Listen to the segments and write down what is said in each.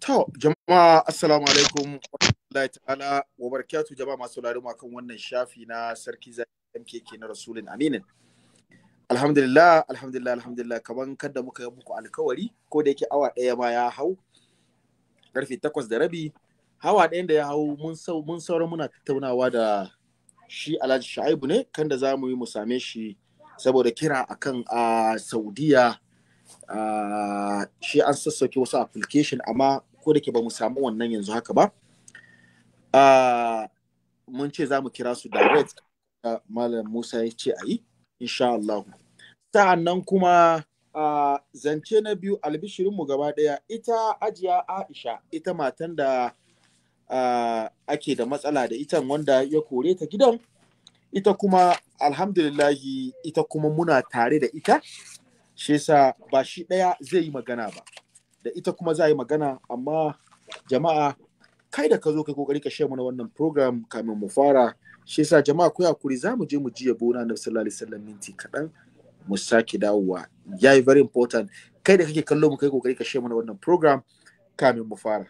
To, jama'a assalamu alaikum warahmatullahi ta'ala wa barakatuh jama'a masu ma kan wannan shafi na sarki zaki MKK na Rasulun Aminin. Alhamdulillah, alhamdulillah, alhamdulillah kaman kada muka yi muku alkawari ko da yake awa ɗaya ma ya hau karfe takwas da rabi hawa ɗayan da ya hau mun sau mun saura muna tattaunawa da shi Alhaji Shaibu ne kan da za mu yi mu same shi saboda kira akan a Saudiya Uh, shi an sassauke wasu application amma ko da ke ba mu samu wannan yanzu haka ba mun ce za mu kira su direct malam musa ya ce a yi insha Allah sa'annan kuma a zance na biyu albishirinmu gaba ɗaya ita ajiya aisha ita matan da ake da matsala da ita wanda ya kore ta gidan ita kuma alhamdulillahi ita kuma muna tare da ita shi yasa ba shi ɗaya zai yi magana ba da ita kuma za a yi magana amma jama'a kai da ka zo kai kokari ka share mana wannan program kamin mu fara shi yasa jama'a ku hakuri za mu je mu ji yabo na Annabi sallallahu alaihi wasallam minti kaɗan mu sake dawowa yayi very important kai da kake kallo mu kai kokari ka share mana wannan program kamin mu fara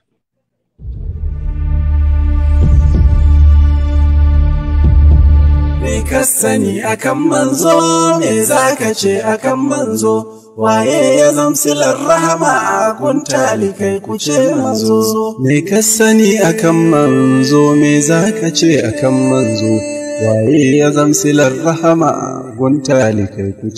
me ka sani akan manzo me za ce akan manzo waye ya zamsilar rahama a kuntali kai kuce manzo me ka sani akan manzo me za ce akan manzo waye ya zamsilar rahama gunta kai ku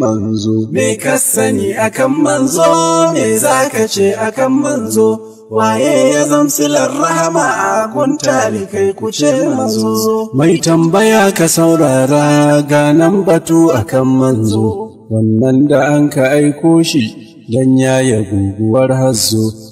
manzo me ka sani akan manzo me za ka ce akan manzo waye ya zamsilar rahama gunta kai ku manzo mai tambaya ka saurara ganan batu akan manzo wannan da an ka aiko shi dan yi guguwar hazo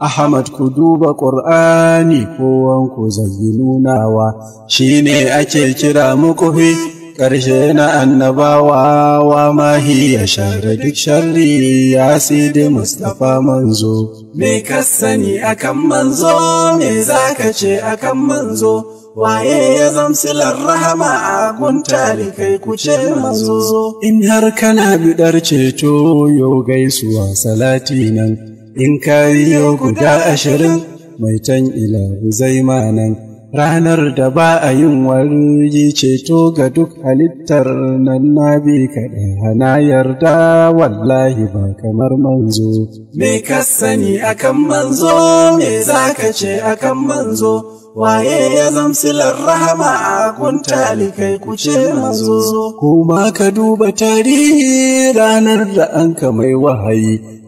Ahmad ku duba ƙur'ani kowanku nunawa, shi ne ake kira fi ƙarshe na annabawa wa mahi ya share duk sharri ya sidi Mustapha manzo. Me ka sani akan manzo, me za ka ce akan manzo? waye ya zamsilar rahama a guntali kai ku ce manzo in har kana bidar ceto yo gaisuwa salati nan in kariyo guda ashirin mai can ila zai manan ranar da ba a yin wari ceto ga duk halittar nan na bi kaɗa na yarda wallahi ba kamar manzo me ka sani akan manzo me za ka ce akan manzo waye ya zamsilar rahama a kuntali kai kuce manzo kuma ka duba tarihi ranar da an mai wahayi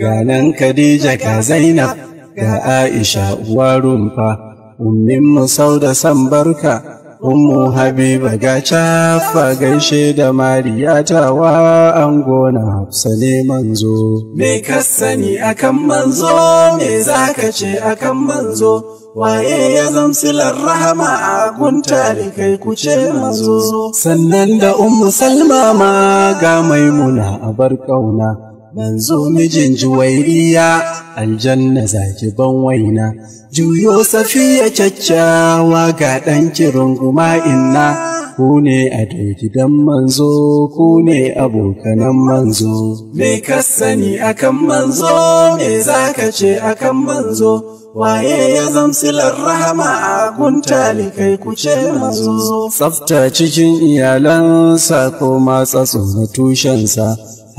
Ganan Khadija ga Zainab ga Aisha uwa rumfa ummin musau da san barka ummu habiba ga fa gaishe da mariya tawa an gona hafsa ne manzo me ka sani akan manzo me zaka ce akan manzo waye ya zamsilar rahama a gunta da kai ce manzo sannan da ummu salma ma ga maimuna abar ƙauna. manzo mijin juwairiya aljanna zaki ban waina juyo safiya caccawa ga ɗan runguma inna ku ne a gidan manzo ku ne abokanan manzo me ka sani akan manzo me zaka ce akan manzo waye ya zamsilar rahama a kuntali kai kuce manzo tsafta cikin iyalansa ko matsa na tushensa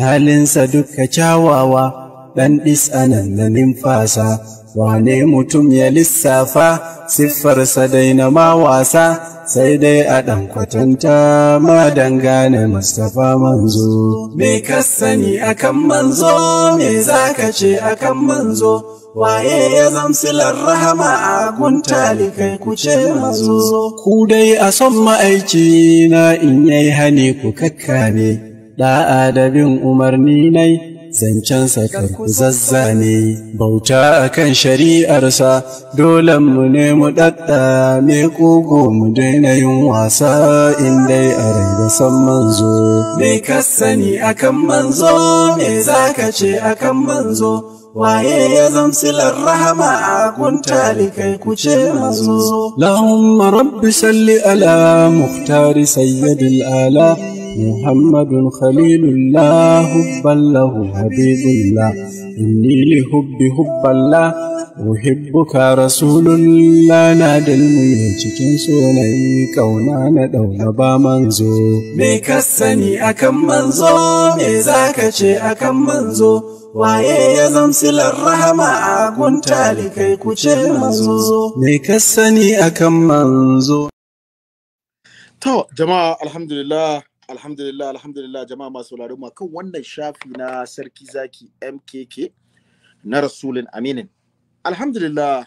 halinsa dukka kyawawa ɗan ɗis'anan na nimfasa wane mutum ya lissafa siffarsa daina ma wasa sai dai a ɗan kwatanta ma dangane mustapha manzo me ka sani akan manzo me za ka ce akan manzo waye ya zamsilar rahama a guntali kai kuce manzo ku dai a son ma'aiki na in yai hane ku kakkame ɗa'a da bin umarni nai zancensa zazza ne bauta a kan shari'arsa dole mu ne mu ɗaɗɗa me ƙugu mu daina yin wasa in dai a rai san manzo me ka sani akan manzo me za ka ce akan manzo waye ya zamsilar rahama a kuntali kai ce manzo. lahumma rabbi salli ala muhtari sayyidil ala محمد خليل الله حبا له حبيب الله إني لحب حب الله أحبك رسول الله نادى الميتكين سوني كونا ندو نبا منزو ميك السني أكم منزو ميزاك شيء أكم منزو waye ya zamsi larrahama a gunta kai kuce manzo me ka sani akan manzo to jama'a alhamdulillah alhamdulillah alhamdulillah jama'a masu ma kan wannan shafi na sarki zaki mkk na rasulun aminin alhamdulillah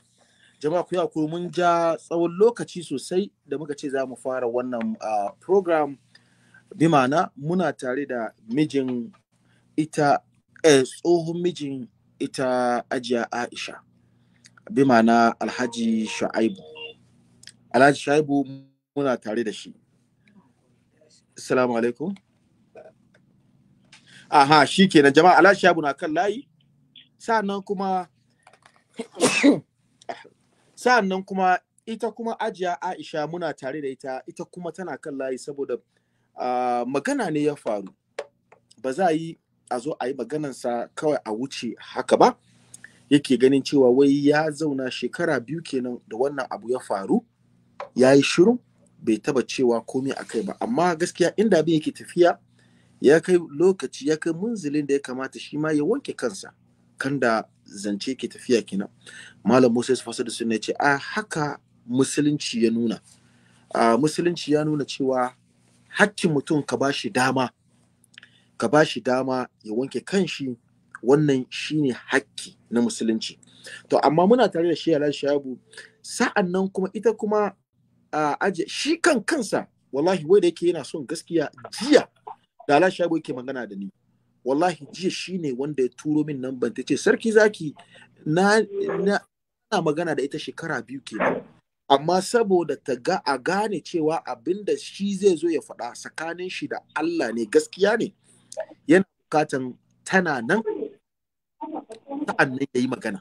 jama'a ku mun ja tsawon lokaci sosai da muka ce za mu fara wannan uh, program bi ma'ana muna tare da mijin ita eh, tsohon mijin ita ajiya aisha bi ma'ana alhaji sha'aibu alhaji sha'aibu muna tare da shi Assalamu alaikum. Aha, shi kenan jama'a alashi abu na kan layi. Sa'annan kuma sa'annan kuma ita kuma ajiya Aisha muna tare da ita, ita kuma tana kan layi saboda uh, magana ne ya faru. Ba za yi a zo a yi sa kawai a wuce haka ba. Yake ganin cewa wai ya zauna shekara biyu kenan da wannan abu ya faru, ya yi shiru. bai taba cewa komai a kai ba amma gaskiya inda abin yake tafiya ya kai lokaci ya kai munzilin da ya kamata shi ma ya wanke kansa kan da zance ke tafiya kenan malam musa ya fasa da sunna ce a haka musulunci ya nuna a musulunci ya nuna cewa hakkin mutum ka ba shi dama ka bashi dama ya wanke kanshi wannan shine hakki na musulunci to amma muna tare da shi shabu sa'an nan kuma ita kuma a aje shi kan kansa wallahi wai da yake yana son gaskiya jiya da Allah shago yake magana da ni wallahi jiya shine wanda ya turo min nan ban ce sarki zaki na na magana da ita shekara biyu kenan amma saboda ta ga a gane cewa abinda shi zai zo ya faɗa tsakanin shi da Allah ne gaskiya ne yana bukatan tana nan ta'annan annai yi magana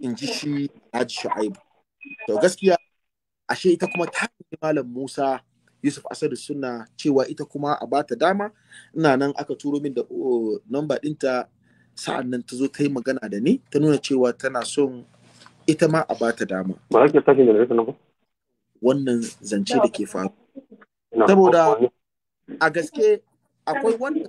in ji shi Haji Shu'aibu to gaskiya ashe ita kuma ta malam Musa Yusuf Asadu suna cewa ita kuma a bata dama ina nan aka turo min da namba dinta sa'an nan ta zo ta yi magana da ni ta nuna cewa tana son ita ma a bata dama. Ba ake tashi da Wannan zance da ke faru. Saboda a gaske akwai wanda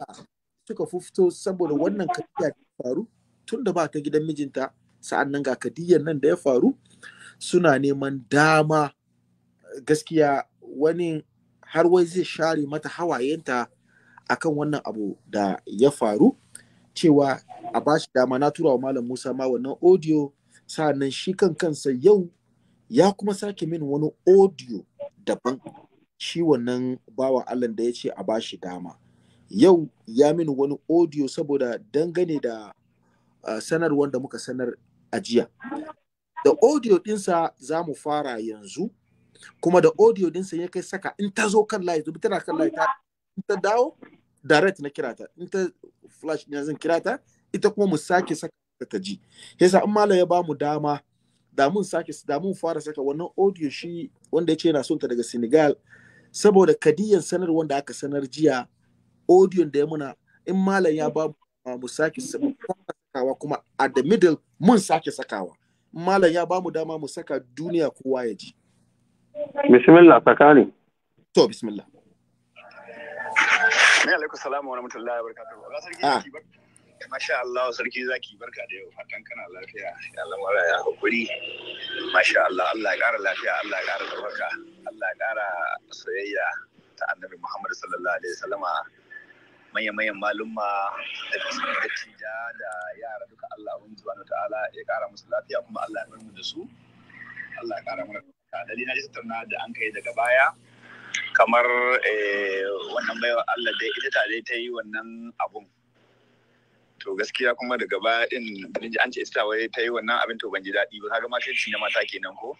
suka fito saboda wannan kadiyya ta faru tunda da ba ta gidan mijinta sa'an nan ga kadiyar nan da ya faru suna neman dama gaskiya wani har wai zai share mata hawayenta akan wannan abu da ya faru cewa a bashi dama na turawa wa malam Musa ma wannan audio sa'annan shi kan kansa yau ya kuma sake min wani audio daban shi wannan bawa Allah da ya ce a shi dama yau ya min wani audio saboda dangane da uh, sanarwar da muka sanar a jiya da audio ɗinsa za mu fara yanzu kuma da audio din sai ya kai saka in ta zo kan layi dubi tana kan layi ta in ta dawo direct na kirata in ta flash ne zan kirata ita kuma mu sake saka ta ji yasa in malam ya bamu dama da mun sake da mun fara saka wannan audio shi wanda ya ce yana son ta daga Senegal saboda kadiyan sanar wanda aka sanar jiya audio da ya muna in malam ya bamu mu sake sakawa kuma a the middle mun sake sakawa malam ya bamu dama mu saka duniya kowa ya ji بسم tsakani to تو بسم الله عليكم السلام ورحمة الله وبركاته آه. sarki ah. zaki barka masha Allah sarki zaki barka da yau fatan kana lafiya ya lamara ya hakuri masha Allah Allah ya kara lafiya Allah ya kara barka Allah ya kara soyayya ta annabi Muhammad sallallahu alaihi wasallama manyan malumma da da da yara duka Allah ta'ala ya kara musu lafiya kuma Allah ya alali na tattauna da an kai daga baya kamar eh, wannan baiwa Allah dai ita ta dai ta yi wannan abun to gaskiya kuma daga baya din da ji an ce ita wai ta yi wannan abin to ban ji daɗi ba kaga ma shi ne mata kenan ko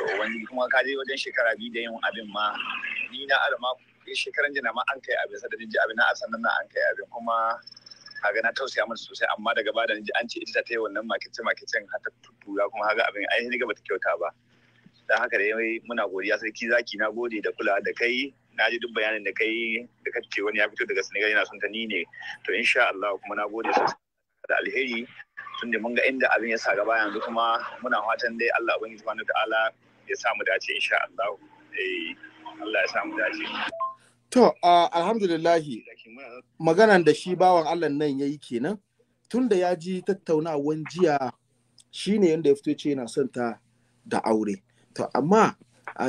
to wani kuma ka je wajen shekara biyu da yin abin ma ni na alama shekaran jina ma an kai abin sadadin ji abin na asan nan an kai abin kuma haga na tausaya mata sosai amma daga bada ji an ce ita ta yi wannan makice makicen har ta tuttura kuma haga abin ai ni gaba bata kyauta ba dan haka dai muna godiya sarki zaki na gode da kula da kai na ji duk bayanin da kai da ce wani ya fito daga sinigar yana son ta ni ne to insha Allah kuma na gode sosai da alheri tun da mun ga inda abin ya sa gaba yanzu kuma muna fatan dai Allah ubangiji subhanahu ta'ala ya samu dace insha Allah eh Allah ya samu dace To, alhamdulillahi, maganan da shi bawan Allah nan ya yi kenan, tun da ya ji tattaunawan jiya shi ne yadda ya fito ce yana son ta da aure. To, amma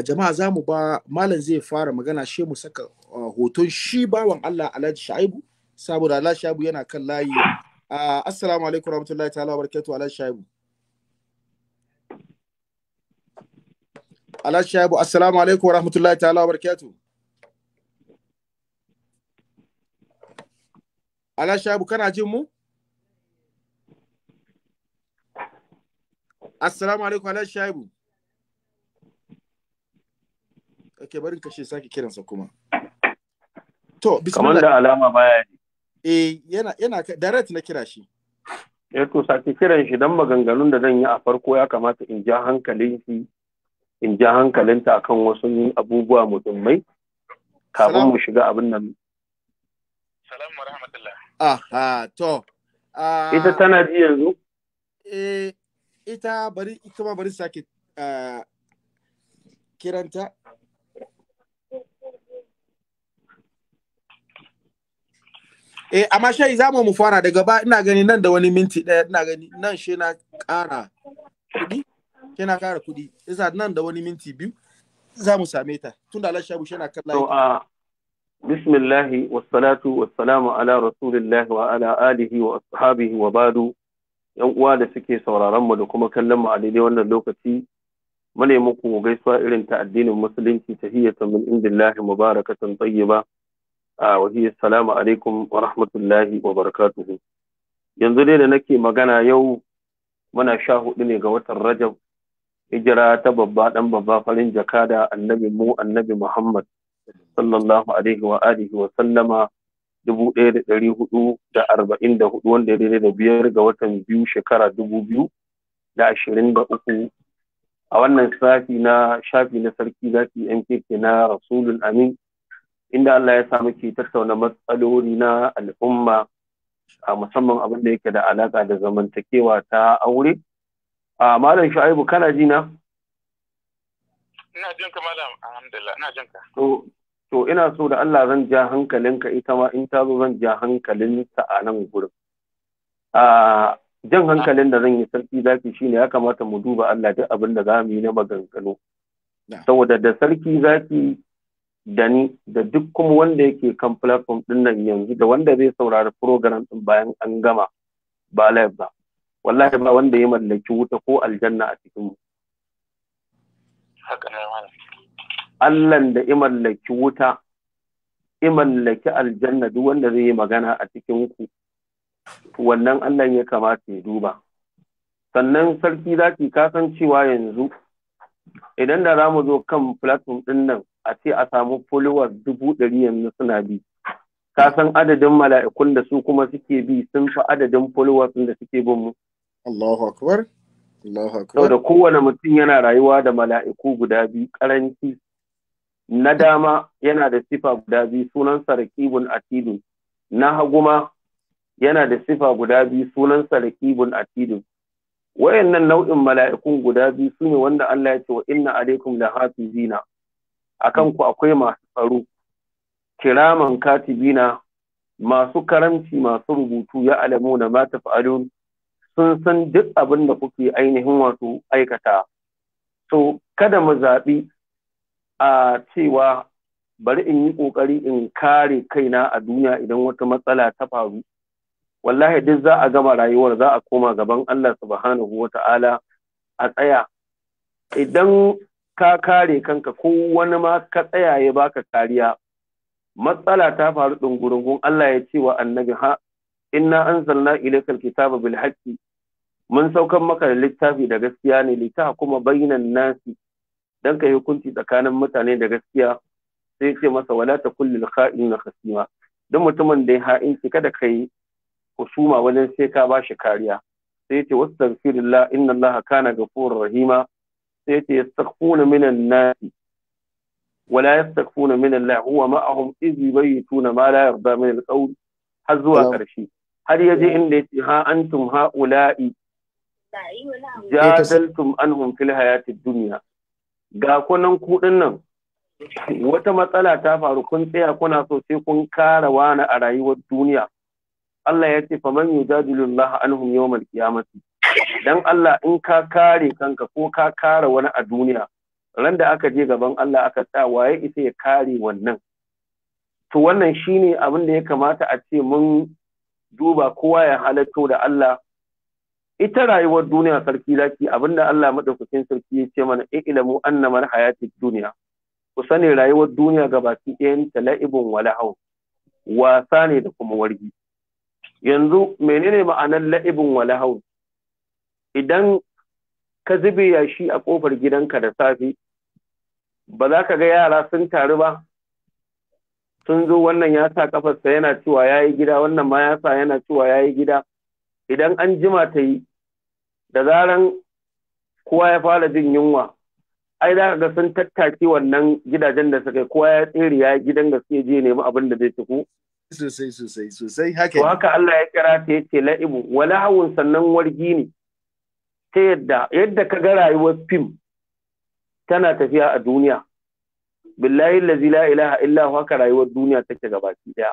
jama'a za mu ba malam zai fara magana shi mu saka hoton shi bawan Allah Alhaji Shaibu, saboda Alhaji Shaibu yana kan layi. assalamu alaikum warahmatullahi ta'ala wa barakatuh Alhaji Shaibu. Alhaji Shaibu, assalamu alaikum warahmatullahi ta'ala wa barakatuh. Alashabu, kana jin mu assalamu alaikum Alashabu. shabu ake barin kashe sake kiransa kuma to kamar da alama baya eh yana yana direct na kira shi Eh, to sake kiran shi dan maganganun da zan yi a farko ya kamata in ja hankalin shi in ja hankalinta kan wasu abubuwa muhimmai kafin mu shiga abin nan salamu rahmatullah Aha, to. ita tana ji yanzu? Eh, ita bari, ita ma bari sake kiranta. Eh, amma shai za mu fara daga ba ina gani nan da wani minti ɗaya ina gani nan shi na ƙara kuɗi, shi na ƙara kuɗi, isa nan da wani minti biyu za mu same ta tun da Allah shabu shi na kalla. Bismillahi الله والصلاة والسلام على رسول الله وعلى آله وأصحابه وبعد ‘yan uwa da suke sauraron mu da kuma kallon mu a daidai wannan lokaci mune muku gaisuwa irin ta addinin musulunci ta hiyata min indillahi mubarakatan tayyiba a wahiyar salamu alaikum wa rahmatullahi wa barakatuhu yanzu dai da nake magana yau muna sha huɗu ne ga watan rajab hijira ta babba ɗan babba farin jakada annabi mu annabi muhammad sallallahu alaihi wa alihi wa sallama dubu ɗaya da ɗari hudu da arba'in da hudu wanda ya daidai da biyar ga watan biyu shekara dubu biyu da ashirin da uku a wannan safi na shafi na sarki zaki mkk na rasulun amin inda Allah ya samu ke tattauna matsaloli na al'umma a musamman abin da yake da alaƙa da zamantakewa ta aure a malam shu'aibu kana ji na ina jinka malam alhamdulillah ina jinka. to to ina so da Allah zan ja hankalinka ita ma in ta zo zan ja hankalinta a nan gurin a jan hankalin da zan yi sarki zaki ne ya kamata mu duba Allah duk abin da mu yi na maganganu saboda da sarki zaki da ni da duk kuma wanda yake kan platform din nan yanzu da wanda zai saurari program din bayan an gama ba live ba wallahi ba wanda ya mallaki wuta ko aljanna a cikin mu haka ne Allahn da imallaki wuta imallaki aljanna duk wanda zai yi magana a cikin ku wannan Allah ya kamata ya duba sannan sarki za ki kasan cewa yanzu idan da za mu zo kan platform ɗin nan a ce a samu followers dubu ɗari yanzu suna bi kasan adadin mala'ikun da su kuma suke bi sun fi adadin followers da suke bin mu Allahu akbar Allahu da kowane mutum yana rayuwa da mala'iku guda biyu karanci na dama yana da sifa guda biyu sunansa raqibun atidun na haguma yana da sifa guda biyu sunansa raqibun atidun wayannan nau'in mala'ikun guda biyu sune wanda Allah ya ce wa inna alaikum lahafizina akan ku akwai masu tsaro kiraman katibina masu karamci masu rubutu ya alamu da ma tafa'alun sun san duk abin da kuke ainihin wato aikata so kada mu zaɓi a cewa bari in yi ƙoƙari in kare kaina a duniya idan wata matsala ta faru wallahi duk za a gama rayuwar za a koma gaban Allah subhanahu wa ta'ala a tsaya idan ka kare kanka ko wani ma ka tsaya ya baka kariya matsala ta faru ɗungurungun Allah ya ce wa annabi ha inna anzalna ilaikal alkitaba bil haqqi mun saukan maka da littafi da gaskiya ne kuma bainan nasi dan kai hukunci tsakanin mutane da gaskiya sai ce masa wala ta kullil kha'in khasima dan mutumin da ya ha'inci kada kai kusuma wajen sai ka shi kariya sai ce wastaghfirullah inna Allah kana ghafurur rahima sai ce yastaghfuna minan Wala yastaghfuna min Allah huwa ma'ahum iz إذ ma la yarda min al-qawl har zuwa karshe har ya je inda yace ha antum haula'i jadaltum anhum fil hayatid dunya ga kunan kuɗin nan wata matsala ta faru kun tsaya kuna so sai kun kara wani a rayuwar duniya Allah ya ce fa faman yujadilullah anhum yawmal qiyamati dan Allah in ka kare kanka ko ka kara wani a duniya ran da aka je gaban Allah aka tsaya waye ita ya kare wannan to wannan shine abin da ya kamata a ce mun duba kowa ya halatto da Allah ita rayuwar duniya sarki zaki abinda Allah madaukakin sarki ya ce mana in ilamu annamal hayatid duniya ku sani rayuwar duniya ga baki ɗayan ta la'ibun wala wasa ne da kuma wargi yanzu menene ma'anar la'ibun wala idan ka zube yashi a kofar gidanka da safe ba za ka ga yara sun taru ba sun zo wannan ya sa kafarsa yana cewa ya yi gida wannan ma ya sa yana cewa ya yi gida idan an jima ta yi da zaran kowa ya fara jin yunwa ai za ga sun tattaki wannan gidajen da suka kowa ya tsere ya gidan da suke je nemi abin da zai tuku sosai sosai sosai haka haka Allah ya kira ta yace la'ibu wala hawun sannan wargi ne ta yadda yadda ka ga rayuwar fim tana tafiya a duniya billahi allazi la ilaha illa huwa haka rayuwar duniya take ki daya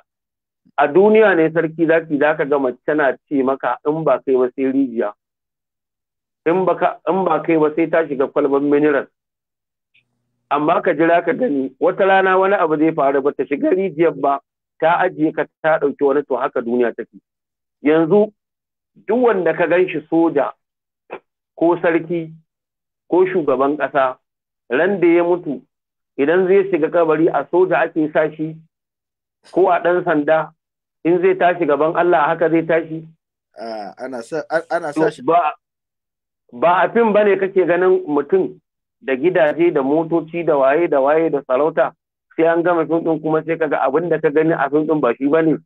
a duniya ne sarki zaki zaka ga mace tana ce maka in ba kai ba sai rijiya in ba kai ba sai ta shiga kwalban mineral amma ka jira ka gani wata rana wani abu zai faru ba ta shiga rijiyar ba ta ajiye ka ta ɗauki wani to haka duniya take yanzu duk wanda ka gan shi soja ko sarki ko shugaban ƙasa ran da ya mutu idan zai shiga kabari a soja ake sa ko a ɗan sanda in zai tashi gaban Allah haka zai tashi ah, ana sa shi ba a fim ba ne kake ganin mutum da gidaje da motoci da waye da waye da sarauta sai an gama fim ɗin kuma sai kaga abin da ka gani a fim ɗin ba shi ba ne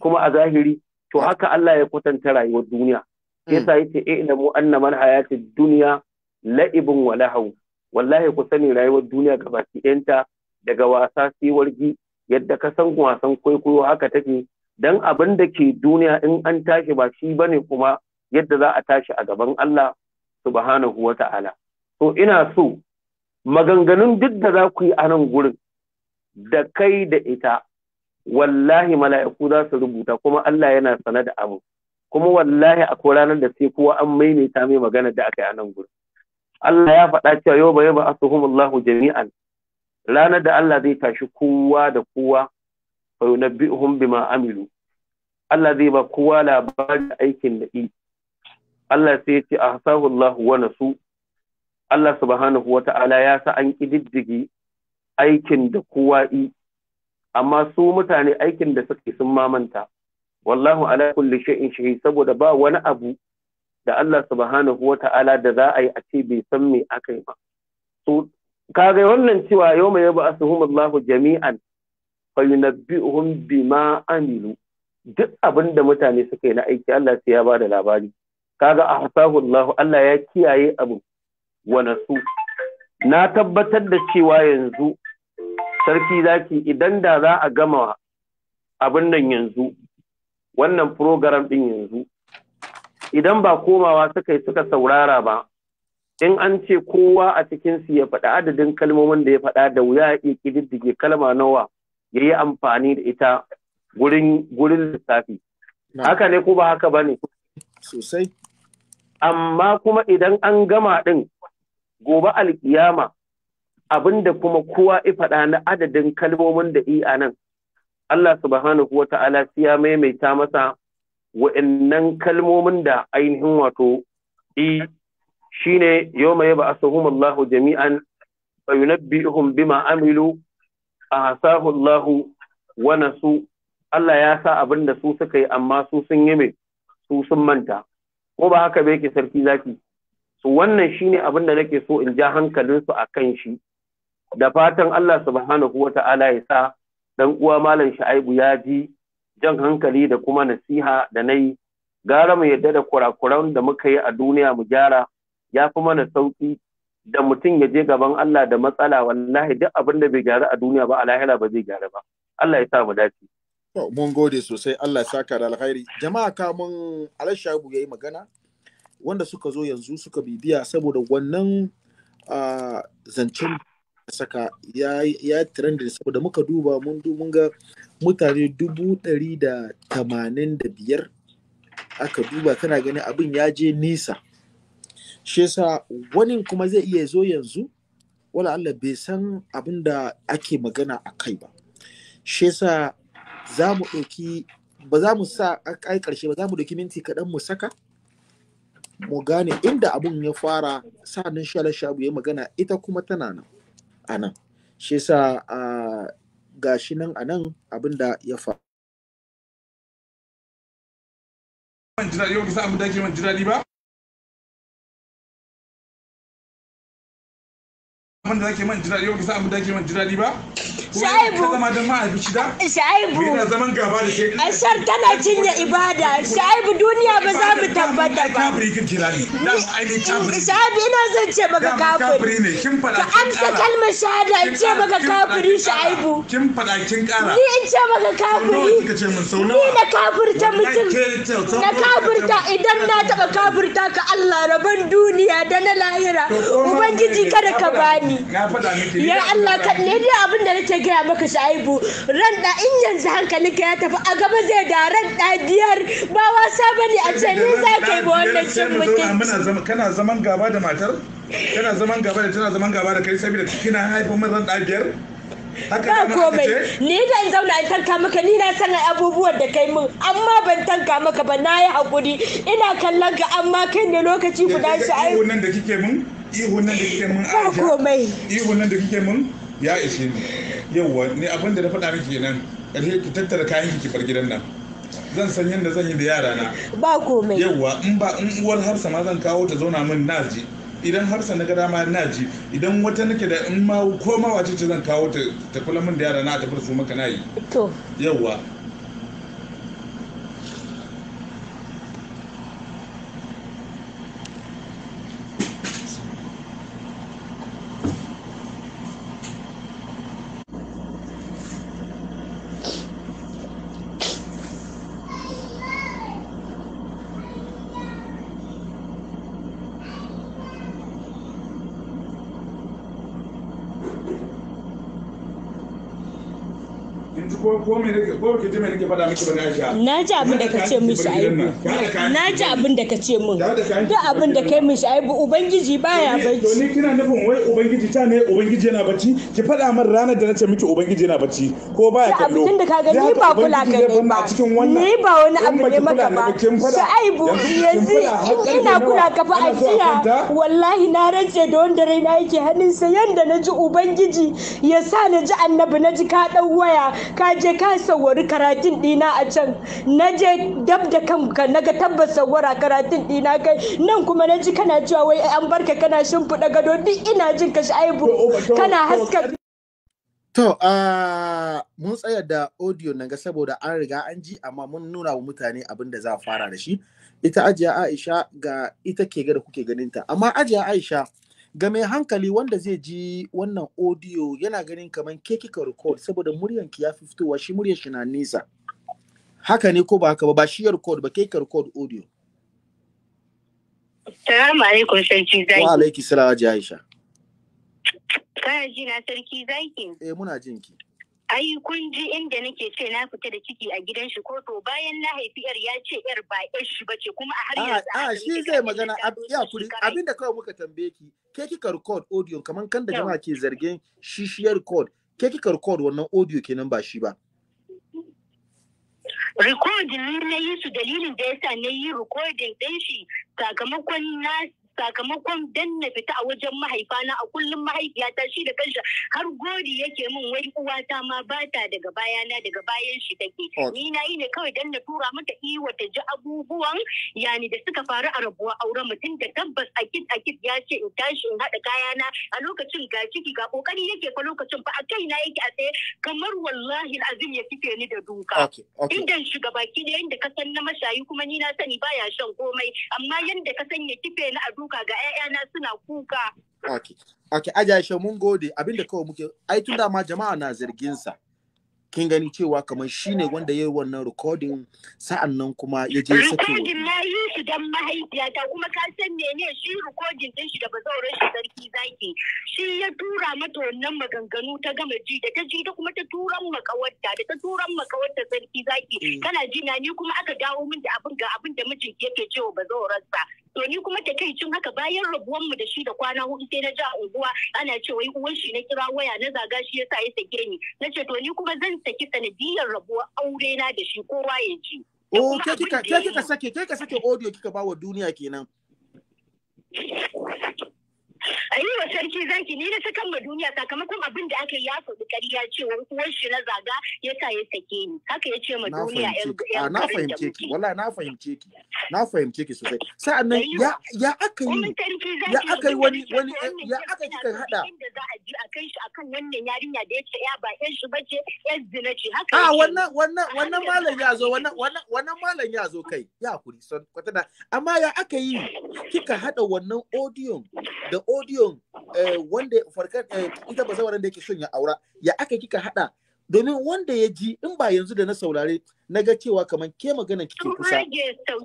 kuma a zahiri to haka Allah ya kwatanta rayuwar duniya yasa yace eh da mu anna man hayatid dunya la'ibun wa lahaw wallahi ku sani rayuwar duniya gabaki ɗayanta daga wasa sai wargi yadda ka san wasan kwaikwayo haka take dan abin da ke duniya in an tashi ba shi bane kuma yadda za a tashi a gaban Allah subhanahu wa ta'ala to ina so maganganun duk da za ku yi a nan gurin da kai da ita wallahi mala'iku za su rubuta kuma Allah yana sana da abu kuma wallahi a ranar da sai kowa an maimaita mai magana da aka yi a nan gurin Allah ya faɗa cewa yau ba yau ba asuhumullahu jami'an ranar da Allah zai tashi kowa da kowa fa yunabbi'uhum bima amilu Allah zai ba kowa labarin aikin da yi Allah sai ya ce a Allah wa nasu Allah subhanahu wata'ala ya sa an ƙididdige aikin da kowa yi amma su mutane aikin da suke sun mamanta wallahu ala kulli shay'in shahid saboda ba wani abu da Allah subhanahu wata'ala da za a yi a ce bai san me aka yi ba so kaga wannan cewa yau mai yaba asuhum Allahu jami'an fa yunabbi'uhum bima amilu duk abin da mutane suka yi na aiki Allah sai ya da labari kaga ahsahu Allah Allah ya kiyaye abu wa nasu na tabbatar da cewa yanzu sarki zaki idan da za a gama abin nan yanzu wannan program din yanzu idan ba komawa suka yi suka saurara ba in an ce kowa a cikinsu ya faɗi adadin kalmomin da ya faɗa da wuya ya ƙididdige kalma nawa ya yi amfani da ita gurin lissafi haka ne ko ba haka ba ne sosai amma kuma idan an gama ɗin gobe alkiyama abinda kuma kowa faɗa na adadin kalmomin da i a nan Allah subhanahu wa ta'ala ya maimaita masa wa'annan kalmomin da ainihin wato i shine yawma yab'athuhum Allahu jami'an fa yunabbihum bima amilu ahsahu Allahu wa nasu Allah ya sa abin da su suka yi amma su sun yi mai su sun manta ko ba haka ba yake sarki zaki su wannan shine abin da nake so in ja hankalinsu a kan shi da fatan Allah subhanahu wa ta'ala ya sa dan uwa malam sha'ibu ya ji jan hankali da kuma nasiha da nayi gara mu yadda da kurakuran da muka yi a duniya mu gyara ya fi mana sauki da mutum ya je gaban Allah da matsala wallahi duk abin da bai gyara a duniya ba a lahira ba zai gyara ba Allah ya sa mu dace Mun gode sosai Allah saka da alkhairi. Jama'a kamun Alashabu ya yi magana wanda suka zo yanzu suka bibiya saboda wannan zancen saka ya ya trend saboda muka duba mun ga mutane dubu ɗari da tamanin da biyar aka duba kana gani abin ya je nisa. Shi yasa wani kuma zai iya zo yanzu wala Allah bai san abin da ake magana a kai ba. Shi yasa za mu ɗauki ba za mu sa ai ƙarshe ba za mu ɗauki minti kaɗan mu saka mu gane inda abun ya fara sa nan shalar shabu ya magana ita kuma tana nan a nan shi sa ga shi nan a nan abin da ya faru yau ka sa abin da man jiradi ba abin da ake man jiradi yau ka sa abin da man jiradi ba shaibu shaibu shar tana cinye ibada shaibu duniya ba za mu tabbata ba shaibu ina zan ce maka kafiri ka amsa kalmar shahada in ce maka kafiri shaibu ni in ce maka kafiri ni na kafirta mutum na kafirta idan na taɓa kafirta ka Allah rabon duniya da na lahira ubangiji kada ka bani ya Allah ka ne dai abin da nake gaya maka shaibu ran da in yanzu hankalinka ya tafi a gaba zai da ran da biyar ba wasa ne a ce ni za ka yi wannan cin mutunci kana zaman gaba da matar kana zaman gaba da tana zaman gaba da kai saboda kina haifar min ran da biyar ba komai ni da in zauna in tanka maka ni na san abubuwan da kai mun amma ban tanka maka ba na yi hakuri ina kallon ka amma kai ne lokaci guda shi ai ihun nan da kike mun? ihun nan da kike mun? ba komai ihun nan da kike mun? ya ishe ni yauwa ni abin da na faɗa miki nan ƙarshe ki tattara kayan ki bar gidan nan zan san yadda zan yi da yara na ba komai yauwa in ba in uwar harsa ma zan kawo ta zauna min na ji idan harsa na gada ma na ji idan wata nake da in ma ko ma wace ce zan kawo ta ta kula min da yara na ta bar su maka na yi to yauwa in ji ko ko me nake ko ke ji faɗa miki ba Aisha na ji abin da min na ji abin da kace min duk abin da kai min Shu'aibu ubangiji baya bacci to ni kina nufin wai ubangiji ta ne ubangiji yana bacci ki faɗa min ranar da miki ubangiji yana bacci ko baya kallo abin da ni ba kula ka ne ba ni ba wani abu ne maka ba yanzu ina kula ka fa ajiya wallahi na rance da wanda raina yake hannunsa yanda na ji ubangiji ya sa na ji annabi na ji ka waya ka je ka sawari karatun dina a can na je dab da kanka na ga tabbas sawara karatun dina kai nan kuma na ji kana cewa wai an barka kana shimfiɗa gado duk ina jin ka shaibu oh, kana haska To, ah, mun tsaya da audio nan saboda an riga an ji amma mun nuna wa mutane abin da za a fara da shi. Ita ajiya Aisha ga ita ke ga da kuke ganinta. Amma ajiya Aisha, ga mai hankali wanda zai ji wannan audio yana ganin kamar ke kika record saboda muryan ki ya fi fitowa shi muryan shi na nisa haka ne ko ba haka ba ba shi ya record ba ke kika record audio Salamu alaikum sarki zaki. Wa alaiki salawa Aisha. Kana ji na sarki zaki? Eh muna jin ki. Ai kun ji inda nake ce na fita da ciki a gidan shi ko to bayan na haifi yar ya ce yar ba yar shi bace kuma a har ah, yanzu a ah, shi zai magana ya da kawai muka tambaye ki ke kika record audio kamar kan da jama'a ke zargin shi shi ya record ke kika record wannan audio kenan ba shi ba recording ne na yi su dalilin da yasa na yi recording din shi sakamakon na sakamakon dan na fita a wajen mahaifana a kullum mahaifiyata shi da kansa har gori yake min wai uwata ma bata daga daga bayana daga bayan shi take ni na yi ne kawai dan na tura mata iwa ta ji abubuwan yani da suka faru a rabuwa auren mutum da tabbas a kit a kit ya ce in tashi in haɗa kayana a lokacin ga ciki ga kokari yake fa lokacin fa a kai na yake a tsaye kamar wallahi azim ya kife ni da duka idan shugabaki da yanda ka san na mashayi kuma ni na sani baya shan komai amma yanda ka san ya kife ni a kuka ga na suna kuka okay okay mun gode abinda kawai muke ai tun dama jama'a na zargin sa kin gani cewa kamar shi ne wanda ya yi wannan rikodin sa'an nan kuma ya je sake rikodin na yi shi don ta kuma ka san mene shi rikodin din shi da bazauren shi sarki zaki shi ya tura mata wannan maganganu ta gama ji da ta ji ta kuma ta turan makawarta da ta turan makawarta sarki zaki kana mm. ji na ni kuma aka dawo min da abin ga abin da mijin yake cewa bazauren sa to ni kuma ta kai cin haka bayan rabuwan mu da shi da kwana hudu sai na ja unguwa ana cewa uwan shi na kira waya na zaga shi yasa ya sake ni nace to ni kuma zan saki sanadiyar rabuwar aure na da shi kowa ya ji. Oh, ke kika sake, ke kika sake audio kika ba wa duniya kenan. yi sarki Zanki ni na sakan ma duniya sakamakon abin da aka yi ya faɗi ƙarya cewa uwar shi na zaga ya sa ya sake ni haka ya ce ma duniya ah, na fahimce ki wallahi na fahimce ki na fahimce ki sosai sa'annan ya ya aka yi ya aka yi wani wani ya aka kika hada inda za a ji akan shi akan wannan yarinya da ya ce ya ba yan shi bace yan zina ce haka ah, a wannan wannan wannan malam ya zo wannan wannan wannan malam ya zo kai ya kuri son kwatana amma ya aka yi kika hada wannan audio da audio eh, wanda farkar eh, ita ba zawarin da yake son ya aura ya aka kika hada domin wanda ya ji in ba yanzu da na saurare na ga cewa kamar ke magana kike kusa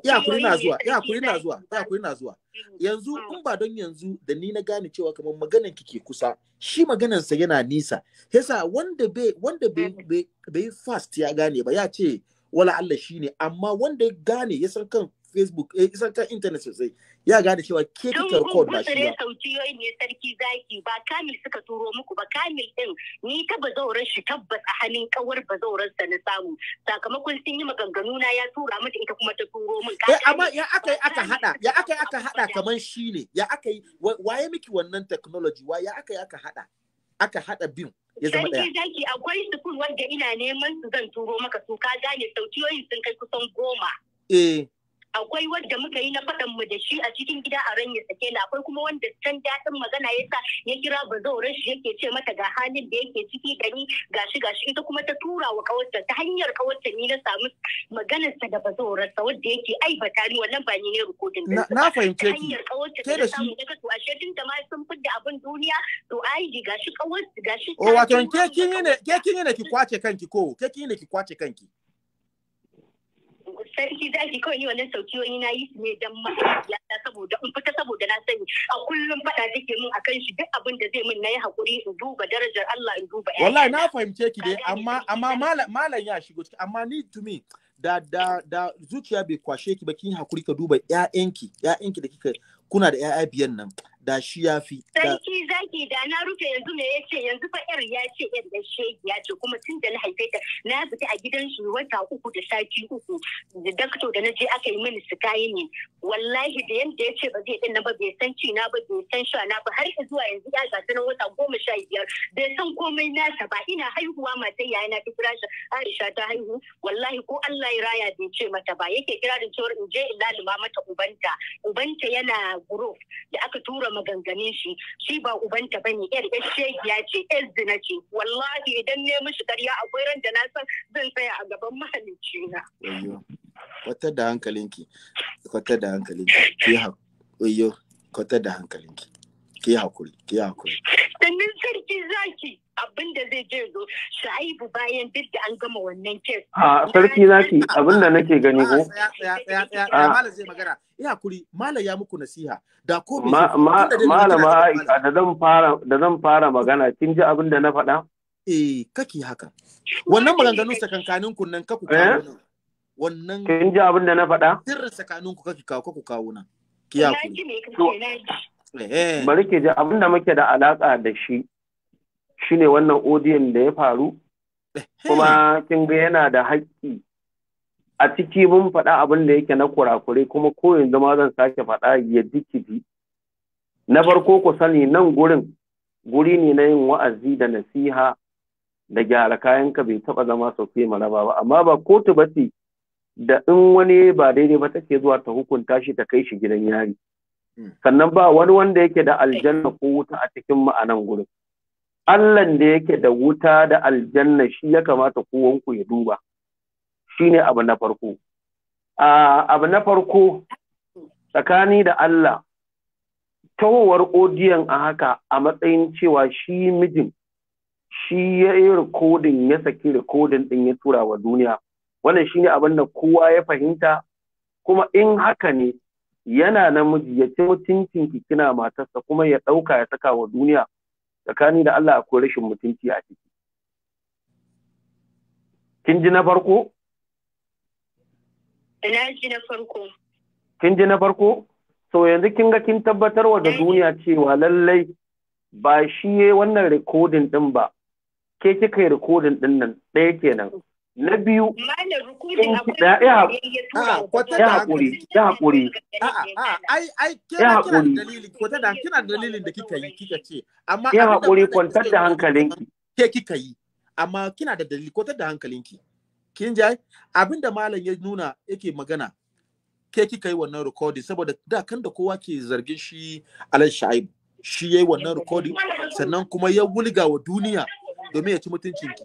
ya kuri na zuwa ya kuri na zuwa ya kuri na zuwa yanzu in ba don yanzu da ni na gane cewa kamar maganan kike kusa shi maganan sa yana nisa yasa wanda bai wanda mm. bai bai fast ya gane ba ya ce wala Allah shine amma wanda ya gane ya san kan facebook eh isan ta internet sosai ya gane cewa ke kika record ba shi ba sautiyoyi ne sarki zaki ba kamil suka turo muku ba kamil din ni ta bazaurar shi tabbas a hannun kawar bazaurar sa na samu sakamakon sun yi maganganu na ya tura mata ita kuma ta turo min ka eh, amma ya aka yi aka hada ya aka yi aka hada kaman shi ne ya aka yi waye miki wannan technology wa ya aka yi aka hada aka hada bin Sarki zaki akwai sukun wanda ina neman su zan turo maka su ka gane sautiyoyin sun kai kusan goma. Eh. akwai wanda muka yi na faɗan mu da shi a cikin gida a ran ya sake ni akwai kuma wanda can daɗin magana ya sa ya kira bazawarar shi yake ce mata ga halin da yake ciki gani gashi gashi ita kuma ta tura wa kawarta ta hanyar kawarta ni na samu maganarsa da sa, wanda yake ba ni wannan ba ni ne rikodin na fahimce ki hanyar kawarta ta samu daga to ashe tun da ma sun fidda abin duniya to ai gashi kawarta gashi o oh, wato ke kin ne ke kin ne ki kwace kanki ko ke kin ne ki kwace kanki sarki zaki kawai ni wannan saukiyoyi na yi su ne don ma'aikata saboda in fita saboda na sani a kullum faɗa take min akan shi duk abin da zai min na yi haƙuri in duba darajar Allah in duba wallahi na fahimce ki dai amma amma malam ya shigo ciki amma ni to me da da da zuciya bai kwashe ki ba kin hakuri ka duba ƴaƴanki ƴaƴanki da kika kuna da ƴaƴa biyan nan da shi ya fi. Sarki zaki da na rufe yanzu me ya ce yanzu fa yar ya ce yar da shegi ya ce kuma tun da na haife ta na fita a gidan shi wata uku da sati uku da dakto da na je aka yi mini su kayi ne wallahi da yanda ya ce ba zai dinna ba bai san ci na ba bai san sha na ba har zuwa yanzu ya gasa na wata goma sha biyar bai san komai nasa ba ina haihuwa matar yaya na fitra Aisha ta haihu wallahi ko Allah ya raya bai ce mata ba yake kira da cewa in je in lalima mata ubanta ubanta yana group da aka tura maganganun shi shi ba ubanta bane yar yar shegiya ce yar zina ce wallahi idan ne mishi karya akwai ran da na san zan tsaya a gaban mahalicci na kwatar da hankalinki kwatar da hankalinki ki haƙoyo kwatar da hankalinki ke hakuri ke hakuri sannan sarki zaki abin da zai je zo shaibu bayan duk da an gama wannan kes a sarki zaki abin da nake gani ko mala zai magana ya hakuri mala ya muku nasiha da ko mala ma da zan fara da zan fara magana kin ji abin da na faɗa eh kake haka wannan maganganun sakankanin kunnan ka ku kawo eh? wannan kin ji abin da na faɗa sirrin sakaninku kake kawo ku kawo nan kiyaku to Eh. bari ke ji abin da muke da alaƙa da shi shine wannan odiyon da ya faru eh. kuma kin ga yana da haƙƙi a ciki mun faɗa abin da yake na kurakure kuma ko yanzu ma zan sake faɗa ya dikiti na farko ku sani nan gurin guri ne na yin wa'azi da nasiha da gyara kayan ka bai taɓa zama sauke maraba ba amma ba kotu ba ce da in wani ba daidai ba take zuwa ta hukunta shi ta kai shi gidan yari Hmm. sannan ba wani wanda yake da aljanna ko wuta a cikin ma'anan gurin Allahn da yake da wuta da aljanna shi ya kamata kowanku ya duba Shi ne abu na farko abu na farko tsakani da Allah tawowar odiyon a haka a matsayin cewa shi mijin shi ya yi rikodin ya saki rikodin din ya tura wa duniya wannan ne abin da kowa ya fahimta kuma in haka ne yana namiji ya ci mutuncin ki kina matarsa kuma ya ɗauka ya saka wa duniya tsakani da Allah akwai rashin mutunci a ciki kin ji na farko ina ji na farko kin ji na farko so yanzu kin ga kin tabbatar wa da duniya cewa lallai ba shi wannan rikodin din ba ke kika yi rikodin din nan ɗaya kenan na biyu ya haƙuri ya haƙuri ya haƙuri kina da dalilin da kika yi kika ce amma ya haƙuri kwantar da hankalinki ke kika yi amma kina da dalili kwantar da hankalinki kin ji abinda malam ya nuna yake magana ke kika yi wannan recording saboda da kan da kowa ke zargin shi alal shaibu shi yayi wannan recording sannan kuma ya wulga wa duniya domin ya ci mutuncinki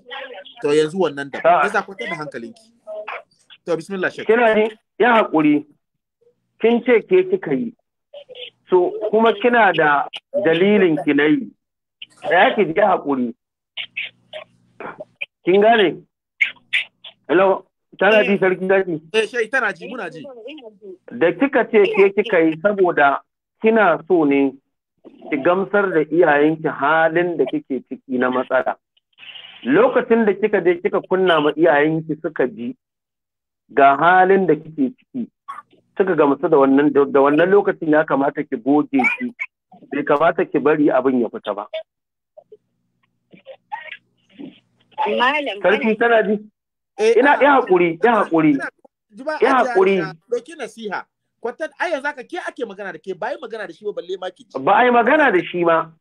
to yanzu wannan da yasa ku da hankalinki to bismillah shek kina ne ya hakuri kin ce ke kika yi so kuma kina da dalilin ki na yi ya ki ji hakuri kin gane hello tana ji sarki zaki eh shei tana ji muna ji da kika ce ke kika yi saboda kina so ne ki gamsar da iyayenki halin da kike ciki na matsala lokacin da kika je kika kunna ma iyayenki suka ji ga halin da kike ciki suka gamsu da wannan da wannan lokacin ya kamata ki goge shi bai kamata ki bari abin ya fita ba sarki tana ji eh, ina ah, ya hakuri ya hakuri ya hakuri doki nasiha kwatar ai zaka ke ake magana da ke bai magana da shi ba balle ma ki ba ai magana da shi ma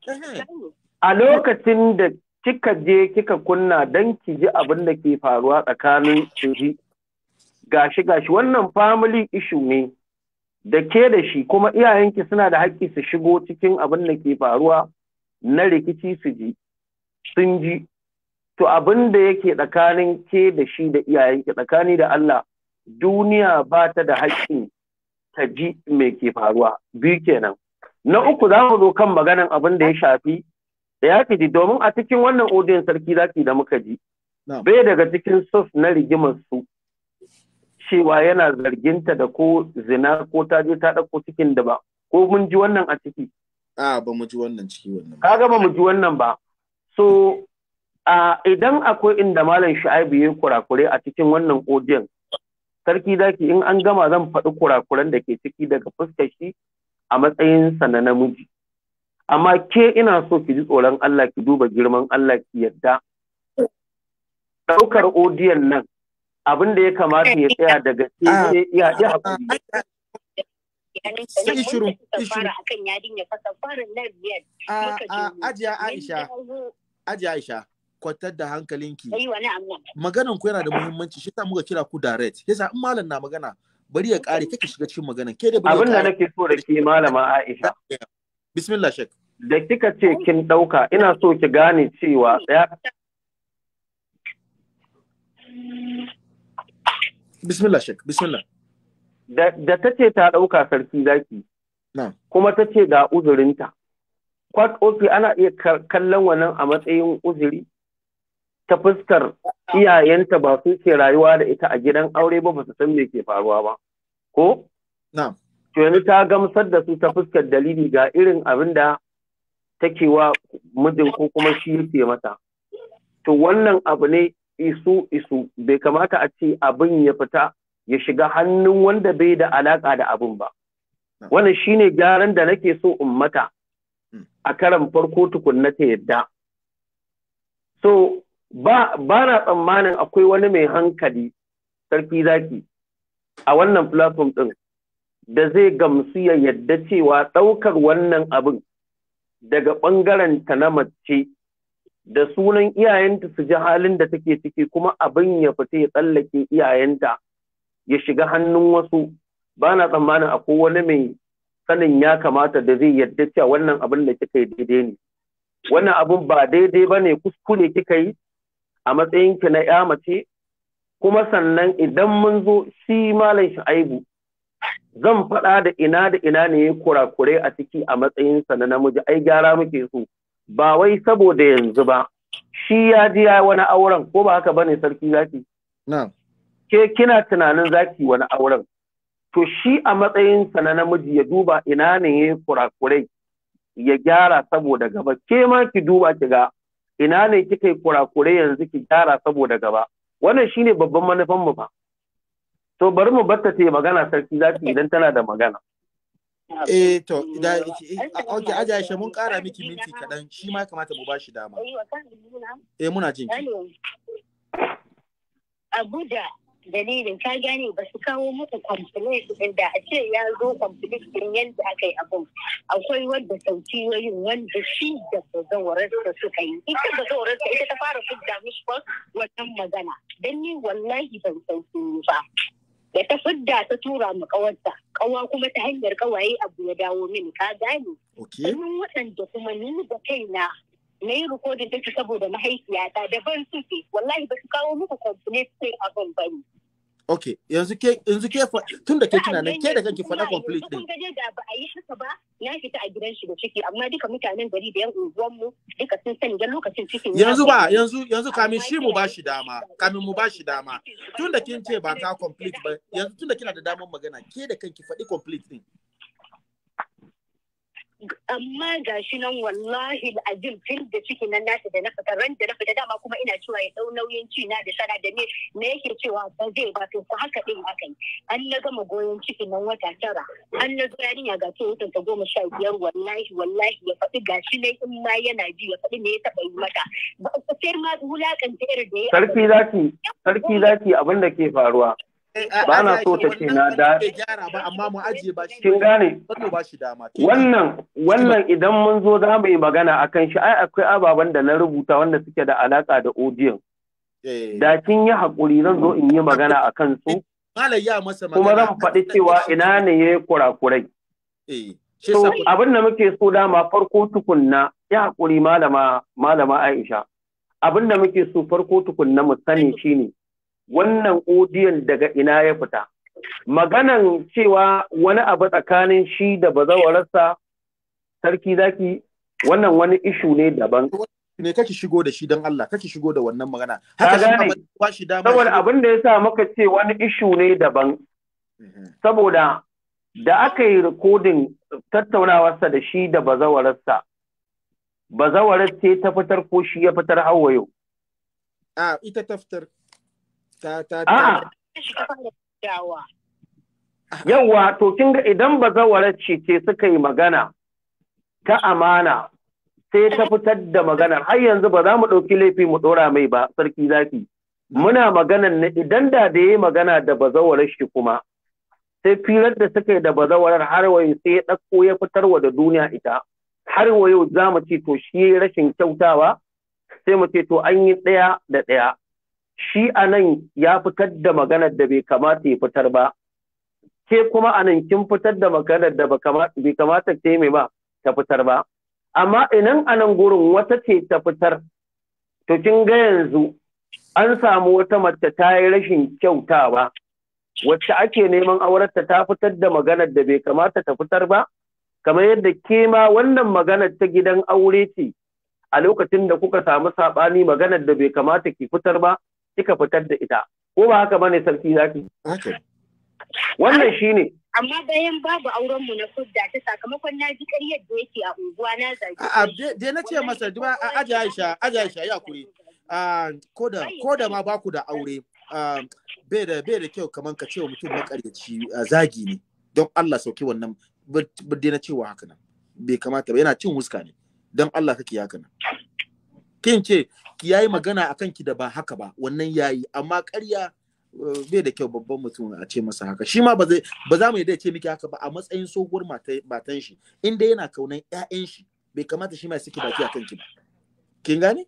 a lokacin da kika je kika kunna don ki ji abin da ke faruwa tsakanin shi gashi gashi wannan family issue ne da ke da shi kuma iyayenki suna da haƙƙi su shigo cikin abin da ke faruwa na rikici su ji sun ji to abin da yake tsakanin ke da shi da iyayenki tsakani da Allah duniya ba ta da haƙƙi ta ji me ke faruwa biyu kenan na uku za mu zo kan maganan abin da ya shafi da ya ji domin a cikin wannan odin sarki zaki da muka ji bai daga cikin sos na rigimar su cewa yana zarginta da ko zina ko ta je ta ɗauko cikin da ba ko mun ji wannan a ciki a ba mu ji wannan ciki wannan kaga ba mu ji wannan ba so a idan akwai inda malam sha'ibu ya kurakure a cikin wannan odin sarki zaki in an gama zan faɗi kurakuran da ke ciki daga fuskar shi a sa na namiji amma ke ina so ki ji tsoron Allah ki duba girman Allah ki yadda ɗaukar odiyan nan abin da ya kamata ya tsaya daga ah. sai ya ya hakuri sai shiru shiru akan yadin ya fasa farin nan biyar ah, ah, ajiya Aisha ajiya Aisha kwantar da hankalinki maganan ku yana da muhimmanci shi ta muka kira ku direct yasa in malam na magana bari ya kare kake shiga cikin maganan ke da abin da nake so da ke malama Aisha Bismillah Sheikh. Da kika ce kin ɗauka, ina so ki gane cewa ɗaya. Bismillah Sheikh, bismillah. Da ta ce ta ɗauka sarki zaki. Kuma ta ce ga uzurinta. Kwat ofi ana iya kallon wannan a matsayin uzuri ta fuskar iyayenta ba su ke rayuwa da ita a gidan aure ba ba su san me ke faruwa ba. Ko? Na'am. to ta gamsar da su ta fuskar dalili ga irin abin da take wa mijin ko kuma shi yake mata to wannan abu ne isu isu bai kamata a ce abin ya fita ya shiga hannun wanda bai da alaka da abin ba wannan shine gyaran da nake so in mata a karan farko tukunna ta yadda so ba na tsammanin akwai wani mai hankali sarki zaki a wannan platform din da zai gamsu ya yadda cewa ɗaukar wannan abin daga ɓangaren ta na mace da sunan iyayenta su ji halin da take ciki kuma abin ya fita ya tsallake iyayenta ya shiga hannun wasu ba na tsammanin akwai wani mai sanin ya kamata da zai yadda cewa wannan abin da kika yi daidai ne wannan abin ba daidai ba ne kuskure kika yi a matsayinki na ya mace kuma sannan idan mun zo shi malam shi aibu zan faɗa da ina da ina ne ya kurakure a ciki a matsayinsa na namiji ai gyara muke so ba wai saboda yanzu ba shi ya ji ya wani auren ko ba haka bane sarki zaki ke kina tunanin zaki wani auren to shi a matsayinsa na namiji ya duba ina ne ya kurakure ya gyara saboda gaba ke ma ki duba ki ga ina ne kika yi kurakurai yanzu ki gyara saboda gaba wannan shine babban manufan mu ba to bari mu batta ta magana sarki za ta idan tana da magana eh to da eh, ah, okay aja mun kara miki minti kaɗan shi ma kamata mu bashi dama eh muna jin Abuja dalilin ka gane ba su kawo muku complaint din da a ce ya zo complaint din yadda aka yi abin akwai wadda wayin wanda shi da bazawararsa suka yi ita bazawararsa ita ta fara fidda mishi wannan magana don ni wallahi ban sauki ba da ta fidda ta tura mu kawarta kawa kuma ta hanyar kawaye abu ya dawo min ka gane sannan waɗanda kuma ni da kai na yi rikodin take saboda mahaifiyata daban suke wallahi ba su kawo muku sai abin bane Okay, yanzu ke yanzu ke tun da ke kina nan ke da kanki faɗa complete din. Kun ba a yi haka ba na fita a gidan shi da ciki amma duka mutanen gari da yan mu duka sun lokacin cikin yanzu ba yanzu kamin shi mu bashi dama kamin mu bashi dama tun da kin ce ba ta complete ba yanzu tun da kina da damar magana ke da kanki faɗi complete din. amma ga shi nan wallahi azim fil da ciki nan nasa da na fita ran da na fita dama kuma ina cewa ya dau nauyin ci na da sana da me me yake cewa ba zai ba to ko haka din haka yi an na gama goyon ciki nan wata tara an na zo yarinya ga ce wutan ta goma sha biyar wallahi wallahi ya faɗi ga shi ne in ma yana ji ya faɗi me ya taɓa yi mata Ba sai ma wulakanta da ya sarki zaki sarki zaki abin da ke faruwa Eh, ba na so ta ce na da kin gane wannan wannan idan mun zo za mu yi magana akan shi ai akwai ababen da na rubuta wanda suke da alaka da odiyon eh. da kin yi hakuri zan zo in yi magana akan su kuma zan faɗi cewa ina ne ya kurakurai eh, so abin da muke so dama farko tukunna ya hakuri malama malama Aisha abin da muke so farko tukunna mu sani shine wannan odiyon daga ina ya fita maganan cewa wani abu tsakanin shi da bazawararsa sarki zaki wannan wani ishu ne daban ne kake shigo da shi don Allah kake shigo da wannan magana haka shi ne. saboda abin da ya sa muka ce wani ishu ne daban mhm. saboda da aka yi rikodin tattaunawarsa da shi da bazawararsa bazawarar ce ta fitar ko shi ya fitar yau. a ah, ita ta fitar ta ta ta ah. to kin ga idan bazawarar ce ce suka yi magana ta amana sai ta fitar da maganar har yanzu ba za mu ɗauki laifi mu ɗora mai ba sarki zaki muna maganan ne idan da da yi magana da bazawarar shi kuma sai firar da suka yi da bazawarar har wayo sai ya ɗauko ya wa da duniya ita har wayo za mu ce to shi rashin kyautawa sai mu ce to an yi ɗaya da ɗaya shi a nan ya fitar da maganar da bai kamata ya fitar ba ke kuma a nan kin fitar da maganar da bai kamata ta mai ba ta fitar ba amma inan a nan gurin wata ce ta fitar to kin ga yanzu an samu wata mace ta yi rashin kyautawa wacce ake neman aurarta ta fitar da maganar da bai kamata ta fitar ba kamar yadda ke ma wannan maganar ta gidan aure ce a lokacin da kuka samu saɓani maganar da bai kamata ki fitar ba kika fitar da ita ko ba haka bane sarki zaki wannan shine amma bayan babu auren mu na kudda ta sakamakon na ji ƙaryar da yake a unguwa na zaki a dai na ce masa duba a aje Aisha aje Aisha ya kure koda koda ma ba ku da aure ah, bai da bai da kyau kamar ka ce wa mutum na makaryaci ah, zagi ne don Allah sauke wannan bai na cewa haka nan bai kamata ba yana cin huska ne don Allah kake haka nan kin ce ki yi magana akan ki da ba haka ba wannan yayi amma ƙarya eh, bai da kyau babban mutum a ce masa haka shi ma ba za mu yi da ce miki haka ba a matsayin soguwar matan shi inda yana kaunan 'ya'yan shi bai kamata shi ma saki baki a ki ba kin gane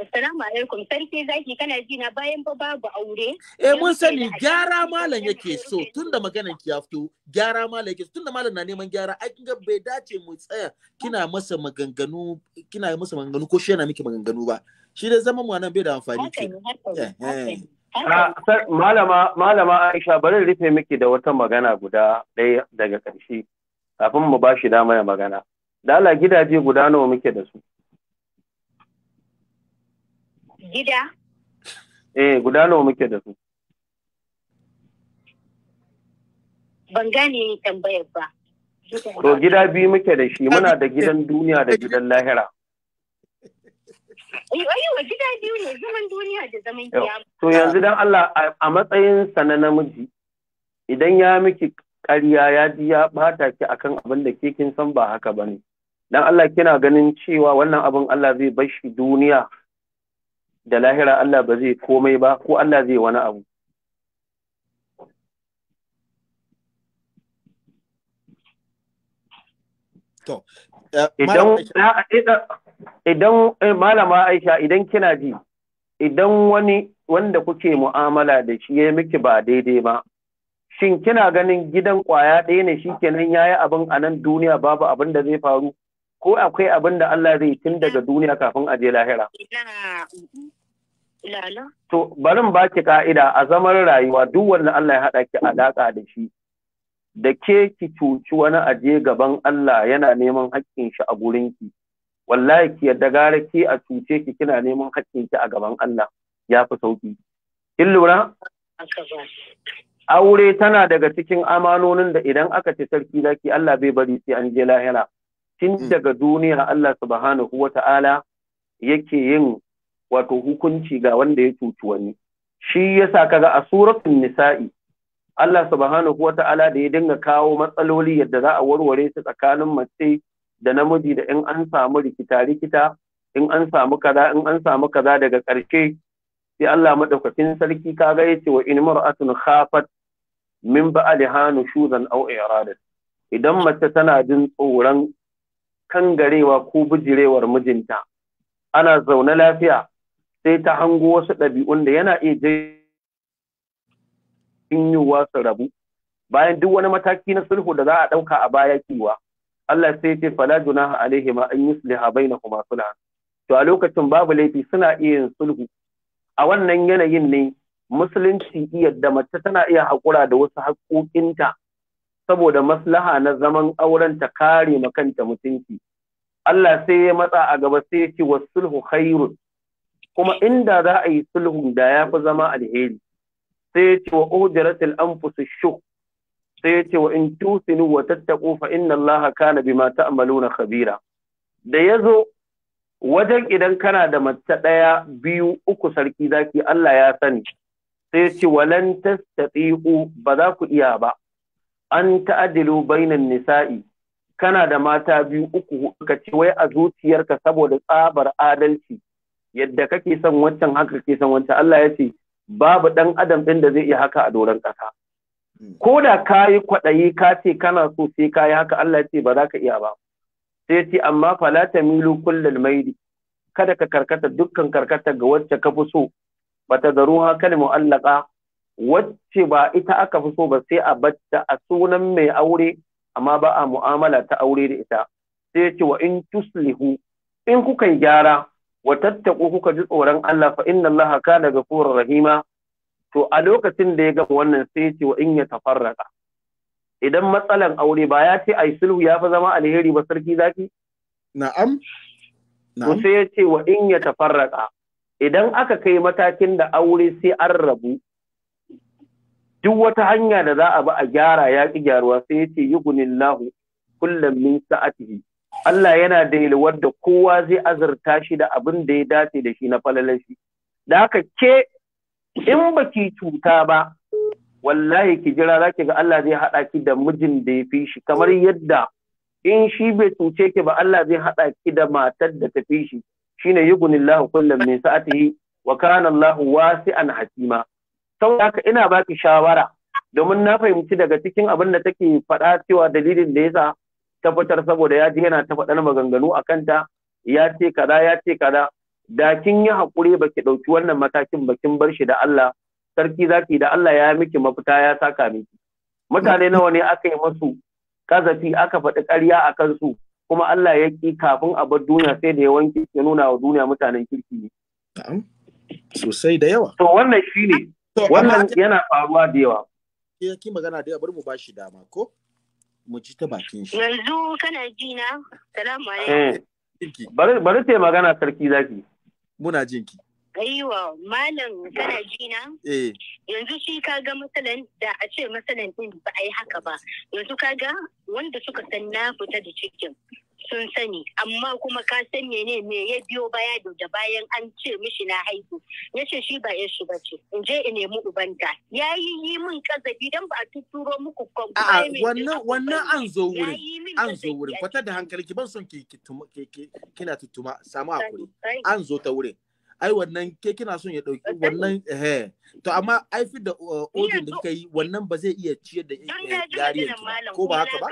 Assalamu alaikum sarki zaki kana ji na bayan ba babu aure. Eh mun sani gyara malam yake so tunda maganan ki ya fito gyara malam yake so tunda malam na neman gyara ai kin bai dace mu tsaya kina masa maganganu kina masa maganganu ko shi yana miki maganganu ba. Shi da zama mu nan bai da amfani ce. Eh, eh. ah, malama malama Aisha bari rufe miki da wata magana guda ɗaya daga ƙarshe kafin mu ba shi dama ya magana. Dala gidaje guda nawa muke da su. gida? Eh, guda nawa muke da su. Ban gane tambayar ba. To gida biyu muke da shi muna da gidan duniya da gidan lahira. Ayyuwa gida biyu ne zaman duniya da zaman kiyama. To yanzu dan Allah a matsayin sa na namiji idan ya miki ƙarya ya ji ya bata ki akan abin da ke kin san ba haka bane. Dan Allah kina ganin cewa wannan abin Allah zai bar shi duniya da lahira Allah ba zai komai ba ko Allah zai wani abu eh, idan eh, malama Aisha idan kina ji idan wani wanda kuke mu'amala da shi ya miki ba daidai ba shin kina ganin gidan kwaya ɗaya ne shi ya yi abin a nan duniya babu abin da zai faru ko akwai abin da Allah zai tun daga duniya kafin aje lahira to barin ba ki ka'ida a zaman rayuwa duk wanda Allah ya haɗa ki alaƙa da shi da ke ki cuci wani aje gaban Allah yana neman haƙƙin shi a gurin ki wallahi ki yadda gara ke a cuce ki kina neman haƙƙin ki a gaban Allah ya fi sauƙi. kin lura aure tana daga cikin amanonin da idan aka ci sarki zaki Allah bai bari sai an je lahira tun mm. daga duniya Allah subhanahu wa ta'ala yake yin wato hukunci ga wanda ya cuci wani shi yasa kaga a suratul nisa'i Allah subhanahu wa ta'ala da ya dinga kawo matsaloli yadda za a warware su tsakanin mace da namiji da in an samu rikita rikita in an samu kaza in an samu kaza daga ƙarshe sai Allah madaukakin sarki kaga yace wa in mar'atun khafat min ba'liha nushuzan aw i'radat idan mace tana jin tsoron kangarewa ko bijirewar mijinta ana zaune lafiya sai ta hango wasu ɗabi'un da yana iya janyowa su rabu bayan duk wani mataki na sulhu da za a ɗauka a baya kiwa Allah sai ce fala junaha alaihi ma an yusliha kuma suna. to a lokacin babu laifi suna iya yin sulhu a wannan yanayin ne musulunci iya da mace tana iya haƙura da wasu haƙoƙinta saboda maslaha na zaman auren ta kare makanta mutunci Allah sai ya matsa a gaba sai ya wa sulhu khairun kuma inda za a yi sulhun da ya fi zama alheri sai ya ce wa ujratil anfusu shuh sai ya ce wa in tusinu wa tattaqu fa inna Allaha kana bima ta'maluna khabira da yazo wajen idan kana da mace ɗaya biyu uku sarki zaki Allah ya sani sai ya ce walan tastati'u ba za ku iya ba an ta'adilu bainan nisa'i kana da mata biyu uku ka ce wai a zuciyarka saboda tsabar adalci yadda kake son wancan haka kake son wancan Allah ya ce babu dan adam ɗin da zai iya haka a doron ƙasa hmm. ko da ka yi kwaɗayi ka ce kana so sai ka yi haka Allah ya ce ba za ka iya ba sai ce amma fala tamilu kullal maili kada ka karkata dukkan karkata ga wacce ka fi so bata zaruha kalmu allaka wacce ba ita aka fi so ba sai a batta a sunan mai aure amma ba a mu'amala ta aure da ita sai ce wa in tuslihu in kuka yi gyara wa tattaku kuka ji tsoron Allah fa inna Allah kana furar rahima to a lokacin da ya gama wannan sai ce wa in ya tafarraka idan matsalan aure ba ya ce ai sulhu ya fi zama alheri ba sarki zaki na'am to sai ya ce wa in ya tafarraka idan aka kai matakin da aure sai an rabu duk wata hanya da za a bi a gyara ya ki gyaruwa sai ya ce yughnillahu kullum min sa'atihi Allah yana da yalwar da kowa zai azurta shi da abin da ya dace da shi na falalan shi da haka ke in baki cuta ba wallahi ki jira za ki ga Allah zai haɗa ki da mijin da ya fi shi kamar yadda in shi bai cuce ki ba Allah zai haɗa ki da matar da ta fi shi shine yugunillahu kullum min sa'atihi wa kana Allah wasi'an hakima saboda haka ina baki shawara domin na fahimci daga cikin abin da take faɗa cewa dalilin da yasa ta fitar saboda ya ji yana ta faɗar maganganu a kanta ya ce kaza ya ce kaza da kin yi hakuri baki ɗauki wannan matakin bakin kin bar shi da Allah sarki zaki da Allah ya miki mafita ya saka miki mutane nawa ne aka yi masu kazafi aka faɗi ƙarya a kansu kuma Allah ya ki kafin a bar duniya sai da ya wanke ya nuna wa duniya mutanen kirki ne sosai da yawa to wannan shi ne. Wannan yana faruwa da yawa. Ya ki magana da yawa bari mu ba shi dama ko? Mu ji ta bakin shi. Yanzu kana ji na? Salamu alaikum. Eh, bari bari ta magana sarki zaki. Muna jinki. Aiwa malam kana ji na? Eh. Yanzu shi ka ga matsalan da a ce matsalan din ba a yi haka ba. Yanzu ka ga wanda suka san na fita da cikin sun sani amma kuma ka san mene me ya biyo baya da bayan an ce mishi na haihu ya ce shi ba shi ba ce in je in nemi ubanta ya yi yi min kazabi dan ba a tuturo muku kwan a wannan wannan an zo wurin an zo wurin kwata da hankali ki ban son ki kina tutuma samu hakuri an zo ta wurin ai wannan ke kina son ya dauki wannan eh to amma ai fi da uh, odin da kai wannan ba zai iya ciyar da yariyar eh, ko ba haka ba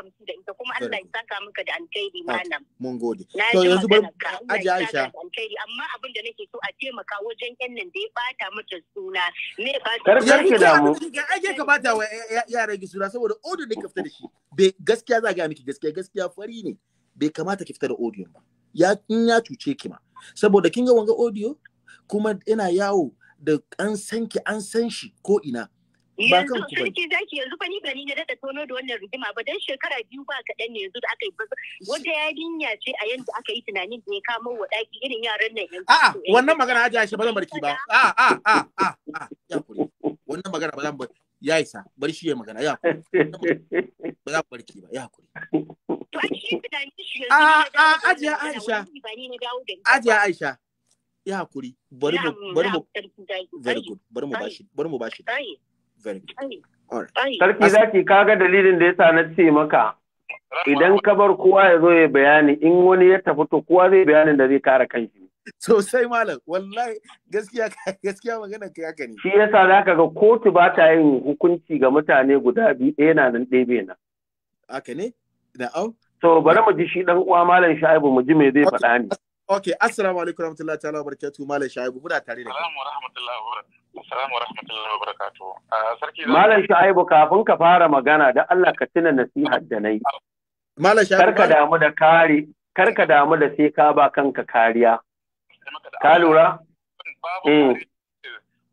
kuma Allah ya saka maka da alkhairi ah, malam mun gode to yanzu ba aji Aisha amma abin da nake so a taimaka wajen yan nan da ya bata mata suna me ba karkar ki da mu ai ka bata wa yara gi suna saboda odin da ka fita da shi gaskiya za ga miki gaskiya gaskiya fari ne bai kamata ki fita da odin ba ya in ya cuce ki ma saboda kin ga wanga audio kuma ina yawo da an san ki an san shi ko ina ba kan ku bane zaki yanzu fa gani bani da dada tono da wannan rigima ba dan shekara biyu ba kaɗan ne yanzu da aka yi wata yarinya ce a yanzu aka yi tunanin da ya kamo wa daki irin yaran nan yanzu a'a eh, wannan magana haja shi ba zan barki ba a'a a'a a'a ya kure wannan magana ba zan bar ya isa bar shi ya magana ya kure ba za barki ba ya kure to a shi tunanin shi yanzu a a ajiya aisha ajiya aisha yi hakuri bari mu bari mu very good bari mu bashi bari mu bashi very good sarki zaki kaga dalilin da yasa na ce maka idan ka bar kowa ya zo ya bayani in wani ya tafi to kowa zai bayanin da zai kare kanshi sosai malam wallahi gaskiya gaskiya magana ka haka ne shi yasa zaka ga kotu ba ta yin hukunci ga mutane guda biyu ɗaya na nan ɗaya bai nan haka ne to bari mu ji shi dan uwa malam Shaibu mu ji me zai faɗa ne Okay, assalamu alaikum warahmatullahi ta'ala barakatuh Malam Shaibu muna tare da kai. Assalamu warahmatullahi wabarakatuh. Assalamu warahmatullahi wabarakatuh. Ah, sarki Malam Shaibu kafin ka fara magana da Allah ka tuna nasihar da nayi. Malam Shaibu karka damu da kare karka damu da sai ka ba kanka kariya. Ka lura? Babu hmm.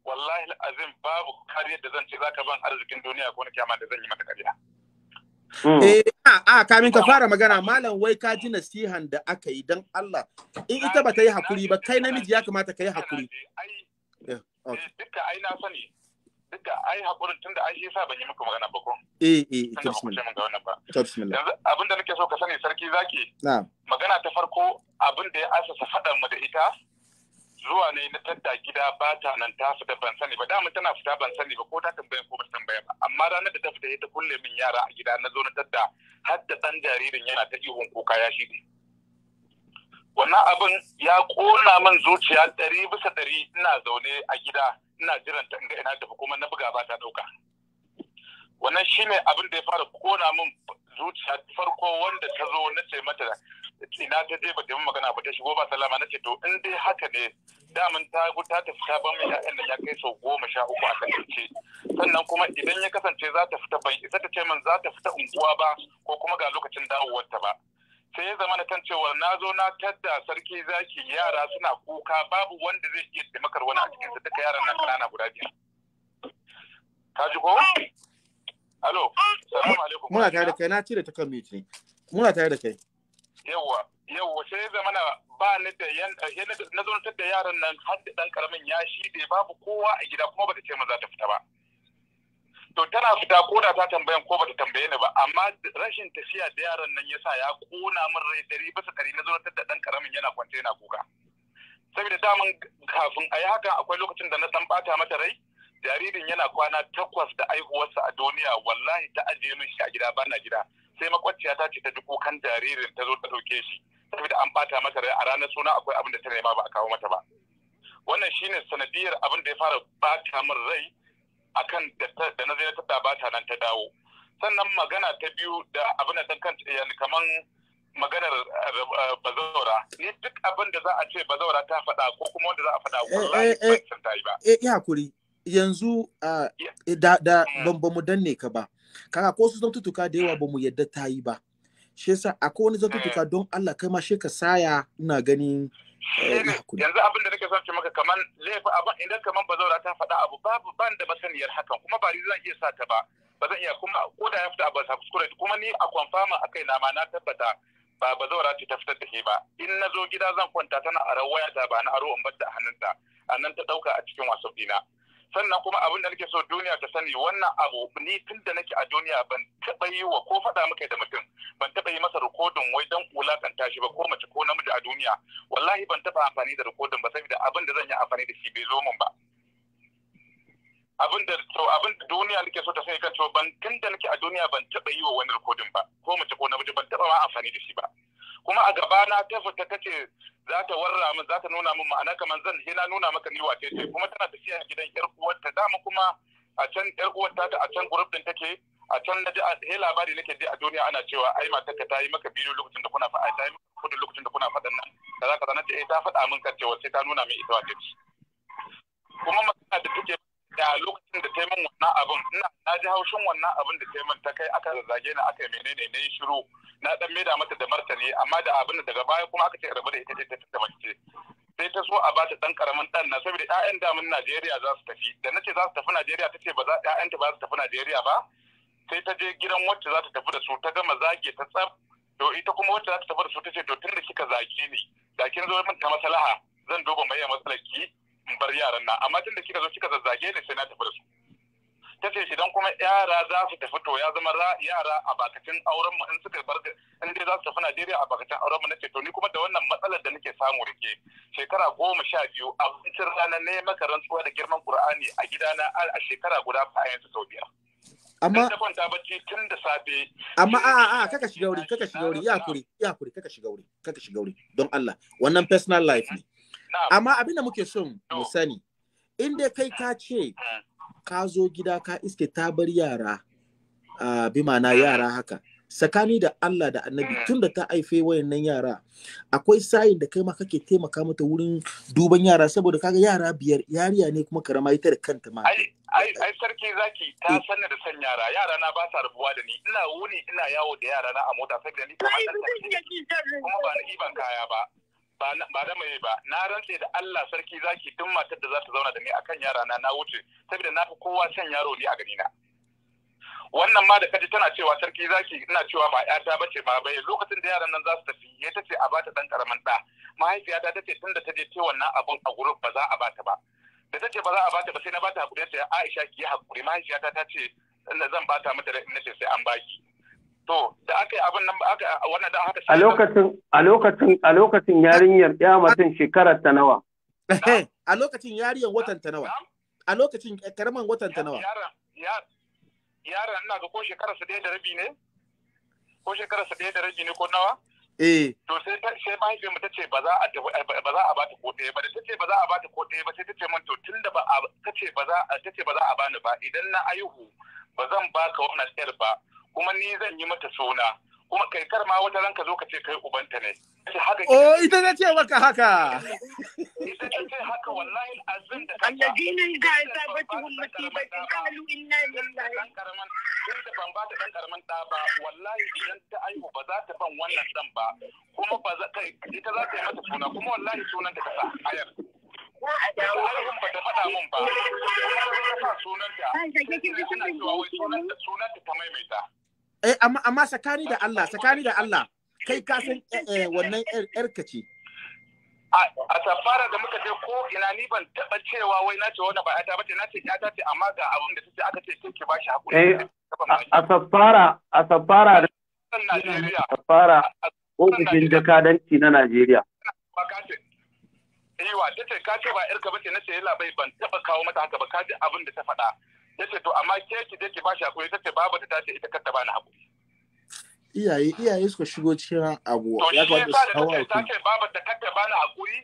wallahi azim babu kariyar da zan ce zaka ban arzikin duniya ko na kiyama da zan yi maka kariya. Mm. Eh, a kamin ka fara magana malam wai ka ji nasihan da aka yi don Allah. In ita ba ta yi hakuri ba, kai namiji ya kamata ka yi hakuri. Eh, eh, eh, duka ai na sani, duka ai hakurin tunda ai shi sa ban yi muku magana ba ko. Eh eh, ta bismillah. Ta bismillah. Yanzu abin da nake so ka sani sarki zaki. Magana ta farko abin da ya asasa faɗan mu da ita. zuwa ne na tadda gida ba ta nan ta fita ban sani ba dama tana fita ban sani ba ko ta tambaya ko ba tambaya ba amma ranar da ta fita ta kulle min yara a gida na zo na tadda har da ɗan jaririn yana ta ihun kuka ya ne. wannan abin ya kona min zuciya ɗari bisa ɗari ina zaune a gida ina jiran ta ga ina tafi kuma na buga ba ta ɗauka wannan shine abin da ya fara kona min zuciya farko wanda ta zo na ce mata ina ta je ba ta magana ba ta shigo ba salama na ce to in dai haka ne daman ta ta tafi ta bar min ya'yan da ya kai sau goma sha uku a kasance sannan kuma idan ya kasance za ta fita bai isa ta ce min za ta fita unguwa ba ko kuma ga lokacin ta ba sai ya zama na kan cewa na zo na tadda sarki zaki yara suna kuka babu wanda zai iya taimakar wani a cikinsa duka yaran nan kanana guda biyar ka ji ko alo salamu alaikum muna tare da kai na cire da kan mutane muna tare da kai yawa yawa sai ya zamana ba ni da eh, na zontar da yaran nan har da dan karamin ya shi da babu kowa a gida kuma bata ce mun za ta fita ba to tana fita ko da ta tambayan ko bata tambaye ni ba amma rashin tafiya da yaran nan yasa ya kona min rai dari bisa dari na zontar da dan karamin yana kwance yana kuka saboda daman kafin a yi haka akwai lokacin da na san bata mata rai jaririn yana kwana takwas da aihuwarsa a duniya wallahi ta ajiye min shi a gida bana gida sai makwacciya ta ce ta ji kukan jaririn ta zo ta ɗauke shi saboda an bata mata rai a ranar suna akwai abin da ta nema ba a kawo mata ba wannan shine sanadiyar abin da ya fara bata min rai akan da na zai ta bata nan ta dawo sannan magana ta biyu da abin da kan kaman maganar eh, bazaura ni duk abin da za a ce bazaura ta faɗa ko kuma wanda za a faɗa eh, wallahi eh, ban san ta yi ba eh hakuri yanzu ah, da da mm. bambamu danne ka ba kaga ko su zantutuka da yawa ba mu yadda ta yi ba shi yasa akwai wani zantutuka eh. don Allah kai ma shi ka saya ina ganin eh, eh, yanzu abin da nake son ce maka kaman laifi abin idan kaman bazaura ta faɗa abu babu ban da masaniyar hakan kuma ba zan iya sa ta ba ba zan iya kuma ko da ya fita ba sa kuskure kuma ni a kwamfama kai na ma na tabbata ba bazaura ce ta fitar da shi ba in na zo gida zan kwanta tana a rawaya ta ba na aro in bar da hannunta a nan ta ɗauka a cikin wasan dina sannan kuma abin da nake so duniya ta sani wannan abu ni tun da nake a duniya ban taɓa yi wa ko faɗa muka da mutum ban taɓa yi masa rikodin wai don wulakanta shi ba ko mace ko namiji a duniya wallahi ban taɓa amfani da rikodin ba saboda abin da zan yi amfani da shi bai zo min ba abin da abin da duniya nake so ta sani kan cewa ban tun da nake a duniya ban taɓa yi wa wani rikodin ba ko mace ko namiji ban taɓa ma amfani da shi ba kuma a gaba na ta fita ta ce za ta warra min za ta nuna min ma'ana kamar zan je na nuna maka ni wace ce kuma tana tafiya gidan yar uwarta dama kuma a can yar uwarta ta a can group din take a can na ji a he labari nake ji a duniya ana cewa ai matarka ta yi maka bidiyo lokacin da kuna faɗa ta yi maka kudin lokacin da kuna faɗan nan da za ka zana ce eh ta faɗa min kan cewa sai ta nuna min ita wace ce kuma magana da take da lokacin da taimun wannan abin ina na ji haushin wannan abin da taimun ta kai aka zazzage ni aka menene ne shiru na dan maida mata da martani amma da abin daga baya kuma aka ce rabu da ita ce ta mace sai ta so a ba ta dan karamin dan na saboda ƴaƴan damun Najeriya za su tafi da nace za su tafi Najeriya tace ba za ta ba su tafi Najeriya ba sai ta je gidan wacce za ta tafi da su ta gama zage ta tsaf to ita kuma wacce za ta tafi da su tace to tun da kika zaki ni da kin zo min ta maslaha zan duba mai ya ki in bar yaran na amma da kika zo kika zazzage ni sai na tafi da su ta ce don kuma yara za su tafi to ya zama yara a bakacin auren mu in suka bar in dai za su tafi Najeriya a bakacin auren mu nace to ni kuma da wannan matsalar da nake samu rike shekara goma sha biyu abincin rana ne maka rantsuwa da girman Qur'ani a gidana a shekara guda bayan su sau biyar amma da kwanta bacci tun da safe amma a a kaka shiga wuri kaka shiga wuri ya kuri ya kuri kaka shiga wuri kaka shiga wuri don Allah wannan personal life ne amma abin da muke son mu sani in dai kai ka ce mm. ka zo gida ka iske ta bar yara a bi mana yara haka tsakani da Allah da annabi tun da ta haife wayannan yara akwai sayin da kai ma kake taimaka mata wurin duban yara saboda kaga yara biyar yariya ne kuma karama ita da kanta ma ai ai sarki zaki ta eh. sanar da san yara yara na ba sa rabuwa da ni ina wuni ina yawo da yara na a mota sai da ni kuma ba ni iban kaya ba ba da mai ba na rantse da Allah sarki zaki duk matar da za ta zauna da ni akan yara na na wuce saboda na fi kowa san yaro ne a gani na wannan ma da kaji tana cewa sarki zaki ina cewa ba ƴata ba ce ba bai lokacin da yaran nan za su tafi ya ta a bata dan karaman ɗa mahaifiyata ta ce tun da ta je ce wannan abun a gurin ba za a bata ba da ta ba za a bata ba sai na bata hakuri sai Aisha ki yi hakuri mahaifiyata ta ce zan bata mata da na ce sai an baki To da aka yi abin nan aka wannan dan haka a lokacin a lokacin a lokacin yarinyar ya mutum shekarar ta nawa. Eh, a lokacin yarinyar watan ta nawa. A lokacin karaman watan ta nawa. Yaran ina ga ko shekarar su da rabi ne? Ko shekarar su da rabi ne ko nawa? Eh. To sai sai mahaifiyar mu tace ba za a eh, ba za a ba ta ko ɗaya ba da tace ba za a ba ta ko ɗaya ba sai tace min to tunda ba tace ba za tace ba za a bani ba idan na aihu ba zan ba ka wannan ɗayar ba kuma ni zan yi mata suna kuma kai kar ma wata ranka zo ka ce kai ubanta ne oh ita ta ce maka haka ita ta ce haka wallahi azin da ta alladina idza asabatu ummati bi qalu inna lillahi sai da ban ba ta dan karaman da ba wallahi idan ta aihu ba za ta ban wannan dan ba kuma ba za kai ita za ta yi mata suna kuma wallahi sunan da ta sa ayar Alhun ba faɗa mun ba. Sunanta ta maimaita. Eh, amma amma sakani da Allah sakani da Allah kai ka san eh, eh, wannan ƴarka ce a safara da muka je ko ina ni ban taba cewa wai na ce wanda ba ta bace na ce ya ta ce amma ga abin da take aka ce sai ki shi hakuri a safara a safara da Najeriya safara ofishin jakadanci na Najeriya Ewa, ta ce ka ce ba yarka bace na ce labai ban taba kawo mata haka ba ka ji abin da ta faɗa. yace to amma ke ki je ki ba shi hakuri tace babu ta tace ita kanta bani hakuri iyaye iyaye suka shigo cikin abu ya ga da hawa ku tace babu ta kanta bani hakuri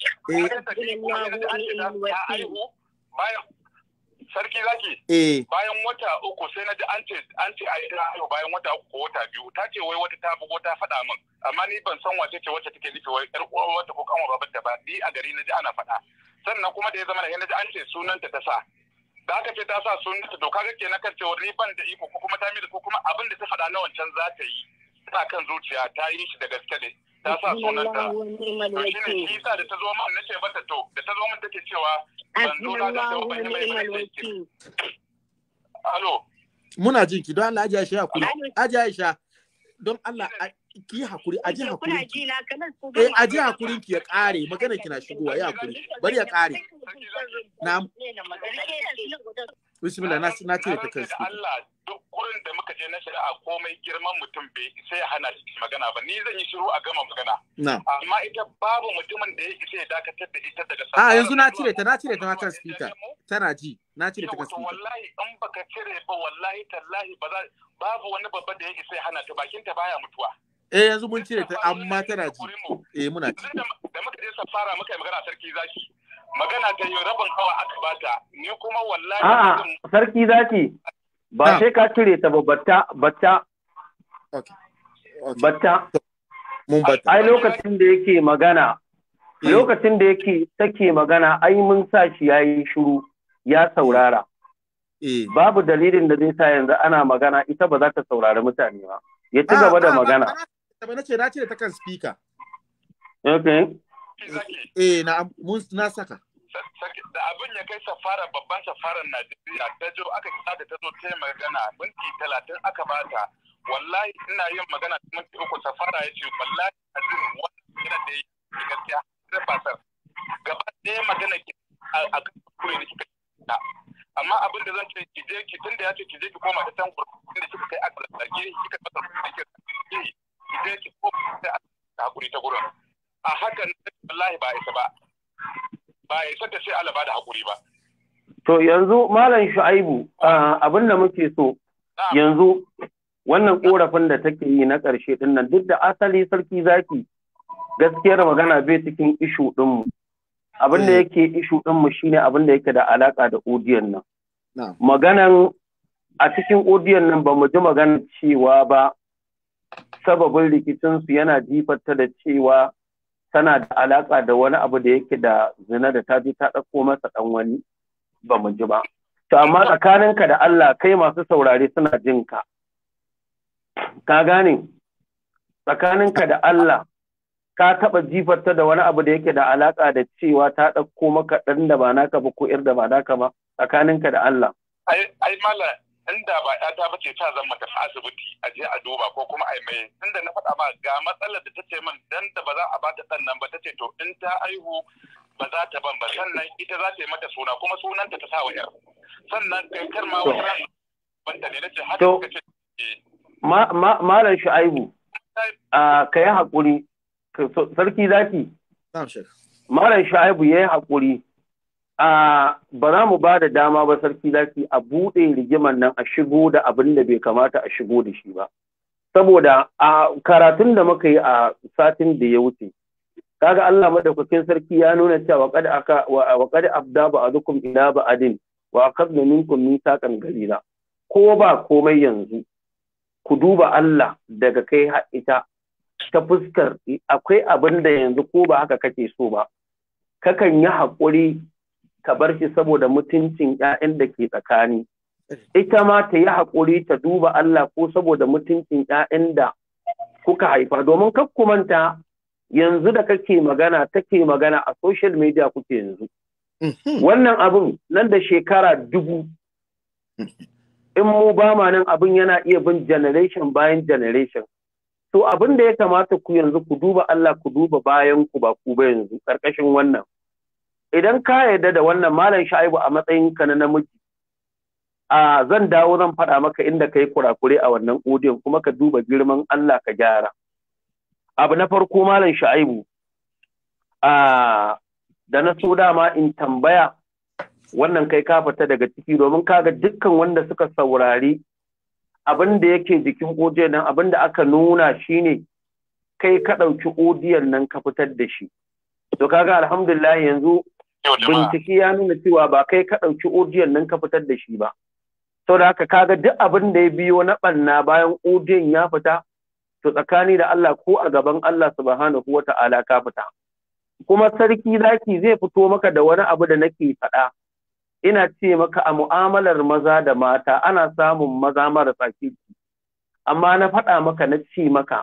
eh sarki zaki eh bayan wata uku sai na ji an ce an ce ai ina yau bayan wata uku ko wata biyu ta ce wai wata ta bugo ta faɗa min amma ni ban san wace ce wacce take nufi wai ƴar uwar wata ko kanwa babar da ba ni a gari na ji ana faɗa sannan kuma da ya zama na ji an ce sunanta ta sa da aka ce ta sa sunan doka ga kenan kan cewa ni ban da iko ko kuma ta da ko kuma abin da ta faɗa na wancan za ta yi ta kan zuciya ta yi shi da gaske ne ta sa sunanta to shi da ta zo mun, nace bata to da ta zo mun take cewa ban zo na da ban ne mai mai alo muna jin ki don Allah ajiya shi a kula. ajiya shi don Allah ki hakuri aji ji hakuri eh aji hakurin ki ya kare magana kina shigowa ya hakuri bari ya kare na'am bismillah na na ce ta kai Allah duk gurin da muka je na shari'a komai girman mutum bai sai hana shi magana ba ni zan yi shiru a gama magana amma ita babu mutumin da ya isa ya dakatar da ita daga sa a yanzu na cire ta na cire ta ma kan speaker tana ji na cire ta kan speaker wallahi in baka cire ba wallahi tallahi ba za babu wani babba da ya isa ya hana ta bakin ta baya mutuwa eh yanzu mun cire ta amma tana ji eh muna ci. da muka je safara muka yi magana sarki zaki magana ta yi rabin hawa aka bata ni kuma wallahi a'a sarki zaki ba sai ka cire ta ba batta batta batta mun batta ai lokacin da yake magana eh. lokacin da yake take magana ai mun sa shi yayi shiru ya eh. saurara eh. babu dalilin da zai sa yanzu ana magana ita ba za ta saurari mutane ba ya ci gaba da magana ba na ce na cire ta kan speaker. Okay. Eh na mun na saka. Da abin ya kai safara babban safaran Najeriya ta jo aka kira da ta zo ta magana minti talatin aka bata wallahi ina yin magana minti uku safara ya ce wallahi azim wannan da ya yi gaskiya zai fasar gaba ɗaya magana ke a kan kure da kika da amma abin da zan ce ki je ki tunda ya ce ki je ki koma da can gurbin da kika kai a aka zarge kika da fasa kike idan ki ko da hakuri ta gurin a hakan wallahi ba isa ba ba isa ta sai Allah da hakuri ba to yanzu malam Shu'aibu abin da muke so yanzu wannan korafin da take yi na ƙarshe din nan duk da asali sarki zaki gaskiyar magana bai cikin ishu mu abin da mm. yake ishu ɗinmu shine abin da yake da alaka da Odiyan nan maganan a cikin Odiyan nan ba mu ji magana cewa ba sababin rikicinsu yana jifarta da cewa tana da alaƙa da wani abu da yake da zina da ta je ta ɗauko masa ɗan wani ba mu ji ba. To amma tsakaninka da Allah kai masu saurare suna jin ka. Ka gane? Tsakaninka da Allah ka taɓa jifarta da wani abu da yake da alaƙa da cewa ta ɗauko maka ɗan da ba naka ba ko ƴar da ba naka ba tsakaninka da Allah. Ai, ai inda ba ta bace ce ta zama tafi asibiti a je a duba ko kuma a mai inda na faɗa ma ga matsalar da ta ce min dan da ba za a bata ɗan nan ba ta ce to in ta aihu ba za ta ban ba sannan ita za ta yi mata suna kuma sunanta ta sa wa yar sannan kai kar ma wani banta ne nace haka eh. ka ce malam aihu a yi hakuri sarki zaki malam shu'aibu ya yi hakuri. a ba za mu ba da dama ba sarki laki a buɗe rigiman nan a shigo da abin da bai kamata a shigo da shi ba saboda a karatun da muka yi a satin da ya wuce kaga Allah madaukakin sarki ya nuna cewa qad aka ba a abda ina ba din wa aqadna minkum gari galila ko ba komai yanzu ku duba Allah daga kai har ita ta fuskar akwai abin da yanzu ko ba haka kake so ba kakan yi haƙuri ka bar shi saboda mutuncin 'ya'yan da ke tsakani eh. ita ma ta yi haƙuri ta duba Allah ko saboda mutuncin 'ya'yan da kuka haifa domin manta yanzu da kake magana take magana a social media kuke yanzu mhm. wannan abin nan da shekara dubu in mu ba ma nan abin yana iya bin generation bayan generation to abin da ya kamata ku yanzu ku duba Allah ku duba bayan ku ba ku ba yanzu ƙarƙashin wannan idan ka yarda da wannan malam sha'ibu a matsayin ka na namiji a zan dawo zan faɗa maka inda kai kurakure a wannan odiyon kuma ka duba girman Allah ka gyara abu na farko malam sha'ibu a da na so dama in tambaya wannan kai ka fita daga ciki domin kaga dukkan wanda suka saurari abin da yake jikin odiyon nan abin da aka nuna shine kai ka ɗauki odiyon nan ka fitar da shi to kaga alhamdulillah yanzu bincike ya nuna cewa ba kai ka ɗauki odiyon nan ka fitar da shi ba sau da haka kaga duk abin da ya biyo na ɓanna bayan odiyon ya fita to tsakani da Allah ko a gaban Allah subhanahu wata'ala ka fita kuma sarki zaki zai fito maka da wani abu da nake faɗa ina ce maka a mu'amalar maza da mata ana samun maza marasa kirki amma na faɗa maka na ce maka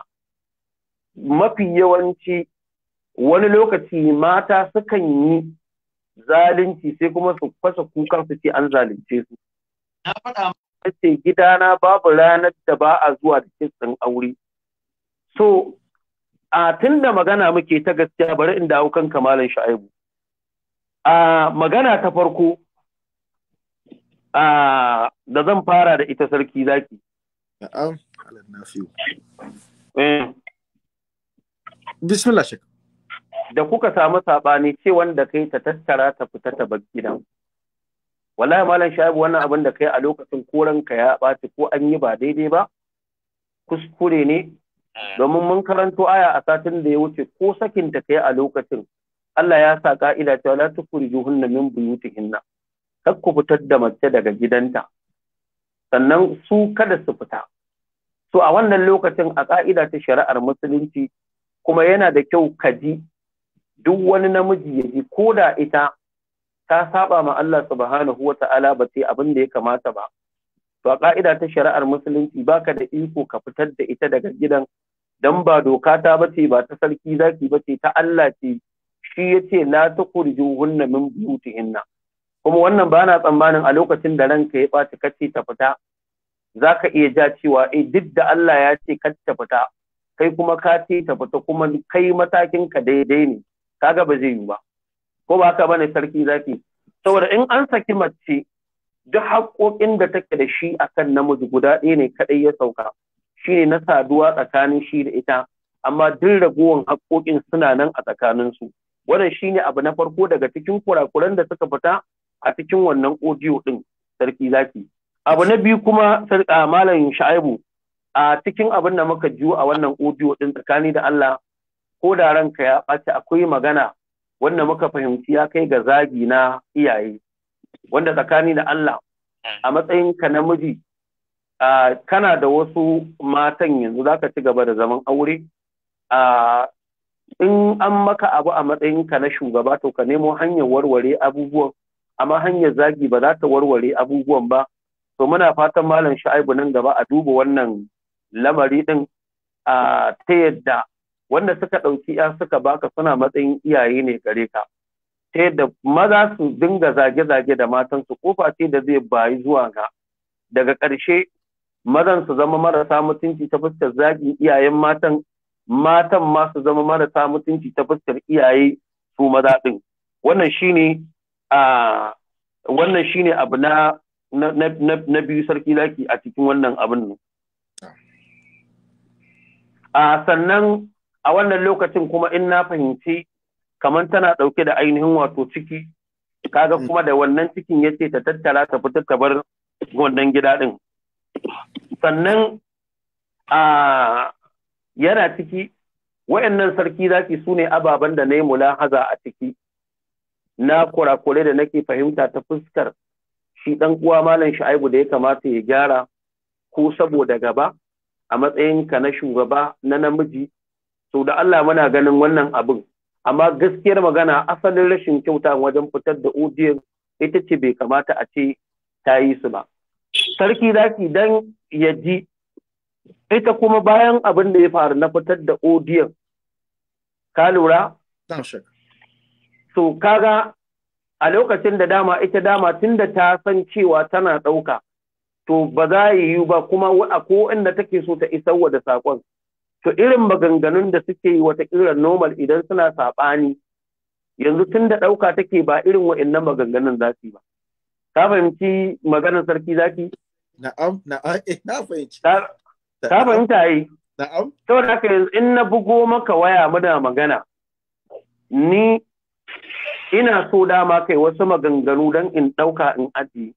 mafi yawanci wani lokaci mata sukan yi zalunci sai kuma su fasa kukan su ce an zalunce su na faɗa ce gidana babu ranar da ba a zuwa da aure so a tun da magana muke ta gaskiya bari in dawo kan kamalan sha'ibu a magana ta farko da zan fara da ita sarki zaki na'am eh. bismillah shek da kuka samu saɓani ce wanda kai ta tattara ta fita ta bar gidan wallahi malam shaibu wannan abin da kai a lokacin koranka ya ɓaci ko an yi ba daidai ba kuskure ne domin mun karanto aya a satin da ya wuce ko sakin ta kai a lokacin Allah ya sa ka'ida cewa la hunnumin min buyutihinna kar ku fitar da mace daga gidanta sannan su kada su fita so a wannan lokacin a ƙa'ida ta shari'ar musulunci kuma yana da kyau ka ji duk wani namiji ya ji ko da ita ta saba ma Allah subhanahu wa ta'ala ba sai abin da ya kamata ba Ba a ka'ida ta shari'ar musulunci baka da iko ka fitar da ita daga gidan dan ba doka ta ce ba ta sarki zaki ba ce ta Allah ce shi yace la hunna min buyutihinna kuma wannan ba na tsammanin a lokacin da ranka ya ɓaci kace ta fita Za ka iya ja cewa eh duk da Allah ya ce kar ta fita kai kuma ka ce ta fita kuma kai matakin ka daidai ne kaga ba zai yi ba ko ba haka bane sarki zaki saboda in an saki mace duk haƙoƙin da take da shi akan namiji guda ɗaya ne kaɗai ya sauka shine na saduwa tsakanin shi da ita amma duk ragowar haƙoƙin suna nan a tsakaninsu wannan shine abu na farko daga cikin kurakuran da suka fita a cikin wannan audio ɗin sarki zaki abu na biyu kuma malam sha'ibu a cikin abin da muka jiwo a wannan audio ɗin tsakani da Allah ko da ranka ya ɓaci akwai magana wanda muka fahimci ya kai ga zagi na iyaye wanda tsakani da Allah mm. a matsayinka namiji kana da wasu matan yanzu za ka ci gaba da zaman aure in an maka abu a matsayinka na shugaba to ka nemo hanyar warware abubuwan amma hanyar zagi ba za ta warware abubuwan ba to muna fatan malam sha'ibu nan gaba a duba wannan lamari din ta yadda wanda suka ɗauki ya suka baka suna matsayin iyaye ne gare ka ta yadda maza su dinga zage-zage da matansu kofa ce da zai bayi zuwa ga daga ƙarshe mazan su zama marasa mutunci ta fuskar zagi iyayen matan matan ma su zama marasa mutunci ta fuskar iyaye su maza ɗin wannan shine a wannan ne abu na na biyu sarki zaki a cikin wannan abin nan ah. a sannan a wannan lokacin kuma in na fahimci kamar tana ɗauke da ainihin wato ciki kaga mm. kuma da wannan cikin ya ce ta tattara ta fitar ta bar wannan gida ɗin sannan a yana ciki wa'annan sarki zaki su ne ababen da na yi mulahaza a ciki na kurakure da nake fahimta ta fuskar shi ɗan uwa malam sha'aibu da ya kamata ya gyara ko saboda gaba a matsayinka na shugaba na namiji so da Allah muna ganin wannan abin amma gaskiyar magana asalin rashin kyauta wajen fitar da odiyar ita ce bai kamata a ce ta yi su ba sarki zaki dan ya ji ita kuma bayan abin da ya faru na fitar da odiyar ka lura so kaga a lokacin da dama ita dama tun da ta san cewa tana ɗauka to ba za yi ba kuma a ko inda take so ta isar wa da saƙon to irin maganganun da suke yi watakila normal idan suna saɓani yanzu tun da ɗauka take ba irin wa'annan maganganun za su yi ba ka fahimci maganar sarki zaki na'am na'am eh, na fahimci ka fahimta yi na'am saboda haka yanzu in na bugo maka waya muna magana ni ina so dama kai wasu maganganu don in ɗauka in ajiye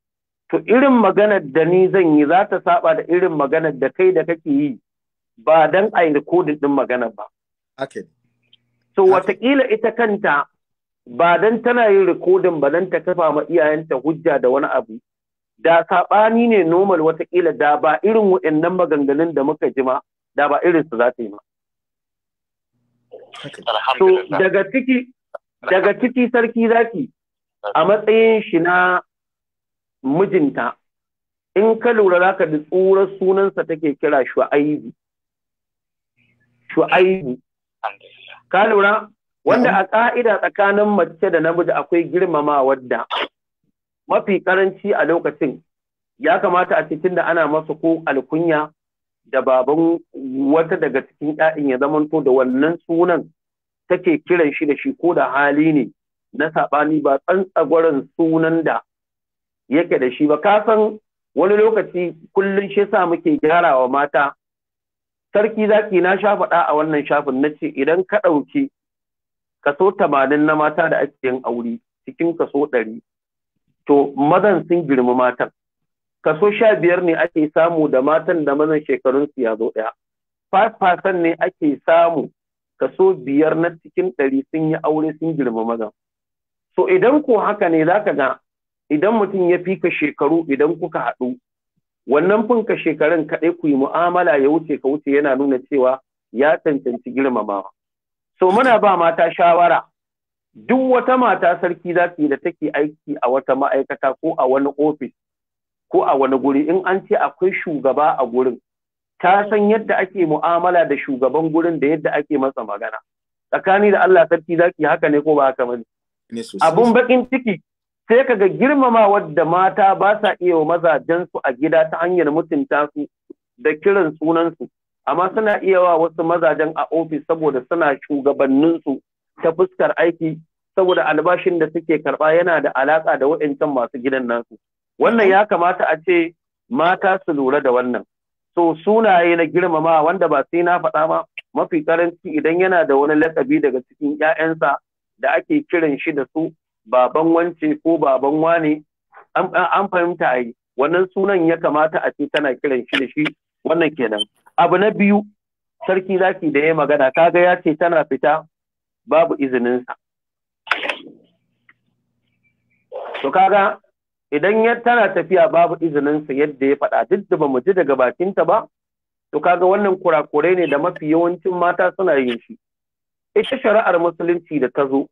to irin maganar da ni zan yi za ta saba da irin maganar da kai da kake yi ba dan a yi rikodin ɗin magana ba. Okay. So watakila ita kanta ba dan tana yin rikodin ba dan ta kafa ma iyayenta hujja da wani abu. Da saɓani ne normal watakila da ba irin waɗannan maganganun da muka jima da ba irin su za ta yi ma. So daga ciki sarki zaki a matsayin shi na mijinta in ka lura za ka tsurar sunansa take kira shu'aibu shu'aibu ka lura wanda a ƙa'ida tsakanin mace da namiji akwai girmama wadda mafi karanci a lokacin ya kamata a cikin da ana masa ko alkunya da baban wata daga cikin ƴaƴan ya zamanto da wannan sunan take kiran shi da shi ko da hali ne na saɓani ba tsantsagwaron sunan da yake da shi ba ka san wani lokaci kullum shi sa muke wa mata sarki zaki na sha faɗa a wannan shafin na ce idan ka ɗauki kaso tamanin na mata da ake yin aure cikin kaso ɗari to mazan sun girma matan kaso sha biyar ne ake samu da matan da mazan shekarun su ya zo ɗaya fafasan ne ake samu kaso biyar na cikin ɗari sun yi aure sun girma mazan so idan ko haka ne za ka ga idan mutum ya fika shekaru idan kuka haɗu wannan funka shekarun kaɗai ku yi mu'amala ya wuce ka wuce yana nuna cewa ya cancanci girmamawa so muna ba mata shawara duk wata mata sarki za su yi da take aiki a wata ma'aikata ko a wani ofis ko a wani guri in an ce akwai shugaba a gurin ta san yadda ake mu'amala da shugaban gurin da yadda ake masa magana tsakani da Allah sarki zaki haka ne ko ba haka ne. abun bakin ciki sai ka ga girmama wadda mata ba sa iya wa mazajensu a gida ta hanyar mutunta su da kiran sunansu amma suna iya wa wasu mazajen a ofis saboda suna shugabanninsu ta fuskar aiki saboda albashin da suke karba yana da alaka da waɗancan masu gidan nasu wannan ya kamata a ce mata su lura da wannan so sunaye na girmama wanda ba sai na faɗa ma mafi karanci idan yana da wani lakabi daga cikin 'ya'yansa da ake kiran shi da su baban wance ko baban wane an fahimta a yi wannan sunan ya kamata a ce tana kiran shi da shi wannan kenan abu na biyu sarki zaki da ya magana kaga ya ce tana fita babu izininsa to kaga idan ya tana tafiya babu izininsa yadda ya faɗa duk da bamu ji daga bakinta ba to kaga wannan kurakurai ne da mafi yawancin mata suna yin shi ita shari'ar musulunci da ta zo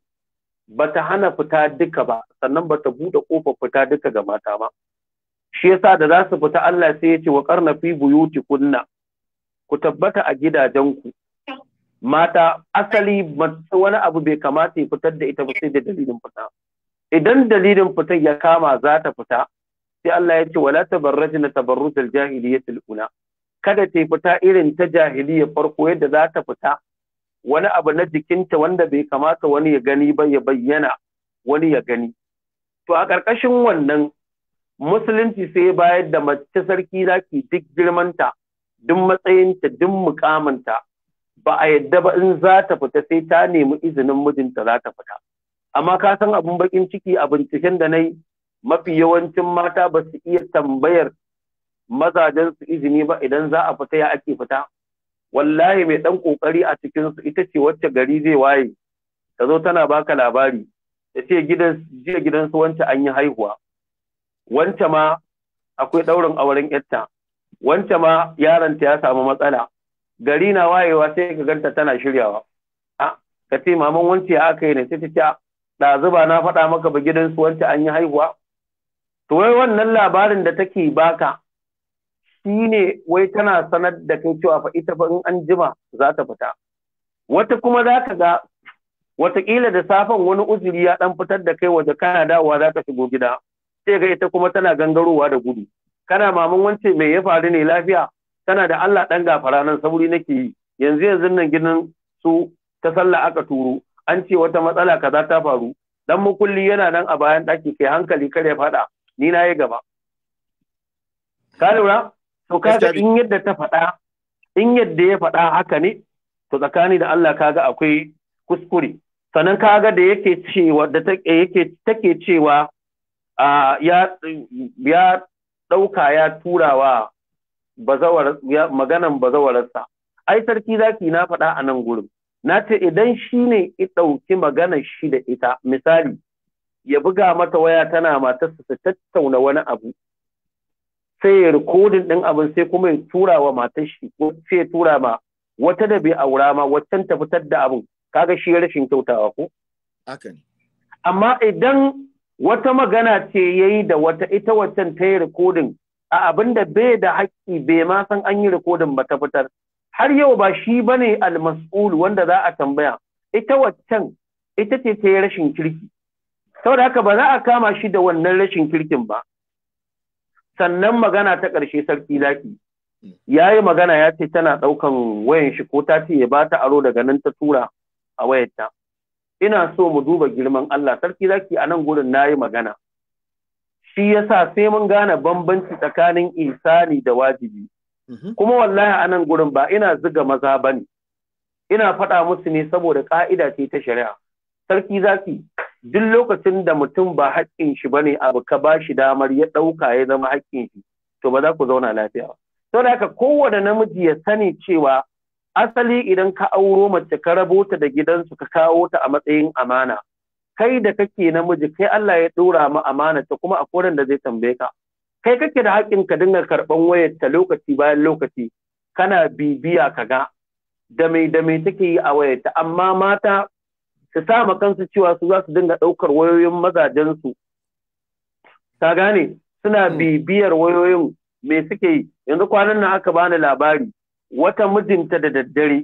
bata hana fita duka ba sannan bata buɗe kofar fita duka ga mata ba shi yasa da za su fita Allah sai ya ce wa karna fi buyuti kunna ku tabbata a gidajenku mata asali wani abu bai kamata ya fitar da ita ba sai da dalilin fita idan dalilin fitar ya kama za ta fita sai Allah ya ce wala tabarrajna tabarrujal jahiliyatil ula kada ta fita irin ta jahiliya farko yadda za ta fita wani abu na jikinta wanda bai kamata wani ya gani ba ya bayyana wani ya gani to a ƙarƙashin wannan musulunci sai bayar da mace sarki ki duk girmanta duk matsayinta duk mukamanta ba a yadda ba in za ta fita sai ta nemi izinin mijinta za ta fita amma ka san abin bakin ciki a binciken da na yi mafi yawancin mata ba su iya tambayar mazajen su izini ba idan za a fita ya ake fita wallahi mai ɗan ƙoƙari a cikin su ita ce wacce gari zai waye ta zo tana baka labari ta ce gidan jiya gidan su wance an yi haihuwa wance ma akwai ɗaurin auren yarta wance ma yaronta ya samu matsala gari na wayewa sai ka ganta tana shiryawa a ka ce maman wance ya aka yi ne sai ta ce zuba na faɗa maka ba gidan su wance an yi haihuwa to wai wannan labarin da take baka Shi ne wai tana sanar da kai cewa fa ita fa in an jima za ta fita wata kuma za ka ga watakila da safen wani uzuri ya dan fitar da kai waje kana dawowa za ka shigo gida sai ga ita kuma tana gangarowa da gudu kana maman wance mai ya faru ne lafiya tana da Allah dan gafara nan sauri nake yi yanzu yanzu nan gidan su ta sallah aka turo an ce wata matsala kaza ta faru dan mukulli yana nan a bayan daki kai hankali kar ya fada ni na yi gaba ka lura to kaga in yadda ta faɗa in yadda ya faɗa haka ne to tsakani da Allah kaga akwai kuskure sannan kaga da yake cewa da yake take cewa ya ya ɗauka ya turawa bazawar maganan bazawararsa ai sarki zaki na faɗa a nan gurin na ce idan shi ne ya ɗauki maganar shi da ita misali ya buga mata waya tana matarsa su tattauna wani abu sai ya rikodin ɗin abin sai kuma ya tura wa matar shi ko sai ya tura ma wata da bai aura ma waccan ta fitar da abin kaga shi rashin kyautawa ko amma idan wata magana ce yayi da wata ita waccan ta yi rikodin a abin da bai da haƙƙi bai ma san an yi rikodin ba ta fitar har yau ba shi bane almas'ul wanda za a tambaya ita waccan ita ce ta yi rashin kirki saboda haka ba za a kama shi da wannan rashin kirkin ba sannan magana ta ƙarshe sarki zaki hmm. ya yi magana ya ce tana ɗaukan wayan shi ko ta ce ya ba ta aro daga nan ta tura a wayarta ina so mu duba girman Allah sarki zaki a nan gurin na yi magana shi ya sa sai mun gane bambanci tsakanin isani da wajibi hmm. kuma wallahi a nan gurin ba ina ziga maza ba ne ina faɗa musu ne saboda ƙa'ida ce ta shari'a sarki zaki duk lokacin da mutum ba haƙƙin shi ba ne abu ka ba shi damar ya ɗauka ya zama haƙƙin shi to ba za ku zauna lafiya ba da haka kowane namiji ya sani cewa asali idan ka auro mace ka rabo ta da gidansu ka kawo ta a matsayin amana kai da kake namiji kai Allah ya ɗora ma amana ta kuma a akwai da zai tambaye ka kai kake da haƙƙin ka dinga karɓan wayar ta lokaci bayan lokaci kana bibiya ka ga da mai da mai take yi a wayar ta amma mata su sa ma kansu cewa su za su dinga ɗaukar wayoyin mazajensu ta gane suna hmm. bibiyar wayoyin me suke yi yanzu kwanan nan aka bani labari wata mijinta da daddare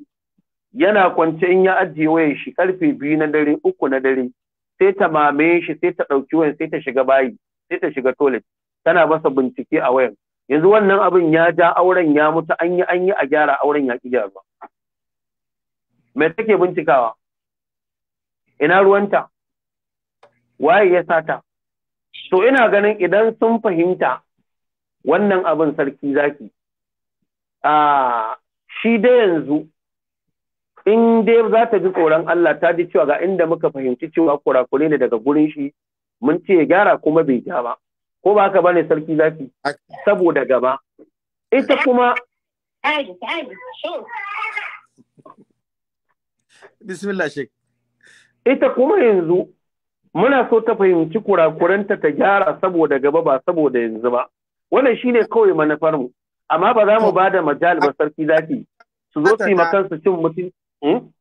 yana kwance in ya ajiye wayan shi karfe biyu na dare uku na dare sai ta mame shi sai ta ɗauki wayan, sai ta shiga bayi sai ta shiga toilet tana masa bincike a wayan. yanzu wannan abin ya ja auren ya mutu an yi an a gyara auren ya ƙi gyaruwa me take bincikawa ina ruwanta waye ya sata to ina ganin idan sun fahimta wannan abin sarki zaki a shi dai yanzu in dai za ta ji tsoron Allah ta ji cewa ga inda muka fahimci cewa kurakure ne daga gurin shi mun ce ya gyara kuma bai ja ba ko ba ka bane sarki zaki saboda gaba ita kuma bismillah shek ita kuma yanzu muna so ta fahimci kurakuranta ta gyara saboda gaba ba saboda yanzu ba wannan shine kawai manufar mu amma ba za mu ba da majal ba sarki zaki su zo su yi makansu cin mutum hmm?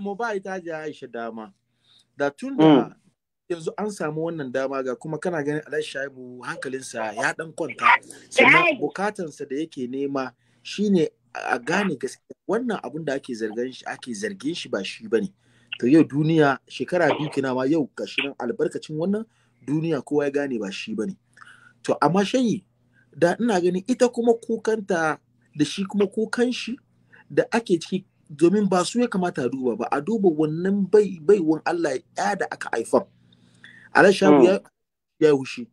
mu ba ita ji Aisha dama da tun da hmm. yanzu an samu wannan dama ga kuma kana ganin Alhaji Shaibu hankalinsa ya dan kwanta sannan bukatansa da yake nema shine a gane gaskiya wannan abun da ake zargin shi ake shi ba shi bane to yau duniya shekara biyu kina ma yau gashi nan albarkacin wannan duniya kowa ya gane ba shi bane to amma shayi da ina gani ita kuma kukanta da shi kuma kukan shi da ake ciki domin ba su ya kamata a duba ba a duba wannan bai baiwan Allah ya da aka Allah alashabu hmm. ya ya hushi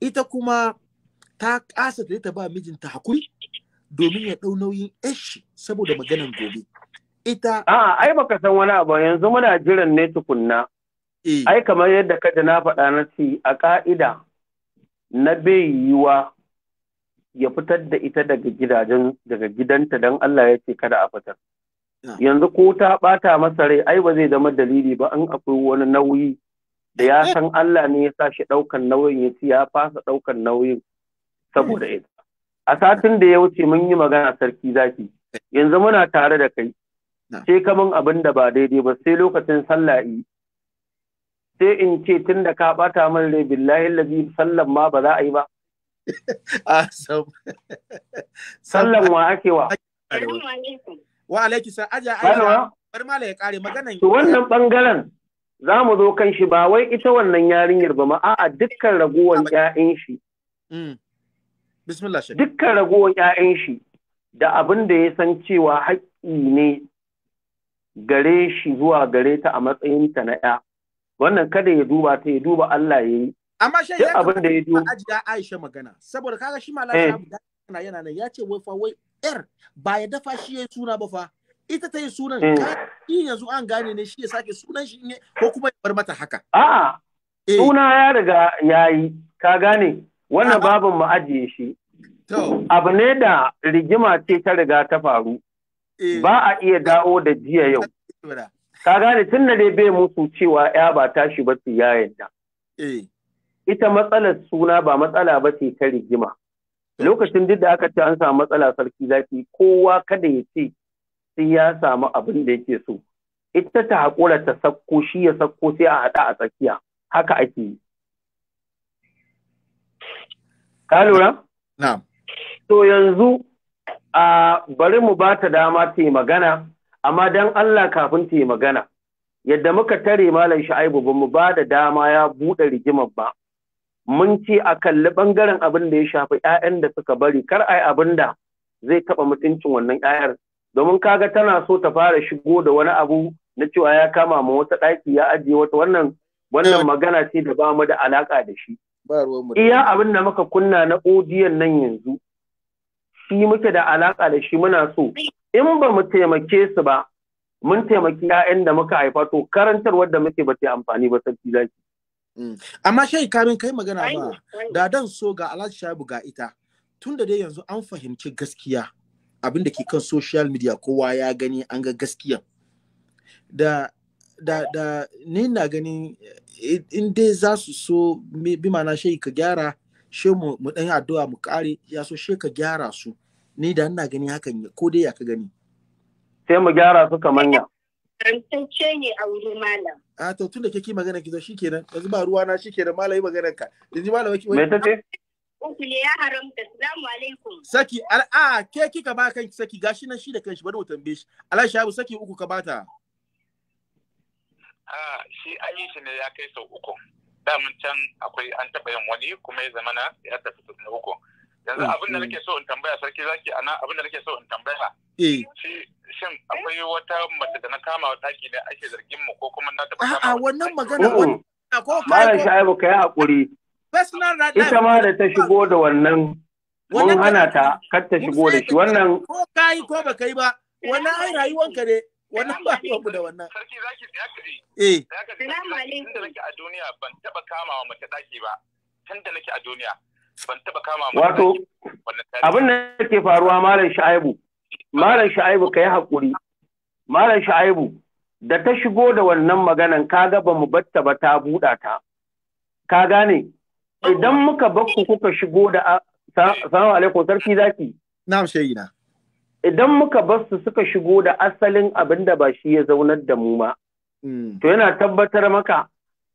ita kuma ta kasa ta ba mijinta hakuri domin ya dau nauyin shi saboda maganan gobe ita a ai baka san wani abu yanzu muna jiran ne tukunna eh. ai kamar yadda kada na faɗa na ci a ƙa'ida na bai yiwa ya fitar da ita daga gidajen daga gidanta don Allah ya ce kada a fitar ah. yanzu ko ta ɓata masa rai ai ba zai zama dalili ba an akwai wani nauyi da ya san Allah ne ya sa shi ɗaukan nauyin ya ci ya fasa ɗaukan nauyin saboda ita a satin da ya wuce mun yi magana sarki zaki eh. yanzu muna tare da kai sai kaman abin da ba daidai ba sai lokacin sallah'i yi sai in ce tun da ka bata min rai billahi lazi sallan ma ba za a yi ba ah, sallan wa ake wa wa alaiki sa aja aja bar mala ya kare maganan to wannan bangaren za mu zo kan shi ba wai ita wannan yarinyar ba ma a'a dukkan raguwan ƴaƴan shi mm. bismillah dukkan raguwan ƴaƴan shi da abin da ya san cewa haƙƙi ne gare shi zuwa gare ta a matsayin ta na ya wannan kada ya duba ta ya duba Allah ya yi amma shi ya abin da ya duba ajiya Aisha magana saboda kaga shi malaka eh. yana yana nan ya ce wai fa wai er ba ya dafa shi ya suna ba fa ita ta yi sunan eh. shi yanzu an gane ne shi ya sake sunan shi ne ko kuma ya bar mata haka a'a eh. suna ya riga yi ka gane wannan babin mu ajiye shi abu ne da rigima ce ta riga ta faru Eh. ba a iya dawo da jiya yau ka gane tun da dai bai musu cewa ya ba tashi ba su ya yadda eh. ita matsalar suna ba matsala ba ce ta rigima eh. lokacin duk da aka ce an samu matsala sarki zafi kowa kada ya ce sai ya samu abin da yake so ita ta haƙura ta sakko shi ya sakko sai a haɗa a tsakiya haka ake yi ka lura? to yanzu a bari mu ba ta dama ta magana amma dan Allah kafin ta magana yadda muka tare malam Shu'aibu ba mu ba da dama ya buɗe rigimar ba mun ce a kalli bangaren abin da ya shafi ƴaƴan da suka bari kar ai abin da zai taɓa mutuncin wannan ƴaƴar domin kaga tana so ta fara shigo da wani abu na cewa ya kama ma wata ɗaki ya ajiye wata wannan wannan eh. magana ce da ba mu da alaƙa da shi iya abin da muka kunna na odiyan nan yanzu shi muke da alaƙa da shi muna so in ba mu taimake su ba mun taimaki 'ya'yan da muka haifa to karantar wadda muke ba ta amfani ba sarki zaki. Mm. Amma shai kamin kai magana ba da dan so ga Alhaji Shabu ga ita tun da dai yanzu an fahimci gaskiya abin da ke kan social media kowa ya gani an ga gaskiya da da da ni na ganin eh, in dai za su so bi mana shai ka gyara she mu mu dan addu'a mu kare ya so she ka gyara su ni da ina gani hakan ya ko dai ya ka gani sai mu gyara su kaman ya rantacce ne a wuri malam a to tunda kake magana ki zo shikenan yanzu ba ruwa na shikenan malam yi maganar ka yanzu malam ki me tace ukule ya haramta salamu alaikum saki a ke kika ba kanki saki gashi nan shi da kanshi bari mu tambaye shi alai shabu saki uku ka bata a ah, shi an yi shi ne ya kai sau uku mun can akwai an taɓa yin wani kuma ya zama na ya tafi na uku yanzu mm. abin da nake so in tambaya sarki zaki a nan abin da nake so in tambaya eh. shin akwai wata mace da na kama wa ɗaki ne ake zargin mu ko kuma na taɓa kama wannan magana wani ko kai ko Shaibu yi hakuri ita ma da ta shigo da wannan mun hana ta kar ta shigo da shi wannan ko yi ko baka yi ba wannan ai rayuwanka ne wannan ba da wannan eh. a duniya ban wa mace daki ba wato abin da yake faruwa malam sha'ibu malam sha'ibu yi hakuri malam sha'ibu da ta shigo da wannan maganan kaga ba mu batta ba ta buɗa ta ka gane idan muka bakku kuka shigo da a salamu alaikum sarki zaki na'am idan muka bar su suka shigo da asalin abin da ba shi ya zaunar da mu ma hmm. to yana tabbatar maka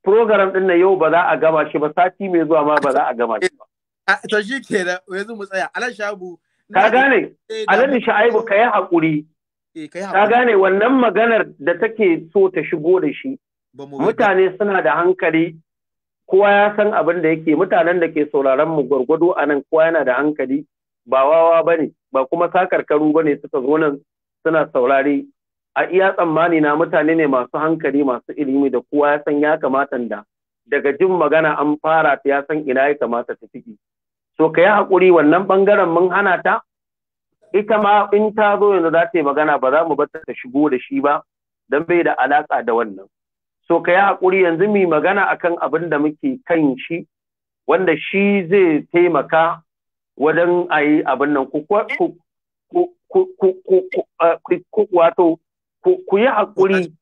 program din na yau ba za a gama shi ba sati mai zuwa ma ba za a gama shi ba to shi da yanzu mu tsaya alan shabu ka gane eh, alan sha'ibu kai hakuri ka eh, gane wannan maganar da take so ta shigo da shi mutane suna da hankali kowa ya san abin da yake mutanen da ke sauraron mu gwargwado anan kowa yana da hankali ba wawa ba ne ba kuma sakarkaru ba ne suka zo nan suna saurari. a iya tsammani na mutane ne masu hankali masu ilimi da kowa ya san ya kamata da daga jin magana an fara ta ya san ina ya kamata ta fiki so ka yi haƙuri wannan ɓangaren mun hana ta ita ma in ta zo yanzu za ta yi magana ba za mu bar ta shigo da shi ba don bai da alaƙa da wannan so ka yi haƙuri yanzu mu magana akan abin da muke kan shi wanda shi zai taimaka wajen a yi abin nan ku wato ku yi haƙuri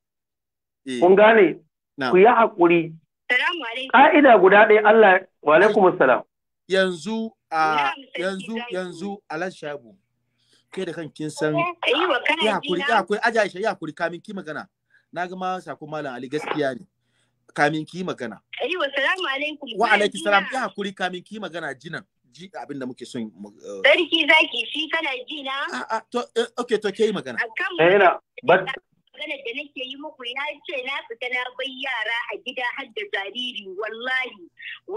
eh. kun gane ku yi haƙuri ƙa'ida guda ɗaya Allah wa alaikum salam yanzu a yanzu yanzu alashabu kai da kan kin san eh, ya hakuri ya hakuri aja shi ya hakuri kamin ki magana na ga ma sako malam Ali gaskiya ne kamin ki magana eh, wa alaikum salam ya hakuri kamin ki magana jinan ji abin da muke son eh. sarki zaki shi kana ji na a ah, ah, to eh, okay to ke yi magana eh na magana da nake yi muku ya ce na fita na bai yara a gida har da jariri wallahi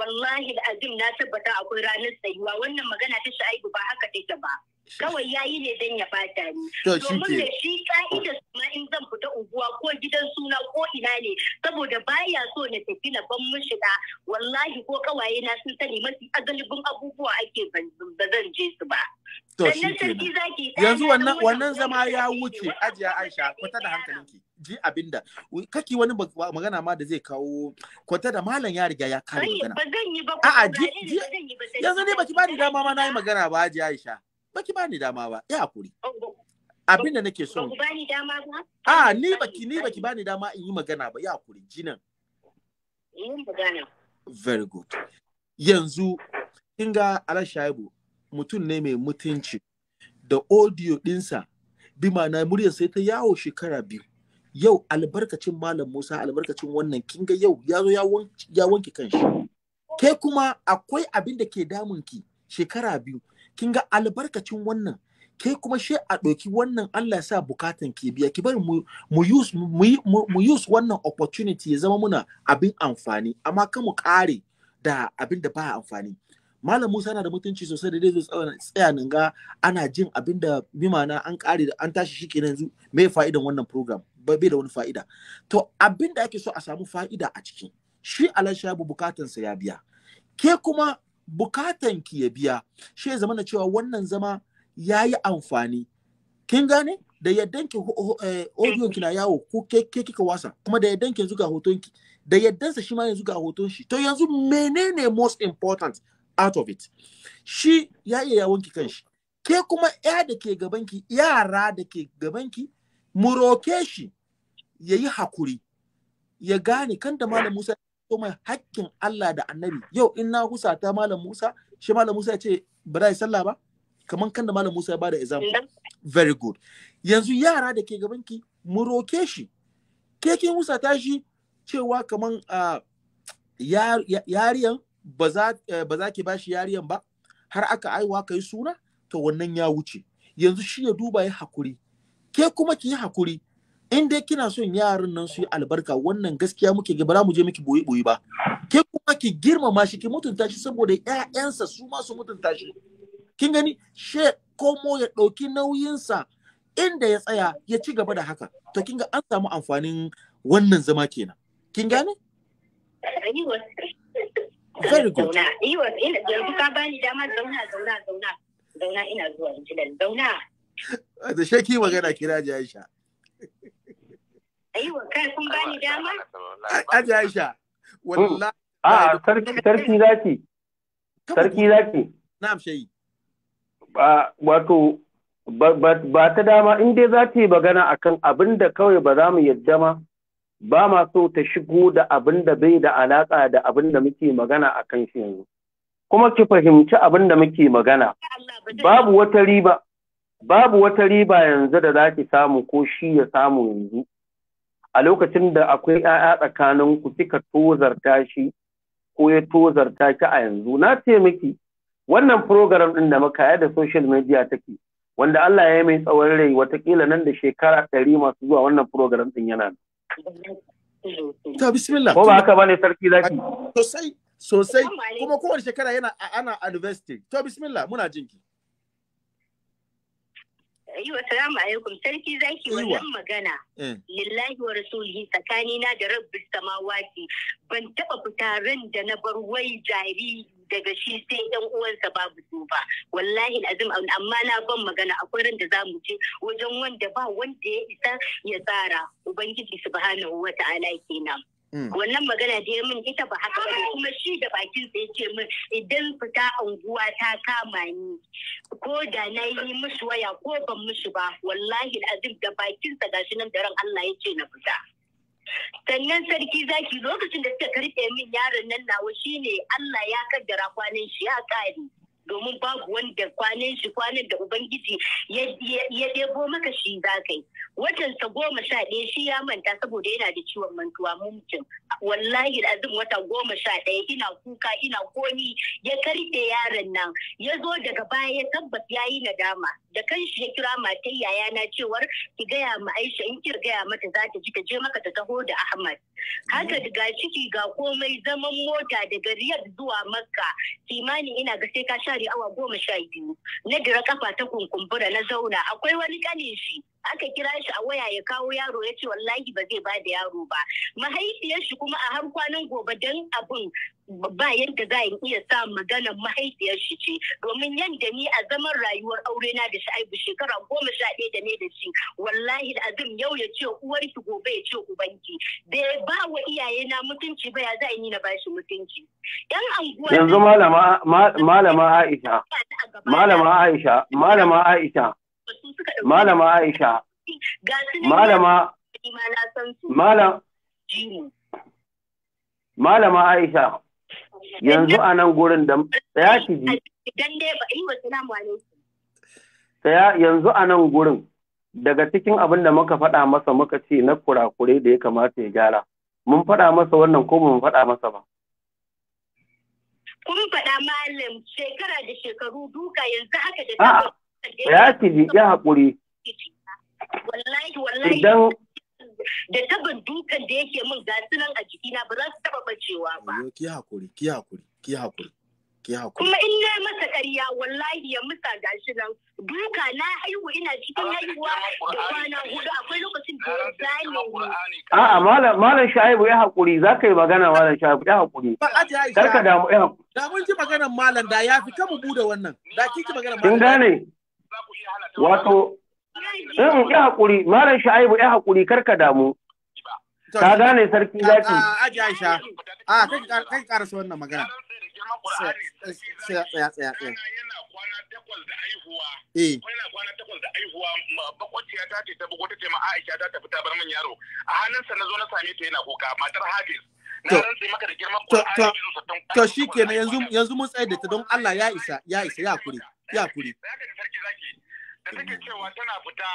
wallahi azim na tabbata akwai ranar tsayuwa wannan magana ta sha'ibu ba haka take ba kawai ya yi ne don ya bata ni. Domin da shi ka'ida su ma in zan fita unguwa ko gidan suna ko ina ne saboda baya so na tafi na ban mishi da wallahi ko kawaye na sun sani mafi agalibin abubuwa ake ba zan je su ba. To shi Yanzu wannan zama ya wuce ajiya Aisha kwata da hankalinki. Ji abinda kaki wani magana ma da zai kawo kwata da malam ya riga ya kare magana. A'a ji yanzu ne baki ba da dama ma na yi magana ba ajiya Aisha. baki bani dama ba ya hakuri abin da nake so bani ba a ni baki ni baki bani dama in yi magana ba ya hakuri jinan very good yanzu kin ga Shaibu mutum ne mai mutunci da audio dinsa bi na murya sai ta yawo shekara biyu yau albarkacin malam Musa albarkacin wannan kin ga yau ya ya wanke kanshi ke kuma akwai abin da ke damun ki shekara biyu kin ga albarkacin wannan ke kuma she a ɗauki wannan Allah ya sa bukatan ke biya ki bari mu use mu use wannan opportunity ya zama muna abin amfani amma kan mu ƙare da abin da ba amfani Malam Musa na da mutunci sosai da zai tsaya nan ga ana jin abin da bimana an ƙare da an tashi shike yanzu me fa'idan wannan program bai da wani fa'ida to abin da ake so a samu fa'ida a ciki shi Alan Shabu sa ya biya ke kuma bukatan ki ya biya shi ya zama na cewa wannan zama ya yi amfani kin gane da yaddan ki eh, audio ki na yawo ko ke kika wasa kuma da yaddan ki yanzu ga hoton ki da yaddan sa shi ma yanzu ga hoton shi to yanzu menene most important out of it shi ya iya yawon ki kanshi ke kuma ya da ke gaban ki yara da ke gaban ki mu roke shi yayi hakuri ya gane kan da malam Musa kuma hakkin Allah da annabi yau in na husata malam Musa shi malam Musa ya ce ba za yi sallah ba kaman kan da malam Musa ya bada example very good yanzu yara da ke gaban ki mu roke shi ke kin husata shi cewa kaman yariyan ba za e, ki bashi yariyan ba har aka aiwa kai suna to wannan ya wuce yanzu shi ya duba ya hakuri ke kuma ki yi hakuri in dai kina son yaran nan su yi albarka wannan gaskiya muke ga bara mu je miki boye boye ba ke kuma ki girmama shi ki mutunta shi saboda ƴaƴansa su ma su mutunta shi kin gani she komo ya ɗauki nauyinsa inda ya tsaya ya ci gaba da haka to kin ga an samu amfanin wannan zama kenan kin gane very good zauna yanzu ka bani dama zauna zauna zauna zauna ina zuwa jilan zauna da sheki magana kira Aisha Aiwa, Aji Aisha, hmm. ah, wallahi. sarki zaki. Sarki zaki. Na'am shayi. Wato, ba ta dama in dai za ta yi magana akan abin da kawai ba za mu yadda ma ba ma so ta shigo da abin da bai da alaƙa da abin da muke magana a kan shi yanzu. Kuma ki fahimci abin da muke magana, babu wata riba, babu wata riba yanzu da za ki samu ko shi ya samu yanzu. a lokacin da akwai ‘ya'ya tsakanin ku kika tozarta shi ko ya tozarta ki a yanzu na ce miki wannan program ɗin da muka da social media take wanda Allah ya yi mai tsawon rai watakila nan da shekara ɗari masu zuwa wannan program ɗin yana Ta bismillah. Ko ba haka bane sarki zaki. Sosai sosai kuma kowace shekara yana ana university. To bismillah muna jinki. Yiwa salamu alaikum sarki zaki wannan magana. Eh. Lillahi wa rasulihi tsakanina da rabbi samawati ban taɓa fita da na bar wai jariri daga shi sai yan uwansa babu su ba wallahi azim amma na ban magana akwai ran da za je wajen wanda ba wanda ya isa ya tsara ubangiji subhanahu wa ta'ala kenan. Mm. wannan magana da ya min ita ba haka ba kuma shi da bakin sa yace min idan fita unguwa ta kama ni ko da na yi musu waya ko ban musu ba wallahi azim da bakin sa gashi nan da ran Allah yace na fita sannan sarki zaki lokacin da suka karɓe min yaron nan nawa shine Allah ya kaddara kwanan shi ya kare domin babu wanda kwanan shi kwanan da ubangiji ya debo maka shi za ka yi watansa goma sha ɗaya shi ya manta saboda yana da ciwon mantuwa mumkin wallahi azum wata goma sha ɗaya ina kuka ina komi ya karfe yaron nan ya zo daga baya ya tabbas ya yi nadama da kanshi ya kira matar yaya cewar ki gaya ma Aisha in ki gaya mata za ta ji ta je maka ta taho da Ahmad haka daga mm. ciki ga komai zaman mota daga Riyadh zuwa Makka kimanin ina ga sai ka share awa goma sha biyu na dira kafa ta kunkumbura na zauna akwai wani kanin shi aka kira shi a waya ya kawo yaro ya ce wallahi ba zai ba da yaro ba mahaifiyar shi kuma a har kwanan gobe don abin ba yadda za in iya sa magana mahaifiyar shi ce domin yadda ni a zaman rayuwar aure na da sha'ibu shekara goma sha ɗaya da ne da shi wallahi azim yau ya ce uwar ki gobe ya ce ubanki bai ba wa iyaye na mutunci ba ya za yi na bashi mutunci yan anguwa yanzu malama Aisha malama Aisha malama Aisha malama aisha malama malama aisha yanzu a nan gurin da tsaya ki ji eh, tsaya yanzu a nan gurin daga cikin abin da muka faɗa masa muka ce na kurakure da ya kamata ya gyara mun faɗa masa wannan ko mun faɗa masa ba kun faɗa malam shekara da shekaru duka yanzu haka da Ya ki ji ya haƙuri. Wallahi wallahi. Idan da taba dukan da yake min ga sunan a jikina ba za su taba bacewa ba. Yo ki haƙuri ki haƙuri ki haƙuri. Kuma in na masa ƙarya wallahi ya musa shi nan duka na haihu ina cikin haihuwa da kwana hudu akwai lokacin da ya zane ni. A'a malam malam Shaibu ya haƙuri za ka yi magana malam Shaibu ya haƙuri. Karka damu ya haƙuri. Da mun ji maganar malam da ya fi kamu bude wannan. Da kiki maganar malam. Kin gane. wato in eh, ya haƙuri, malam sha'ibu ya haƙuri, kar ka damu ka gane sarki zaki aji aisha a ah, kai kai karasa wannan magana tsaya tsaya tsaya tsaya takwas da kwana takwas da aihuwa bakwaciya eh. ta ce ta bugo ta ce ma Aisha ta tafi ta bar min yaro. A hannunsa na zo na same ta yana kuka matar Hafiz. Na rantse maka da girman Qur'ani. To shi kenan yanzu yanzu mun tsaya da ta don Allah ya isa ya isa ya kure. ya kuri da sarki zaki da take cewa tana fita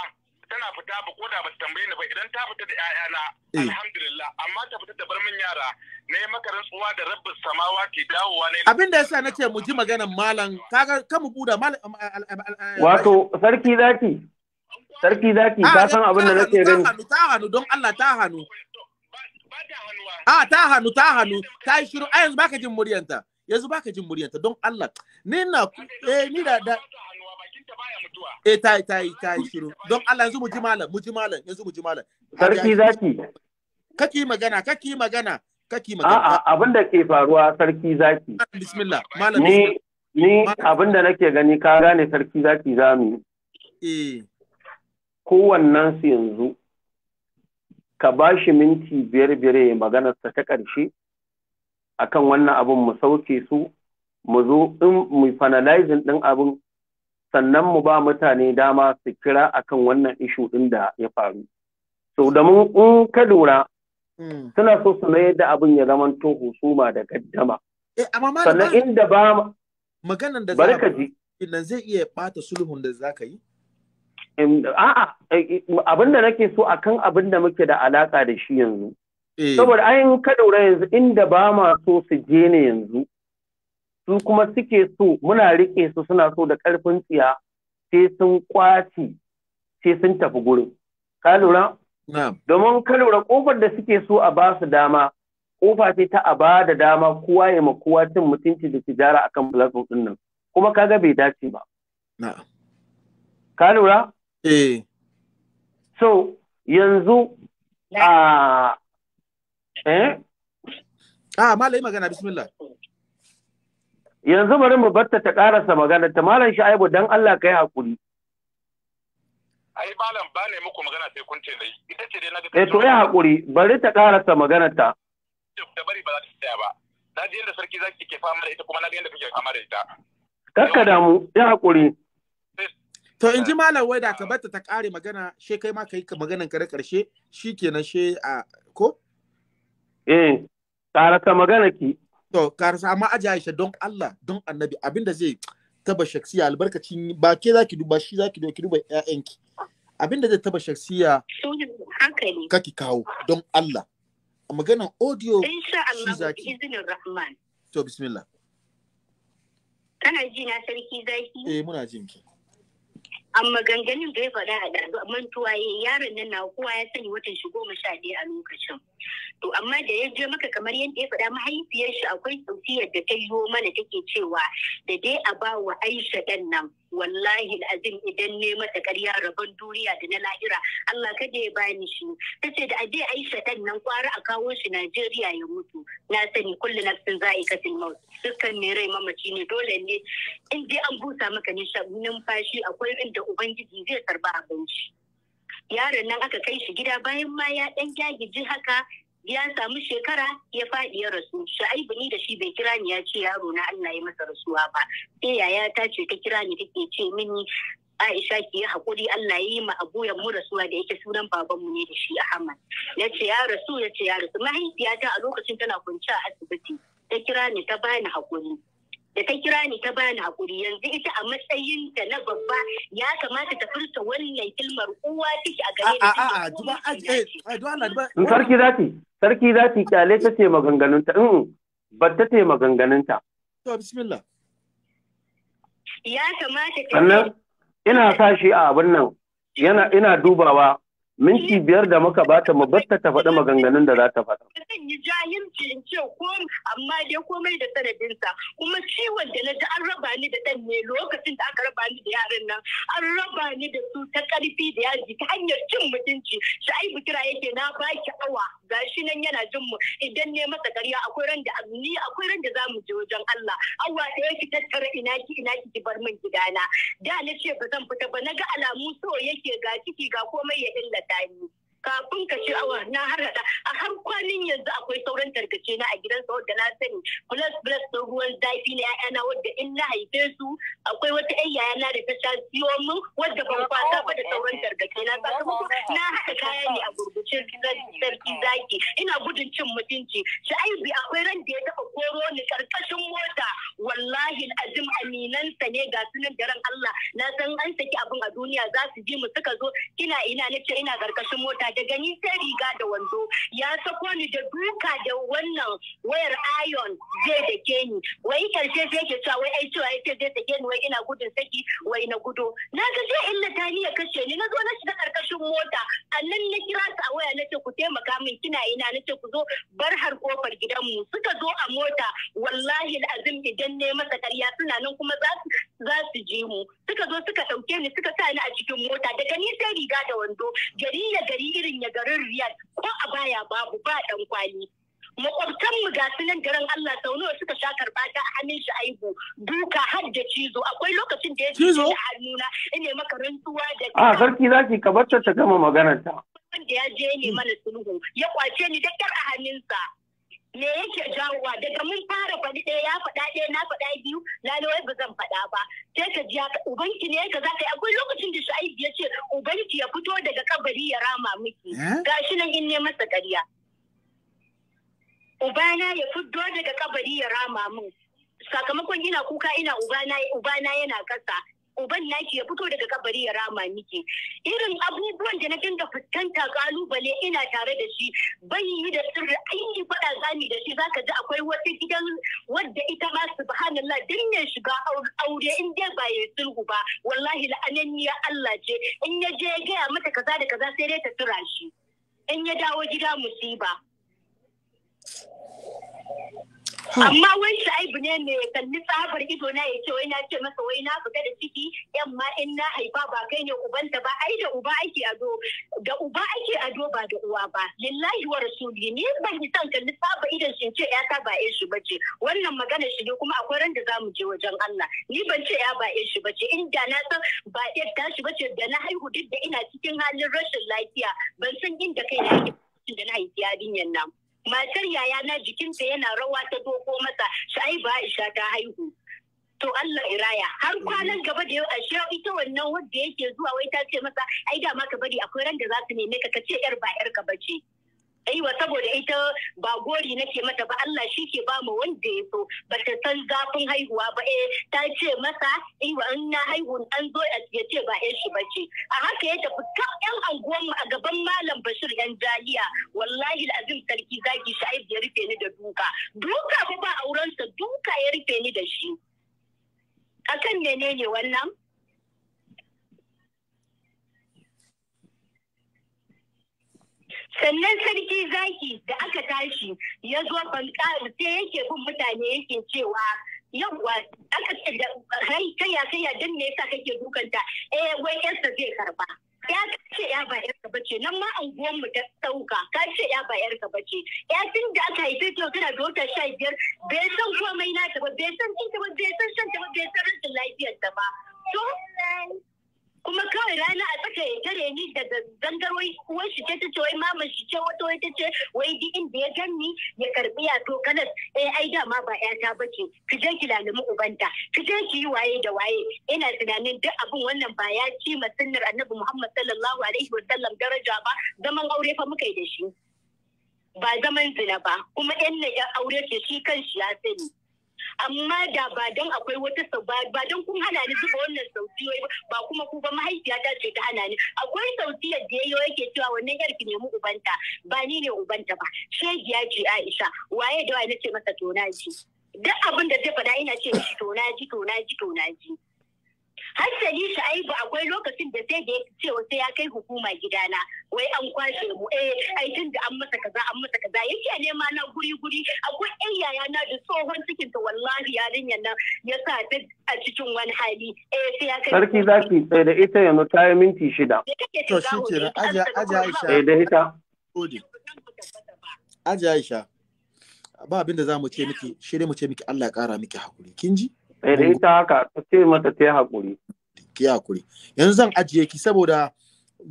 tana fita ba ko da ba tambaye ni ba idan ta fita da ƴaƴana eh. alhamdulillah amma ta fita da barmin yara ne maka rantsuwa da rabbin samawa ke dawowa ne abin da yasa nace mu ji maganar malam kaga kan mu buda malam wato sarki zaki sarki zaki ka ah, san abin da nake gani. ta hannu don Allah ta hannu a ah, ta hannu ta hannu ta shiru a yanzu baka jin muryanta yanzu baka jin muryanta don Allah ni na eh ni da da eh tayi tayi tayi shiru don Allah yanzu mu ji malam mu ji malam yanzu mu ji malam sarki zaki kaki magana kaki magana kaki magana a'a abin da ke faruwa sarki zaki bismillah malam ni ni abin da nake gani ka gane sarki zaki zamu eh kowannen su yanzu ka ba shi minti biyar biyar ya maganarsa ta ƙarshe akan wannan abin mu sauke su mu zo in mu finalizing din abin sannan mu ba mutane dama su kira akan wannan ishu din da ya faru so da mun in ka lura hmm. suna so su mayar da abin ya zama to husuma da gaddama eh, sannan inda ba maganan da za ka ji nan zai iya bata sulhun da za ka yi a'a eh, eh, abin da nake so akan abin da muke da alaka da shi yanzu Eh. Saboda ayin ka yanzu inda ba ma so su je ne yanzu, su kuma suke so muna riƙe su suna so da ƙarfin tsiya sai sun ƙwaci sai sun tafi gurin. Ka lura? Domin ka lura ƙofar da suke so a ba su dama, ƙofa ce ta a ba da dama kowa ya ma cin mutunci da tijara kan platform ɗin nan. Kuma ka ga bai dace ba. Ka lura? Eh. So, yanzu a ah, eh a ah, malai magana bismillah yanzu bari mu batta ta karasa magana ta malam aibu dan Allah kai hakuri ai malam ba ne muku magana sai kun ce dai, ita ce dai na naga eh to ya hakuri bari ta karasa magana ta da bari ba za ta tsaya ba na ji yadda sarki zaki ke fama da ita kuma na ga yadda kuke fama da ita kakka da mu ya hakuri to in ji malam wai da ka batta ta kare magana she kai ma kai maganan ka da karshe shikenan she a ko eh ka magana ki to sa, amma aji Aisha don Allah don Annabi abinda zai taba shaksiya albarkacin ba ke ki duba shi zaki duba ki duba Abin abinda zai taba shaksiya kaki kawo don Allah maganan audio insha Allah zaki izinin Rahman to bismillah kana ji na sarki zaki eh muna jin ki amma ganganin da ya faɗa a ɗazu mantuwa ya yaron nan na kowa ya sani watan shi goma sha ɗaya a lokacin to amma da ya je maka kamar yadda ya faɗa mahaifiyar shi akwai sautiyar da ta yi mana take cewa da dai a ba wa aisha ɗan nan wallahi azim idan ne mata ƙarya rabon duniya da na lahira Allah kada ya bani shi ta ce da aje Aisha nan kwara a kawo shi Najeriya ya mutu na sani kullu nafsin za'iqatul maut dukkan ne rai mamaci ne dole ne in dai an busa maka numfashi akwai inda ubangiji zai karba abinci yaron nan aka kai shi gida bayan ma ya dan jagiji haka ya samu shekara ya faɗi ya rasu sha'aibu ni da shi bai kira ni ya ce yaro na Allah ya masa rasuwa ba sai yaya ta ce ta kira ni take ce mini Aisha ki yi hakuri, Allah ya yi ma abuyan mu rasuwa da yake sunan babanmu ne da shi Ahmad. Ya ce ya rasu ya ce ya rasu mahaifiyata a lokacin tana kwanci a asibiti ta kira ni ta bani haƙuri. da ta kira ni ta bani hakuri yanzu ita a matsayin ta na babba ya kamata ta furta wannan kilmar uwa take a gare ni. A'a a'a duba a eh, eh, Sarki zaki. sarki za ta kyale ta ce maganganunta in ba ta ce maganganunta. To bismillah. Ya kamata ta Sannan ina sa shi a abin nan yana ina dubawa minti biyar da muka bata mu bar ta faɗi maganganun da za ta faɗa. Zan yi jahilci in ce ko amma dai komai da sanadinsa kuma ciwon da na ji an raba ni da ɗan ne lokacin da aka raba ni da yaran nan an raba ni da su ta ƙarfi da yaji ta hanyar cin mutunci shi ai bikira yake na baki awa gashi nan yana jin mu idan ne masa ƙarya akwai ran da ni akwai ran da za mu je wajen Allah Allah da yake tattara ina ki ina ki bar min gidana da na ce ba zan fita ba na ga alamu so yake ga ciki ga komai ya illata ni kafin ka ci awa na har hada a har kwanin yanzu akwai sauran tarkace na a gidan gidansa wadda na sani plus plus na ruwan zafi na 'ya'yana wadda in na haife su akwai wata yaya yayana da ta sha siyo min wadda ban kwasa ba da sauran tarkace na sakamako na haɗa kaya ne a gurguce sarki zaki ina gudun cin mutunci shi akwai ran da ya taɓa koro ni karkashin mota wallahi azim aminansa ne ga sunan da ran Allah na san an saki abin a duniya za su ji mu suka zo ina ina nace ina karkashin mota daga ni sai riga da wando ya sako ni da duka da wannan wayar iron zai da ke ni wai karshe zai ke cewa wai ai cewa ai zai da ke ni wai ina gudun saki wai na gudo na ga zai illa ta ni ya kashe ni na zo na shiga karkashin mota annan na kira su a waya na ce ku taimaka min kina ina na ce ku zo bar har kofar gidanmu suka zo a mota wallahi azim idan ne masa karya suna nan kuma za su za su ji mu suka zo suka ɗauke ni suka sa ni a cikin mota daga ni sai riga da wando gari ya gari irin ya garin riyad ko a baya babu ba dan kwali makwabtan mu ga nan garin Allah sau nawa suka sha karba ta hannun shi aibu duka har da cizo akwai lokacin da ya ce da hannuna ina maka rantsuwa da a sarki zaki ka bacce ta gama maganar ta wanda ya je ne mana sulhu ya kwace ni da kyar a hannunsa me yake jawowa daga mun fara faɗi ɗaya ya faɗa ɗaya na faɗa biyu na lalawai ba zan faɗa ba sai ka ji ubanki ne ka za ka yi akwai lokacin da shu'aibu ya ce ubanki ya fito daga kabari ya rama miki eh? gashi nan in ne masa ƙarya ubana ya fito daga kabari ya rama min sakamakon ina kuka ina ubana ubana yana kasa uban naki ya fito daga kabari ya rama miki irin abubuwan da na dinga fuskanta kalubale ina tare da shi ban yi da sirri an yi faɗa zani da shi zaka ji akwai wata gidan wadda ita ma subhanallah din ya shiga aure in dai ba ya sulhu ba wallahi la'ananniya Allah ce in ya je gaya mata kaza da kaza sai dai ta tura shi in ya dawo gida musiba Hmm. amma wani sha'ibu ne mai kalli tsabar ido na ya ce wai na ce masa wai na fita da ciki yamma in na haifa ba kai ne uban da ba ai da uba ake ado da uba ake ado ba da uwa ba lillahi wa rasuli ni ban yi san kalli tsabar idon shin ce ya ta ba eshi ba bace wannan magana shi ne kuma akwai ran da za mu je wajen Allah ni ban ce ya ba ya ba ce inda na san ba ya tashi bace da na haihu duk da ina cikin halin rashin lafiya ban san inda kai na da na haifi yarinyar nan matar yaya na jikinta yana rawa ta doko masa ba aisha ta haihu to Allah iraya har kwanan gaba da yau ashe ita wannan wanda yake zuwa wai ta ce masa ai da ma ka bari akwai ran da za su neme ka ka ce yar ba yar ka bace Aiwa saboda ita ba gori nake mata ba Allah shi ke ba mu wanda ya so ba ta san zafin haihuwa ba eh ta ce masa aiwa in na haihu an zo ya ce ba yan shi bace a haka ya tafi ta yan anguwan a gaban malam Bashir yan jaliya wallahi azim sarki zaki sha'ib ya rufe ni da duka duka ba ba aurensa duka ya rufe ni da shi akan menene wannan sannan sarki zaki da aka tashi ya zo bankar sai yake bin mutane yake cewa yawwa aka ce da rai kaya kaya dan me yasa kake dukanta eh wai yarsa zai karba ya ce ya ba yarka bace nan ma anguwan mu ta sauka ka ce ya ba yarka bace ya tun da aka haife ta tana da wata sha biyar bai san komai na ta ba bai san cin ta ba bai san shan ta ba bai san rashin lafiyar ta ba to kuma kawai rana a tsaka ya tare ni daga wai uwar shi ce tace wai mamar shi ce wata wai tace wai di inda ya ganni ya karbi ya to kalas eh ai ma ba yata bace ki je ki lalumi ubanta ki je ki yi waye da waye ina tunanin duk abin wannan ba ya ci sunnar annabi Muhammad sallallahu alaihi wa sallam daraja ba zaman aure fa muka yi da shi ba zaman zina ba kuma yan ya aure ce shi kan shi ya sani amma da ba don akwai wata sau ba don kun hana ni zuba wannan sautiyoyi ba kuma ku ba mahaifiyata ce ta hana ni akwai sautiyar da yayo yake cewa wannan yar ki nemi ubanta ba ni ne ubanta ba ya ce Aisha waye da waye nace masa tonaji duk abin da zai faɗa ina ce mishi tonaji tonaji tonaji hassali shi ba akwai lokacin da sai da ya ce sai ya kai hukuma gidana wai an kwashe mu eh ai tun da an masa kaza an masa kaza yake nema na guri guri akwai ɗan yaya na da tsohon cikin ta wallahi yarinyar nan ya sa ta a cikin wani hali eh sai ya kai sarki zaki tsaye eh, da ita yanzu ta yi minti shida to shi ke aja aja aisha eh da ita aja aisha ba abin da za mu ce miki shi mu ce miki Allah ya kara miki hakuri kin ji sai eh, dai ta haka ta ce mata ta yi haƙuri ki haƙuri yanzu zan ajiye ki saboda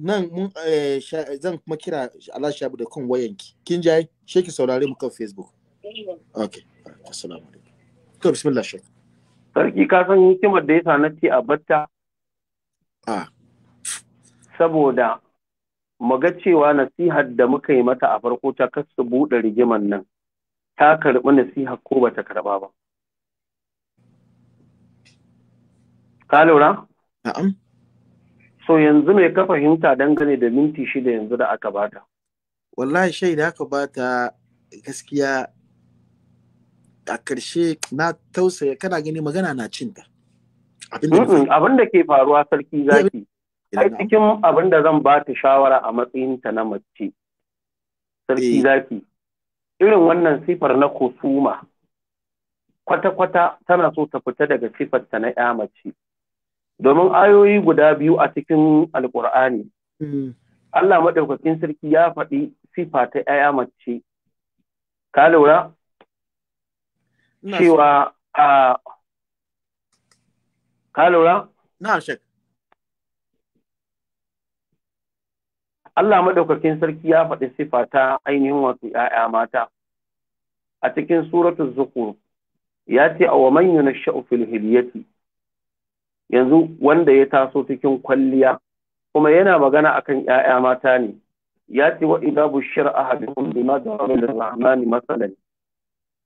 nan mun eh, zan kuma kira Allah shabu da kan ki kin jaye ki saurare mu kan facebook okay assalamu alaikum to bismillah shek sarki ka san hikimar da yasa na ce a batta a saboda mu ga cewa nasihar da muka yi mata a farko ta kasu buɗe rigiman nan ta karɓi nasihar ko bata karɓa ba ka lura na'am so yanzu mai ka fahimta dangane da minti shida yanzu da aka bata wallahi shai da aka bata gaskiya a ƙarshe na tausaya kana gani magana na cinta abin da ke faruwa sarki zaki ai cikin abin da zan ba ta shawara a matsayinta na mace sarki eh. zaki irin wannan sifar na kusuma kwata-kwata tana so ta fita daga ta na ya mace domin ayoyi guda biyu a cikin alkur'ani hmm. Allah maɗaukakin sarki ya faɗi sifa ta ‘ya'ya mace ka lura cewa a ka lura na shek Allah maɗaukakin sarki ya faɗi sifa ta ainihin wasu ‘ya'ya mata a cikin suratun zukur ya ce a wa manyan yunashsha'u hiliyati. yanzu wanda ya taso cikin kwalliya kuma yana magana akan 'ya'ya mata ne ya ce wa da bushira da bima daraba matsala masalan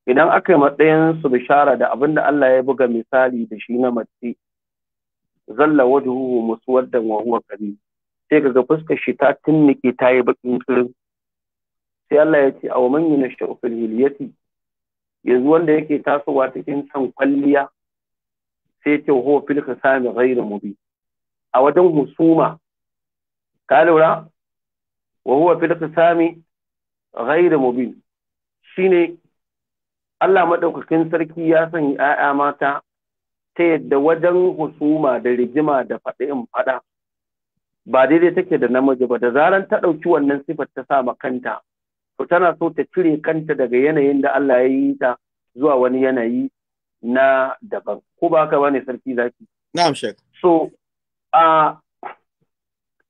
idan aka yi matsayin su bishara da abin da Allah ya buga misali da shi na mace zalla wajhuhu muswaddan wa huwa kadhib sai kaga fuskar shi ta tunnike ta yi bakin tsirin sai Allah ya ce a wa man yunashu fil hiliyati yanzu wanda yake tasowa cikin san kwalliya sai ce huwa fil khisami ghayr mubin a wajen husuma ka lura wa huwa fil khisami ghayr mubin shine Allah madaukakin sarki ya san 'ya'ya mata ta yadda wajen husuma da rigima da faɗin in faɗa ba daidai take da namiji ba da zaran ta ɗauki wannan sifar ta sa kanta to tana so ta cire kanta daga yanayin da Allah ya yi ta zuwa wani yanayi na daban ko ba ka bane sarki zaki na'am shek so a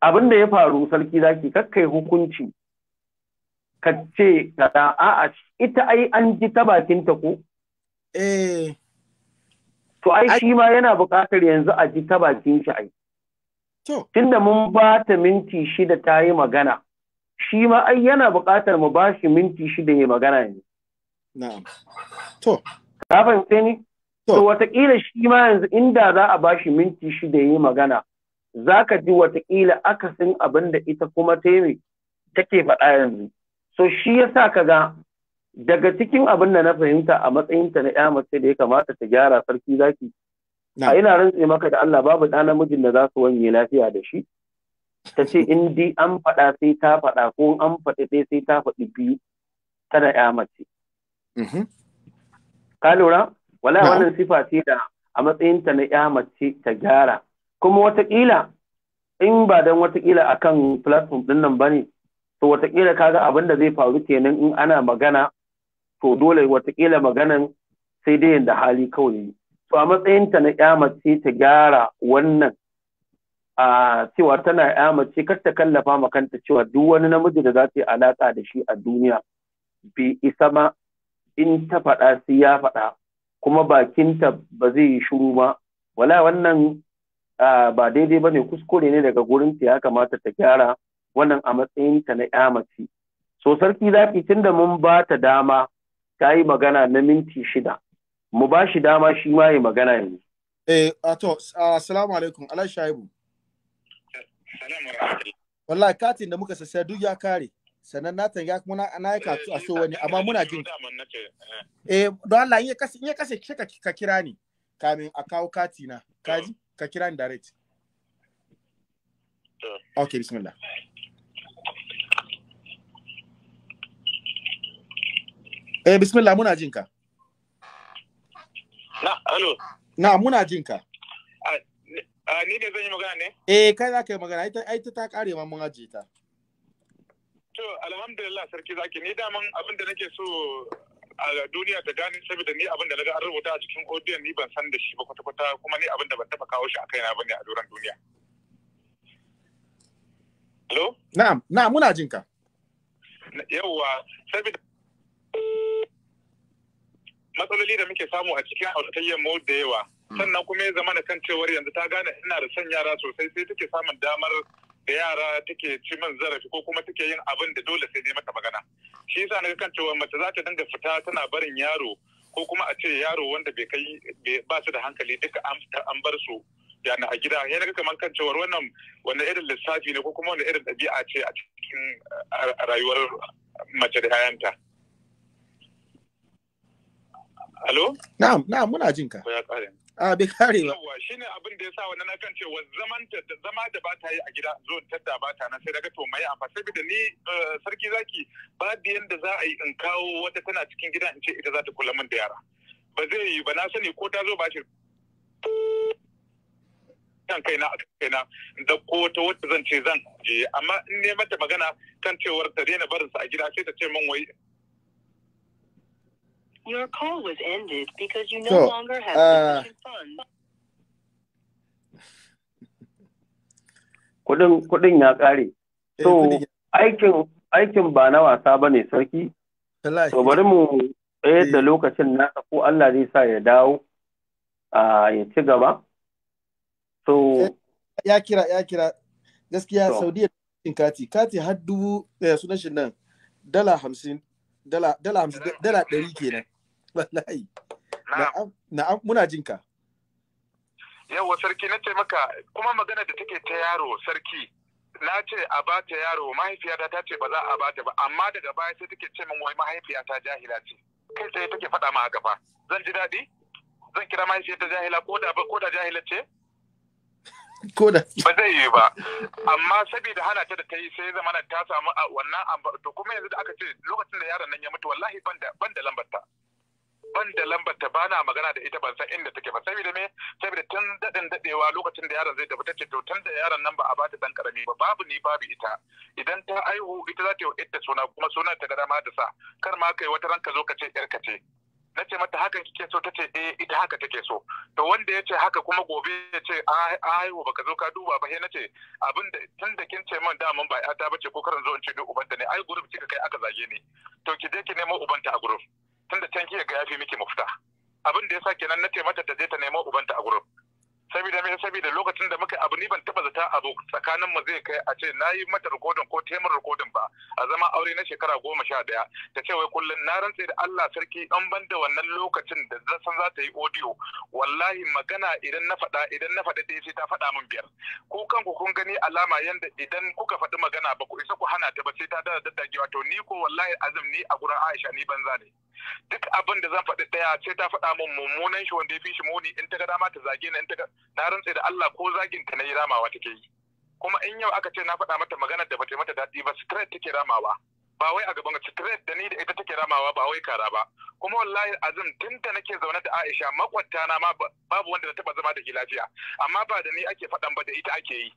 abin da ya faru sarki zaki kakkai hukunci ka ce a a'a ita ai an ji ta bakin ta ko eh to ai shi ma yana buƙatar yanzu a ji ta bakin shi ai tunda mun ba ta minti shida ta yi magana shi ma ai yana buƙatar mu ba shi minti shida ya magana ne na'am to ka fahimce ni to watakila shi ma yanzu inda za a bashi minti shida yi magana za ka ji watakila akasin abin da ita kuma ta take faɗa yanzu so shi yasa ka ga daga cikin abin da na fahimta a matsayinta na ya mace da ya kamata ta gyara sarki zaki a ina rantse maka da Allah babu ɗa namijin da za su wanye lafiya da shi ta ce in di an faɗa sai ta faɗa ko an faɗi sai ta faɗi biyu tana ya mace mhm. ka lura wala wannan sifa ce da a matsayinta na ya mace ta gyara kuma watakila in ba dan watakila akan platform din nan bane to watakila kaga abin da zai faru kenan in ana magana to dole watakila maganan sai dai yanda hali kawai to a matsayinta na ya mace ta gyara wannan a cewa tana ya mace kar ta kallafa ma kanta cewa duk wani namiji da za ta yi alaka da shi a duniya bi isa ma in ta faɗa sai ya faɗa kuma bakinta ba zai yi shuru ma wala wannan ba daidai ba ne kuskure ne daga ta ya kamata ta gyara wannan a matsayinta na ya mace so sarki zaki da mun ba ta dama ta yi magana na minti shida mu ba shi dama shi ma yi magana yanzu. Eh, ato, assalamu alaikum, shaibu. Wallahi katin da muka sassa duk ya kare. sannan na tanga kuma na yi kasu a so wani eh, amma muna jin eh. eh don Allah in ya kasa in ya kasa ka kira ni kamin a kawo kati na kaji ka kira ni direct okay bismillah eh bismillah muna jin ka na hallo. na muna jin ka ni da zan yi magana ne eh kai za ka yi magana ai ta ta kare ma mun ajiye ta To alhamdulillah sarki zaki ni daman abin da nake so a duniya ta gane saboda ni abin da na ga an rubuta a cikin odiyon ni ban san da shi ba kwata-kwata kuma ni abin da ban taba kawo shi a kaina bane a doron duniya. Hello? Na'am, na'am muna jin ka. Yawwa, saboda matsaloli da muke samu a cikin auratayyar mu da yawa. Hmm. Sannan kuma ya zama na kan cewar yanzu ta gane ina da son yara sosai sai take samun damar da yara take ci min zarafi ko kuma take yin abin da dole sai ne mata magana shi yasa na kan cewa mace za ta dinga fita tana barin yaro ko kuma a ce yaro wanda bai kai ba su da hankali duka an bar su yana a gida ya ga kamar kan cewa wannan wani irin lissafi ne ko kuma wani irin ɗabi'a ce a cikin rayuwar mace da hayanta Alo? Na'am, na'am muna jinka. Ko ya ƙare. a ah, bi kare ba shine abin da ya sa wani na kan cewa zaman da zama da ba ta yi a gida zo da ba ta na sai daga to mai amfa saboda ni eh, sarki zaki ba da yanda za a yi in kawo wata tana cikin gida in ce ita za ta kula min da yara ba zai yi ba na sani ko ta zo ba shi kan kaina a kaina da ko ta wata zan ce zan je amma in ne mata magana kan cewar ta daina barinsa a gida sai ta ce min wai Your call was ended because you no so, longer have uh, funds. Kudin kudin ya kare. Eh, so aikin aikin ba na wasa ba ne sarki. so bari mu tsaye da eh. lokacin na ko Allah zai sa ya dawo a ya ci gaba. So eh, ya kira ya kira gaskiya Saudiya cikin kati kati har dubu sunan shi nan dala hamsin dala hamsin dala ɗari kenan wallahi na'am muna jinka. ka yawa sarki na ce maka kuma magana da take ta yaro sarki na ce a ba ta yaro mahaifiyata ta ce ba za a ba ta ba amma daga baya sai take ce min wai mahaifiyata jahila ce kai tsaye take faɗa ma a gaba zan ji daɗi zan kira mahaifiyata jahila ko da ko da jahila ce ko da ba zai yi ba amma saboda hana ta da ta yi sai zamana ta samu wannan to kuma yanzu da aka ce lokacin da yaron nan ya mutu wallahi ban da lambarta ban da lambar ta bana magana da ita ban san inda take ba saboda me saboda tun dadin dadewa lokacin da yaron zai tafi tace to tun da yaron nan ba a bata dan karami ba babu ni babu ita idan ta aihu ita za ta yi ita suna kuma sunan ta ga dama da sa kar ma kai wata ranka zo ka ce yar ka ce na ce mata hakan kike so ta ce eh ita haka take so to wanda ya ce haka kuma gobe ya ce a haihu baka zo ka duba ba sai na ce abin da tun da kin ce man da mun ba ya ta bace ko karan zo in ce duk ubanta ne ai gurbi kika kai aka zage ni to ki je ki nemo ubanta a gurbi tunda can ga yafi miki mafita abin da yasa kenan na taimata ta je ta nemo ubanta a gurin saboda me saboda lokacin da muka abu ni ban taba zata abu tsakanin mu zai kai a ce na yi mata rikodin ko taimar rikodin ba a zama aure na shekara goma sha daya ta ce wai kullum na rantse da Allah sarki dan ban da wannan lokacin da san za ta yi audio wallahi magana idan na faɗa idan na faɗa dai sai ta faɗa min biyar ko kanku kun gani alama yanda idan kuka faɗi magana ba ku isa ku hana ta ba sai ta dada daddagewa to ni ko wallahi azum ni a gurin Aisha ni banza ne duk abin da zan faɗi ɗaya sai ta faɗa min mummunan shi wanda ya fi shi muni in ta ga dama ta zage ni in ta ga na rantse da Allah ko zagin ta na yi ramawa take yi kuma in yau aka ce na faɗa mata maganar da ba mata daɗi ba straight take ramawa ba wai a gaban straight da ni da ita take ramawa ba wai kara ba kuma wallahi azum tun da nake zaune da Aisha makwatta na ma babu wanda ta taba zama da lafiya amma ba da ni ake faɗan ba da ita ake yi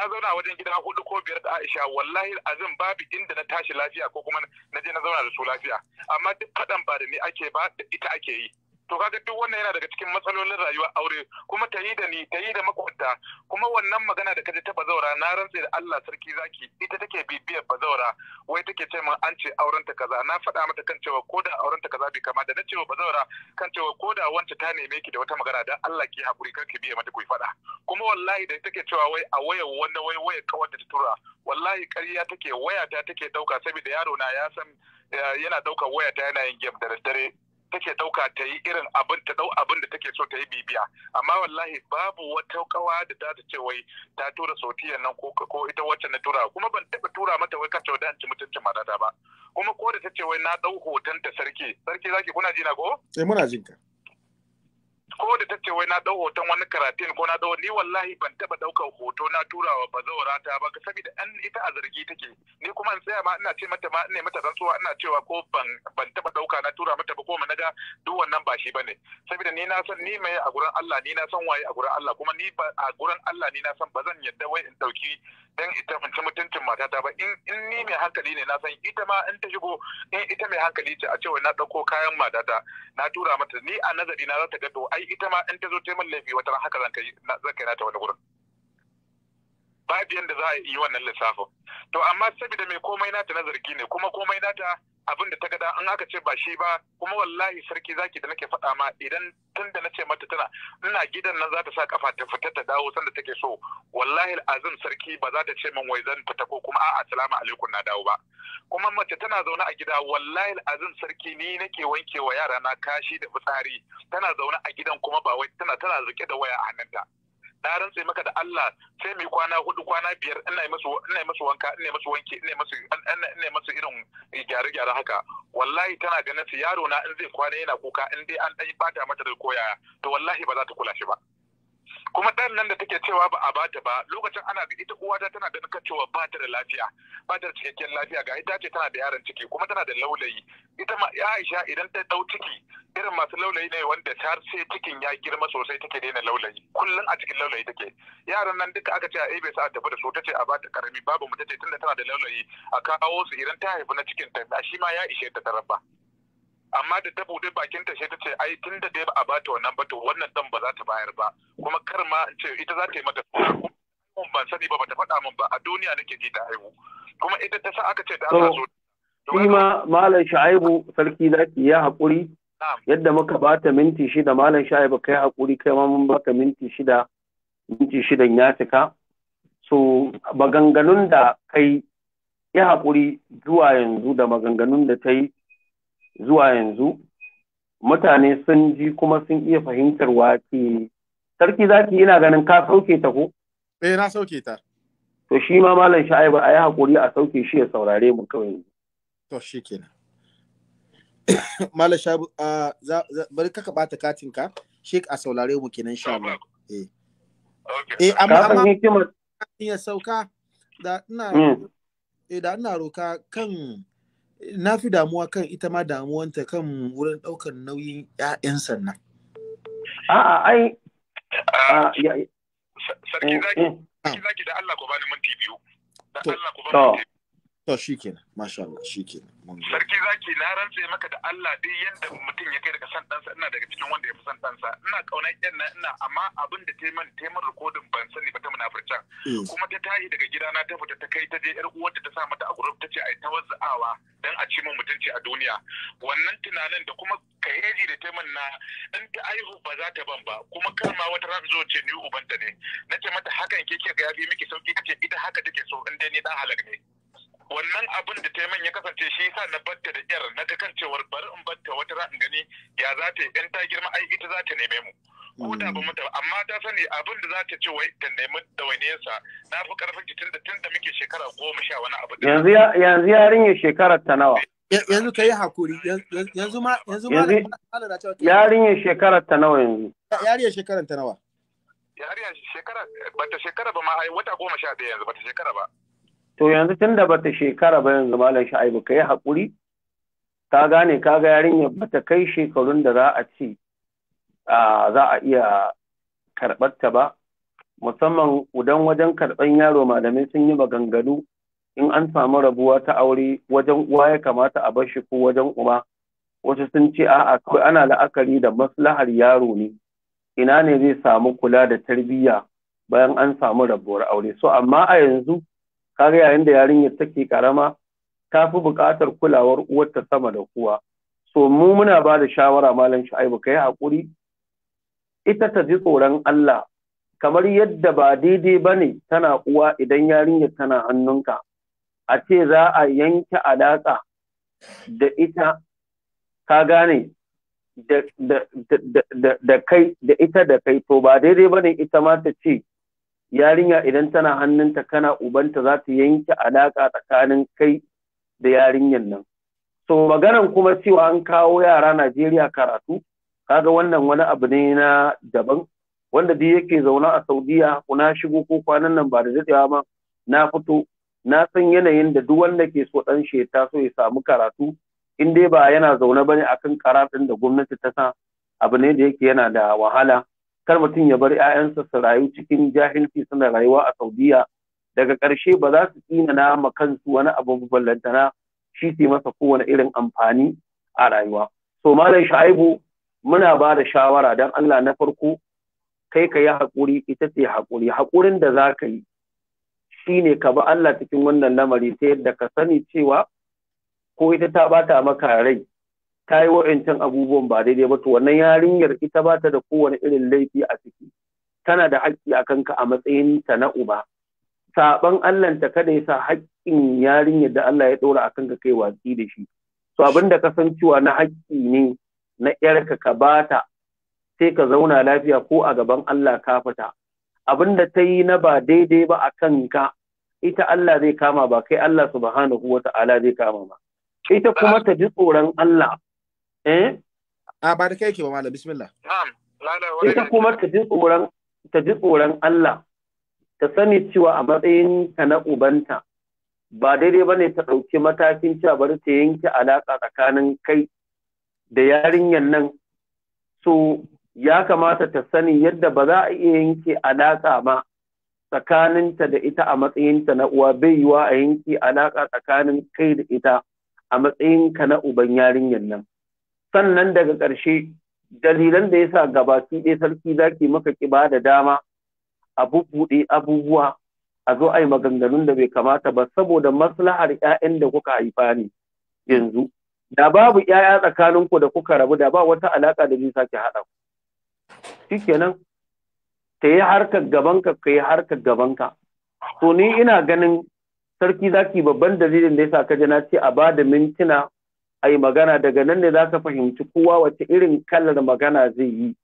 na zauna wajen gida hudu ko biyar da Aisha wallahi azin babu inda na tashi lafiya ko kuma na je na zauna da su lafiya amma duk faɗan ba da ni ake ba da ita ake yi to kaga duk wannan yana daga cikin matsalolin rayuwar aure kuma ta yi da ni ta yi da makwabta kuma wannan magana da kaje ta bazaura na rantse da Allah sarki zaki ita take bibiyar bazaura wai take ce min an ce auren ta kaza na faɗa mata kan cewa ko da auren ta kaza bai kama da na cewa bazaura kan cewa ko da wance ta neme ki da wata magana dan Allah ki hakuri kar ki biye mata ku faɗa kuma wallahi da take cewa wai a wayar wannan wai wayar kawar da ta tura wallahi ƙarya take wayata take dauka saboda yaro na ya san eh, yana waya wayata yana yin game da daddare take dauka ta yi irin abin ta dau abin da take so ta yi bibiya amma wallahi babu wata kawa da ta ce wai ta tura sautiyan nan ko ko ita wacce na tura kuma ban taba tura mata wai kace an ci mutuncin matata ba kuma ko da ta ce wai na dau hoton ta sarki sarki zaki kuna jina ko eh muna jinka ko da ta ce wai na dau hoton wani karatun ko na dau ni wallahi ban taba daukar hoto na turawa ba zaura ta ba saboda an ita a zargi take ni kuma in tsaya ma ina ce mata ma ina mata rantsuwa ina cewa ko ban ban taba dauka na tura mata ba ko na ga duk wannan ba shi bane saboda ni na san ni mai a gurin Allah ni na san waye a gurin Allah kuma ni a gurin Allah ni na san ba zan yadda wai in dauki dan ita mace mutuncin matata ba in ni mai hankali ne na san ita ma in ta shigo in ita mai hankali ce a cewa na dauko kayan matata na tura mata ni a nazari na za ta gado ai ita ma in ta zo ta laifi wata haka zan kai na ta wani gurin babu yadda za a yi wannan lissafin to amma saboda mai komai nata na zargi ne kuma komai nata abin da ta gada in aka ce ba shi ba kuma wallahi sarki zaki da nake faɗa ma idan tun da na ce mata tana ina gidan nan za ta sa kafa ta fita ta dawo sanda take so wallahi azim sarki ba za ta ce min wai zan fita ko kuma a'a salamu alaikum na dawo ba kuma mace tana zaune a gida wallahi azim sarki ni nake wanke wa yara na kashi da fitsari tana zaune a gidan kuma ba wai tana tana rike da waya a hannunta na rantse maka da Allah sai mai kwana hudu kwana biyar ina yi masu ina yi wanka ina yi masu wanke ina yi masu ina yi irin gyare gyare haka wallahi tana ganin su yaro na in zai kwana yana kuka in dai an dai bata mata da koyaya to wallahi ba za ta kula shi ba kuma ɗan nan da take cewa ba a bata ba lokacin ana ga ita uwa ta tana ganin cewa ba ta da lafiya ba ta da cikakken lafiya ga ita ce tana da yaron ciki kuma tana da laulayi ita ma Aisha idan ta dau ciki irin masu laulayi ne wanda har sai cikin ya girma sosai take daina laulayi kullum a cikin laulayi take yaran nan duka aka ce a ebe sa a tafi da su tace a bata karami babu mu tace tunda tana da laulayi a kawo su idan ta haifi na cikin ta shi ma ya ishe ta tarabba amma da ta bude bakin ta sai ta ce ai tun da dai ba a bata wannan ba to wannan dan ba za ta bayar ba kuma kar ma ce ita za ta yi mata mun ban sani ba bata faɗa min ba a duniya nake ji ta haihu kuma ita ta sa aka ce da Allah zo shi ma malam sha'ibu sarki zaki ya haƙuri yadda muka bata minti shida malam sha'ibu kai haƙuri kai ma mun baka minti shida minti shidan ya cika so maganganun da kai ya haƙuri zuwa yanzu da maganganun da ta yi zuwa yanzu mutane sun ji kuma sun iya fahimtar wace ne. sarki za ki ina ganin ka sauke ta ko eh na sauke ta to shi ma malam sha'ibu a yi hakuri a sauke shi ya saurare mu kawai to shi kenan malam sha'ibu bari ka bata katin ka shi a saurare mu kenan sha Allah eh eh amma amma ya sauka da ina hmm. eh da ina roka kan na fi damuwa kan ita ma damuwanta kan wurin ɗaukar nauyin 'ya'yan sannan. A'a, ai. Ah, ah, sarki eh, eh. zaki, sarki zaki da Allah ku bani minti biyu. Da Allah ku bani minti biyu. To shi masha Allah, shi Sarki zaki na rantse maka da Allah duk yadda mutum ya kai daga san ɗansa ina daga cikin wanda ya fi san ɗansa. Ina ƙaunar ƴan nan ina amma abin da ta man ta rikodin ban sani ba ta munafurcan. Eh. Kuma ta tahi daga gidana ta fita ta kai ta je ƴar uwarta ta sa mata a gurin ta ce ai ta wazza'awa dan a ci min mutunci a duniya. Wannan tunanin da kuma kayeji da ta man na in ta aihu ba za ta ban ba kuma kar ma wata ran zo ce ni ubanta ne. Na ce mata hakan ke ke ga yafi miki sauki ce, ita haka take so in dai ni dan halak ne. wannan abin da ta min ya kasance shi yasa na batta da yar na ga kan cewar bari in batta wata za in gani ya za ta yi ta girma ai ita za ta neme mu ko da ba mata amma ta sani abin da za ta ce wai ta nemi dawainiyarsa na fi karfin ki tun da muke shekara goma sha wani abu yanzu yanzu yarinyar shekarar ta nawa yanzu ka yi hakuri yanzu ma yanzu ma yarinyar shekarar ta nawa yanzu yarinyar shekarar ta nawa yarinyar shekara bata shekara ba ma ai wata goma sha ɗaya yanzu bata shekara ba to yanzu tun da bata shekara ba yanzu malam sha'ibu ka haƙuri ka gane ka ga yarinyar bata kai shekarun da za a ci za a iya karɓar ta ba musamman idan wajen karɓar yaro malamai sun yi maganganu in an samu rabuwa ta aure wajen uwa ya kamata a bar shi ko wajen uba wasu sun ce a'a kawai ana la'akari da maslahar yaro ne ina ne zai samu kula da tarbiyya bayan an samu rabuwar aure so amma a yanzu kaga yayin da yarinyar take karama ta fi buƙatar kulawar uwar ta sama da kuwa so mu muna ba da shawara malam shu'aibu kai haƙuri ita ta ji tsoron Allah kamar yadda ba daidai ba ne tana uwa idan yarinyar tana hannunka a ce za a yanke alaƙa da ita ka gane da kai da ita da kai to ba daidai ba ne ita ma ta ce yarinya idan tana hannunta kana ubanta za ta yanke alaƙa tsakanin kai da yarinyar nan so maganan kuma cewa an kawo yara Najeriya karatu kaga wannan wani abu ne na daban wanda duk yake zaune a Saudiya na shigo ko kwanan nan ba da daɗewa ma na fito na san yanayin da duk wanda ke so ɗan shi ta so ya samu karatu in dai ba yana zaune ba bane akan karatun da gwamnati ta sa abu ne da yake yana da wahala kar mutum ya bar 'ya'yansa su rayu cikin jahilci suna rayuwa a saudiya daga ƙarshe ba za su na ma kansu wani abu ballantana shi ce masa kowane irin amfani a rayuwa so malam sha'ibu muna ba da shawara don allah na farko kai ka yi haƙuri ita ce haƙuri haƙurin da za ka yi ne ka bi allah cikin wannan lamari ta yadda ka sani cewa ko ita ta bata maka rai ta yi wa'ancan abubuwan ba daidai ba to wannan yarinyar ita ba ta da kowane irin laifi a ciki tana da haƙƙi a kanka a matsayin ta na uba saban Allah ta kada ya sa haƙƙin yarinyar da Allah ya ɗora a kanka kai watsi da shi to abin da ka san cewa na haƙƙi ne na ƴarka ka ba ta, sai ka zauna lafiya ko a gaban Allah ka fita abin da ta yi na ba daidai ba a kanka ita Allah zai kama ba kai Allah subhanahu wa ta'ala zai kama ba ita kuma ta ji tsoron Allah eh a ba da kai ke ba malam bismillah na'am ita kuma ka ji tsoron ta ji tsoron Allah ta sani cewa a matsayin ka na ubanta ba daidai ba ne ta ɗauki matakin cewa bari ta yanke alaƙa tsakanin kai da yarinyar nan so ya kamata ta sani yadda ba za a iya yanke alaƙa ma tsakaninta da ita a matsayinta na uwa bai yiwa a yanke alaƙa tsakanin kai da ita a matsayin na uban yarinyar nan sannan daga ƙarshe dalilan da ya sa gabaki ɗaya sarki zaki maka kiba da dama a bubbuɗe abubuwa a zo a yi maganganun da bai kamata ba saboda maslahar 'ya'yan da kuka haifa ne yanzu da babu 'ya'ya tsakaninku da kuka rabu da ba wata alaƙa da zai sake haɗa ku shikenan ta yi harkar gabanka ka yi harkar gabanka to ni ina ganin sarki zaki babban dalilin da ya sa ka ji na ce a ba da mintuna a yi magana daga nan ne za ka fahimci kowa wace irin kalar magana zai yi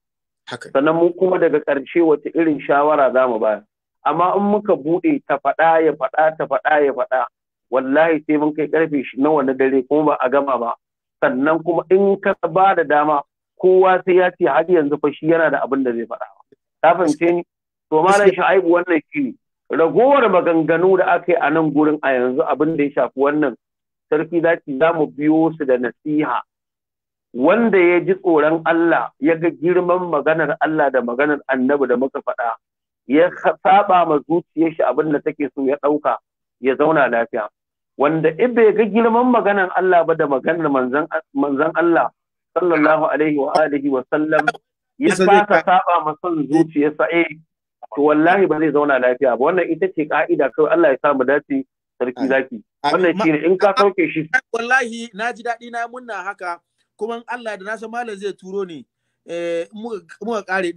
sannan mu kuma daga ƙarshe wace irin shawara za mu bayar amma in muka buɗe ta faɗa ya faɗa ta faɗa ya faɗa wallahi sai mun kai ƙarfe shi nawa na dare kuma ba a gama ba sannan kuma in ka ba da dama kowa sai ya ce har yanzu fa shi yana da abin da zai faɗa ta fahimce ni to malam Shu'aibu wannan shi ne ragowar maganganu da aka yi a nan gurin a yanzu abin da ya shafi wannan sarki zaki za mu biyo su da nasiha wanda ya ji tsoron Allah ya ga girman maganar Allah da maganar annabi da muka faɗa ya saba ma zuciyar shi abin da take so ya ɗauka ya zauna lafiya wanda in bai ga girman maganar Allah ba da maganar manzon Allah sallallahu alaihi wa alihi wa sallam ya fata saba ma son zuciyarsa eh to wallahi ba zai zauna lafiya ba wannan ita ce ka'ida kawai Allah ya sa samu dace sarki zaki wannan shine in ka sauke shi wallahi na ji daɗi na munna haka kuma Allah da na san malam zai turo ni eh, muka kare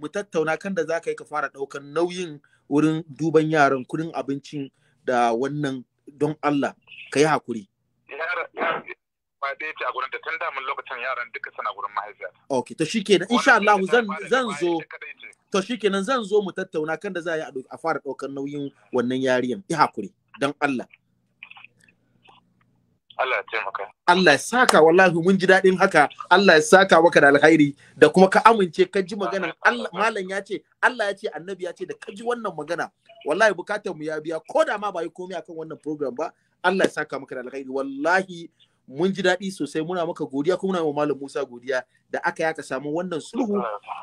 mu tattauna kan da za ka yi ka fara ɗaukan nauyin wurin duban yaran kudin abincin da wannan don Allah ka yi hakuri. ba da yake a gurin da tun damun lokacin yaran duka suna gurin mahaifiyata. Ok, to shi kenan insha Allah zan zo to shi kenan zan zo mu tattauna kan da za a fara ɗaukar nauyin wannan yariyan. Yi hakuri. don Allah Allah ya taimaka Allah ya saka wallahi mun ji daɗin haka Allah ya saka maka da alkhairi da kuma ka amince ka ji magana. Allah malam ya ce Allah ya ce annabi ya ce da ka ji wannan magana wallahi bukatar mu ya biya ko da ma ba yi komai akan wannan program ba Allah ya saka maka da alkhairi wallahi mun ji daɗi sosai muna maka godiya kuma muna wa malam Musa godiya da aka yaka samu wannan sulhu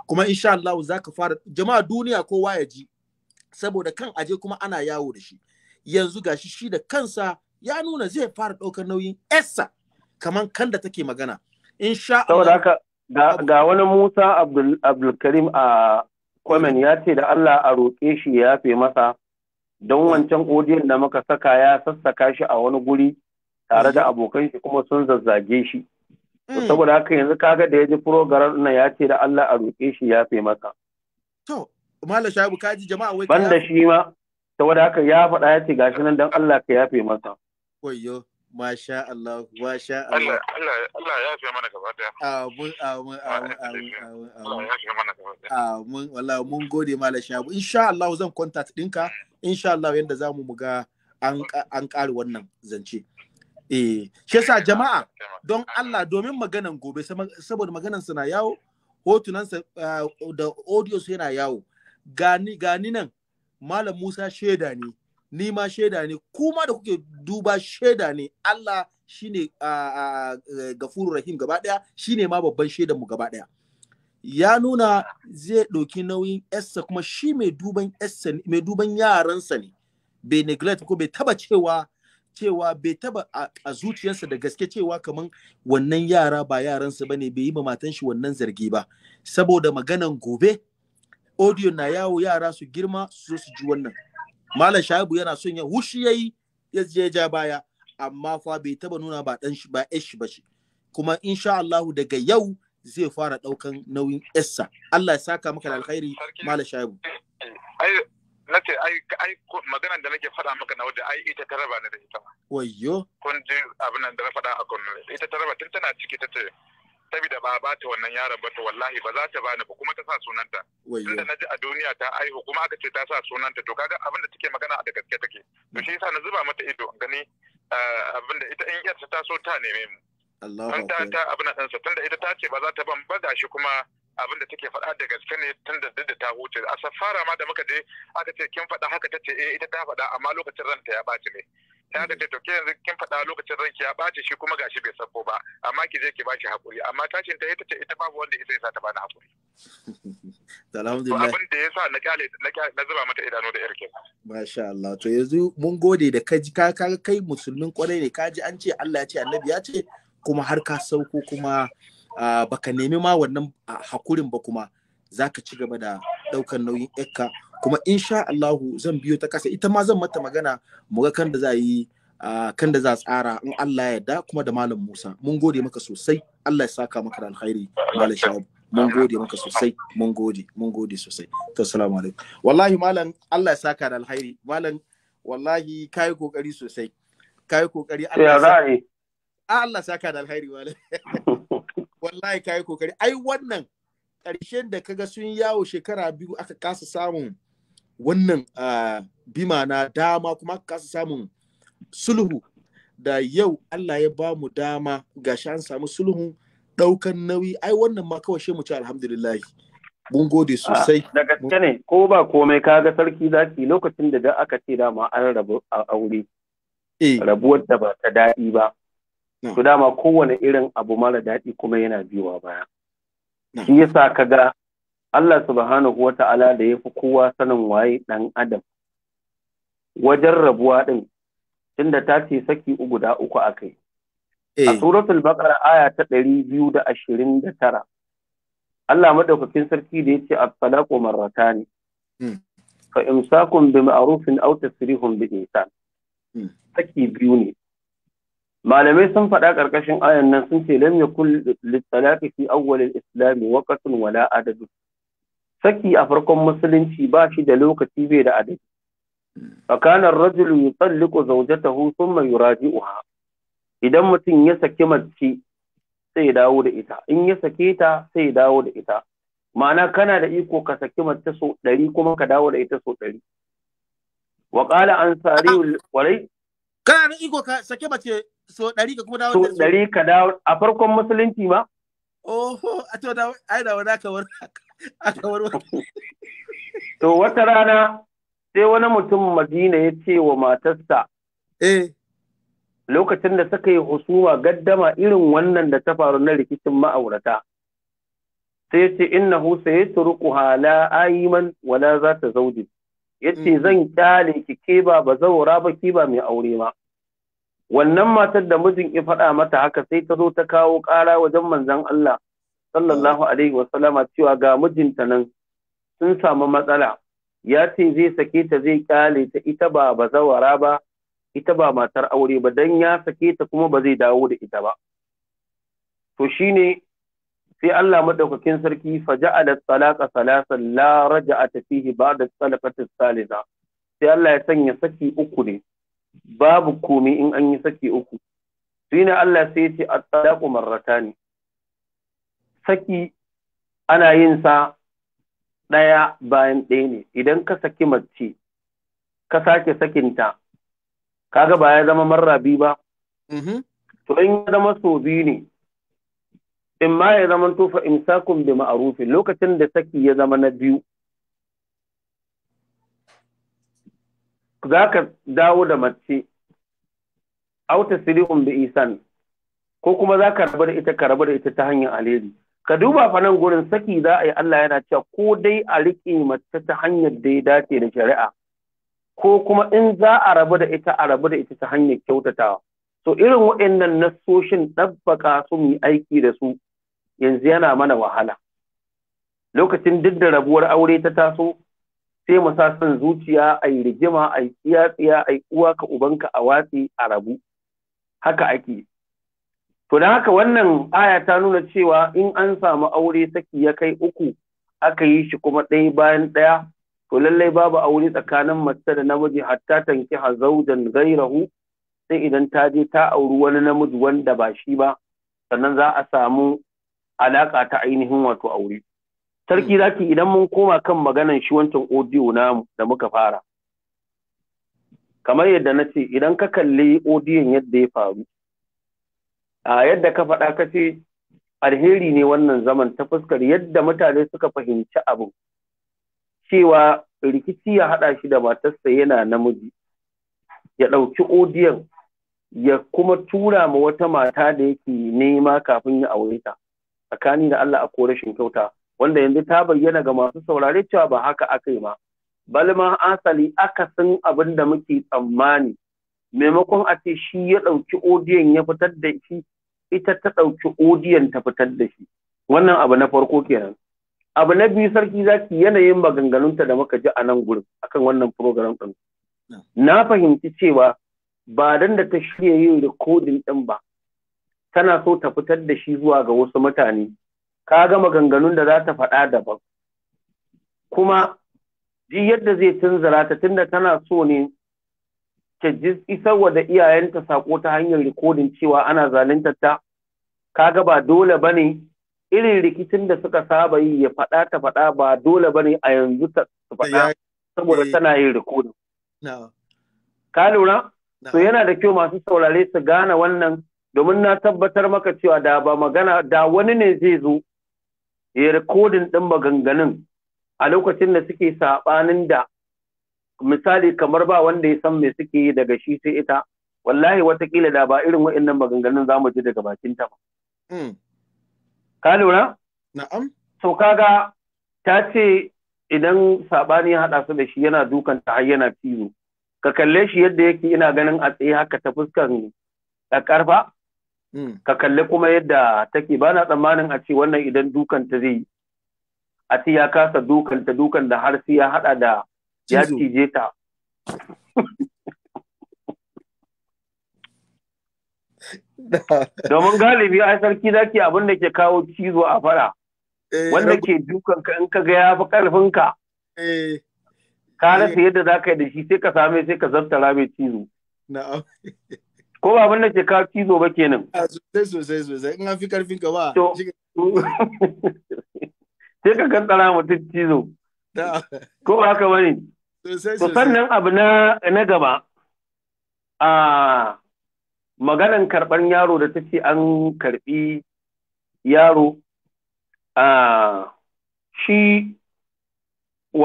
kuma insha Allah za ka fara jama'a duniya kowa ya ji saboda kan aje kuma ana yawo da shi yanzu gashi shi da kansa ya nuna zai fara ɗaukar nauyin essa kamar kan da take magana insha saboda haka ga wani Musa Abdulkarim a kwamen ya ce da Allah a roke shi ya yafe masa don wancan odiyon da muka saka ya sassaka shi a wani guri tare da abokan shi kuma sun zazzage shi mm. saboda haka yanzu kaga da ya ji program nan ya ce da Allah a roƙe shi ya yafe masa to Malam Shabu kaji jama'a wai banda shi ma saboda haka ya faɗa ya ce gashi nan don Allah ka yafe masa koyo masha Allah masha Allah Allah ya fi mana gaba daya amin amin amin amin amin Allah ya yafe mana gaba daya amin wallahi mun gode malam shabu insha Allah zan contact ɗinka insha Allah yanda za mu ga an an ƙare wannan zance eh shi yasa jama'a don Allah domin maganan gobe saboda maganan suna yawo hotunansa eh, da audio yana yawo gani gani nan Malam Musa shaida ne, ni ma shaida ne, kuma da kuke duba shaida ne Allah shi ne gafuru rahim gaba ɗaya shi ne ma babban shaidan mu gaba ɗaya. Ya nuna zai ɗauki nauyin Essa kuma shi mai duban mai duban yaransa ne. Bai neglect ko bai taba cewa cewa bai taba a zuciyarsa da gaske cewa kamar wannan yara ba yaransa ne bai yi ma matan shi wannan zargi ba saboda maganan gobe audio na yawo yara su girma su zo su ji wannan malam shahibu yana son ya hushi yayi ya je ja baya amma fa bai taba nuna ba dan shi ba shi ba shi kuma insha Allah daga yau zai fara daukan nauyin essa Allah ya saka maka da alkhairi malam shahibu nace ai ai magana da nake faɗa maka na wadda ai ita ta raba da ita wayyo kun ji abin da na faɗa a ita ta raba tun tana ciki ta ce saboda ba ba ta wannan yaron ba ta wallahi ba za ta bani ba kuma ta sa sunanta tunda na ji a duniya ta aihu kuma aka ce ta sa sunanta to kaga abin da take magana da gaske take to shi yasa na zuba mata ido gani eh, abin da ita in yar ta so ta neme mu an ta ta abin da sa tunda ita ta ce ba za ta ban ba gashi kuma abin da take faɗa da gaske ne tun da duk da ta huce a safara ma da muka je aka ce kin faɗa haka ta ce eh ita ta faɗa amma lokacin ranta ya ɓaci ne sai da ta tauke yanzu kin faɗa lokacin ranki ya ɓace shi kuma gashi bai sako ba amma ki je ki ba shi haƙuri amma tashin ta ita ce ita babu wanda ita yasa ta bani haƙuri abin da yasa na kyale na zuba mata idanu da irkin. masha Allah to yanzu mun gode da kaji ka kai musulmin kwarai ne kaji an ce Allah ya ce annabi ya ce kuma har ka sauko kuma ah, baka nemi ma wannan ah, hakurin ba kuma zaka ci gaba da ɗaukar nauyin ekka kuma insha Allahu zan biyo ta kasa ita ma zan mata magana mu ga kan da za yi kan da za tsara in Allah ya da kuma da malam Musa mun gode maka sosai Allah ya saka maka da alkhairi malam Shawab mun gode maka sosai mun gode mun gode sosai to assalamu alaikum wallahi malam Allah ya saka da alkhairi malam wallahi kai kokari sosai kai kokari Allah ya saka ah, Allah saka da alkhairi malam wallahi kai kokari ai wannan ƙarshen da kaga sun yawo shekara biyu aka kasa samun wannan ah, bima na dama kuma aka kasa samun sulhu da yau Allah ya ba mu dama ga shi an samu sulhu ɗaukan nauyi ai wannan ma kawai mu ci alhamdulillah mun gode ah, sosai da gaske ne ko ba komai kaga sarki zaki lokacin da aka ce dama an rabu a aure eh. rabuwar da ba ta daɗi ba to dama kowane irin abu mara daɗi kuma yana biyowa baya shi yasa ga. Allah subhanahu wa ta'ala da ya fi kowa sanin waye ɗan adam wajen rabuwa ɗin tunda ta ce saki guda uku a kai. A eh. suratul baqara aya ta ɗari biyu da ashirin da tara Allah madaukakin sarki da ya ce as-salaqu ne. Hmm. fa imsakun bi ma'rufin aw tasrihun bi ihsan hmm. saki biyu ne malamai sun faɗa ƙarƙashin ayan nan sun ce lam yakul litalaqi fi awwal al-islam waqtun wala adadu saki a farkon musulunci ba shi da lokaci bai da adadi ar-rajul yutalliqu zawjatahu thumma yuraji'uha idan mutum ya saki mace sai dawo da ita in ya sake ta sai dawo da ita ma'ana kana da iko ka saki mace so 100 kuma ka dawo da ita so ɗari wa qala ansari walai kana da iko ka saki mace so ɗari ka kuma dawo da su. ka dawo a farkon musulunci ba? Oho, a to dawo, ai To wata rana sai wani mutum Madina ya ce wa matarsa. Eh. Lokacin da suka yi husuma gaddama irin wannan da ta faru na rikicin ma'aurata. Sai ya ce innahu sayatruquha hala ayiman wala za ta zaudi. ce mm-hmm. zan kyale ki ke ba ba zaura ba ki ba mai aure ba. wannan matar da mijin ya faɗa mata haka sai ta zo ta kawo ƙara wajen manzon Allah sallallahu alaihi wasallama cewa ga mijinta nan sun samu matsala ya ce zai sake ta zai kyale ta ita ba bazawara ba ita ba matar aure ba dan ya sake ta kuma ba zai dawo da ita ba to shine sai Allah madaukakin sarki faja'ala talaqa salasan la raja'ata fihi ba'da talaqati salisa sai Allah ya sanya saki uku ne babu komi in an yi saki uku ne Allah sai ya ce at-talaqu marratani saki ana yin sa ɗaya bayan ɗaya ne idan ka saki mace ka sake sakinta kaga ba ya zama marra biyu ba mm-hmm. to in ya zama so biyu ne in ma ya zama tufa imsakun bi ma'arufi lokacin da saki ya zama na biyu za ka dawo da mace auta siri'un da isan ko kuma za ka rabu da ita ka rabu da ita ta hanyar alheri ka duba fa nan gurin saki za a yi Allah yana cewa ko dai a riƙe mace ta hanyar da ya dace da shari'a ko kuma in za a rabu da ita a rabu da ita ta hanyar kyautatawa to irin waɗannan nassoshin ɗabbaka su mu aiki da su yanzu yana mana wahala lokacin duk da rabuwar aure ta taso sai mu sa son zuciya a yi rigima a yi tsiya-tsiya a yi uwa ka ubanka a watsi a rabu haka ake to don haka wannan aya ta nuna cewa in an samu aure saki ya kai uku aka yi shi kuma ɗaya bayan ɗaya to lallai babu aure tsakanin mace da namiji hatta tanki hazaujan gairahu sai idan ta je ta auri wani namiji wanda ba shi ba sannan za a samu alaƙa ta ainihin wato aure sarki hmm. zaki idan mun koma kan maganan shi wancan audio namu da muka fara kamar yadda na ce idan ka kalli odiyon yadda ya faru a yadda ka faɗa ka ce alheri ne wannan zaman ta fuskar yadda mutane suka fahimci abin cewa rikici ya haɗa shi da matarsa yana namiji ya ɗauki odiyon ya kuma tura ma wata mata da yake nema kafin ya aure ta tsakani da Allah a rashin kyauta wanda yanzu ta bayyana ga masu saurare cewa ba haka aka yi ma balma asali akasin abin da muke tsammani maimakon a ce shi ya ɗauki odiyan ya fitar da shi ita ta ɗauki odiyan ta fitar da shi wannan abu na farko kenan abu na biyu sarki zaki yanayin maganganunta da muka ji a nan gurin akan wannan program ɗin na fahimci cewa ba dan da ta shirya yin rikodin ɗin ba tana so ta fitar da shi zuwa ga wasu mutane ka ga maganganun da za ta faɗa daban kuma ji yadda zai tunzura ta tunda tana so ne ta wa da iyayenta sako ta hanyar rikodin cewa ana zaluntar ta kaga ba dole bane irin rikicin da suka saba yi ya faɗa ta faɗa ba dole bane a yanzu ta faɗa saboda eh. tana yin rikodin ka lura to yana da kyau masu saurare su gane wannan domin na tabbatar maka cewa da ba magana da wani ne zai zo ya rikodin ɗin maganganun a lokacin da suke saɓanin da misali kamar ba wanda ya san me suke yi daga shi sai ita wallahi watakila da ba irin wa'annan maganganun za mu ji daga bakin ta ba. Hmm. Ka lura? Na'am. So kaga ta ce idan saɓani ya haɗa su da shi yana dukan ta har yana cizo. Ka kalle shi yadda yake ina ganin a tsaye haka ta fuskan da ƙarfa Mm. ka kalli kuma yadda take ba na tsammanin a ce wannan idan dukan ta zai a ce ya kasa dukan ta dukan da har sai ya hada da ya cije ta domin galibi a sarki zaki abin da ke kawo cizo a fara eh, wanda ke dukan ka in ka ga ya fi karfin ka eh. ka rasa eh. yadda za ka yi da shi sai ka same sai ka zartara mai cizo ko ba abin da ke ka cizo ba kenan ah, sosai sosai sosai in an fi karfin ka ba sai ka tsara mutum cizo ko ba haka bane to sannan abu na na gaba a maganan karɓar yaro da ta ce an karɓi yaro a shi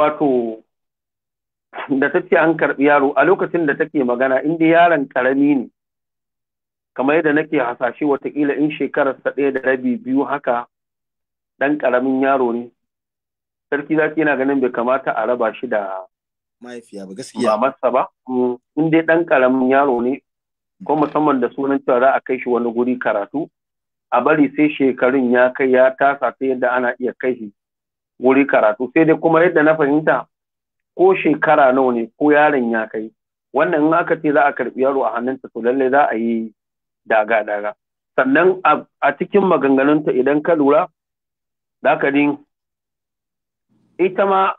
wato da ta ce an karɓi yaro a lokacin da take magana inda yaron ƙarami ne kamar yadda nake hasashe watakila in shekarar sa ɗaya da rabi biyu haka ɗan ƙaramin yaro ne sarki zaki yana ganin bai kamata a raba shi da mahaifiya ba gaskiya masa ba mm, in dai ɗan ƙaramin yaro ne ko musamman da sunan cewa za a kai shi wani guri karatu a bari sai shekarun ya kai ya tasa ta yadda ana iya kai shi guri karatu sai dai kuma yadda na fahimta ko shekara nawa ne ko yaron ya kai wannan in aka ce za a karɓi yaro a hannunta to lallai za a yi daga-daga sannan a cikin maganganunta idan ka lura ka din ita ma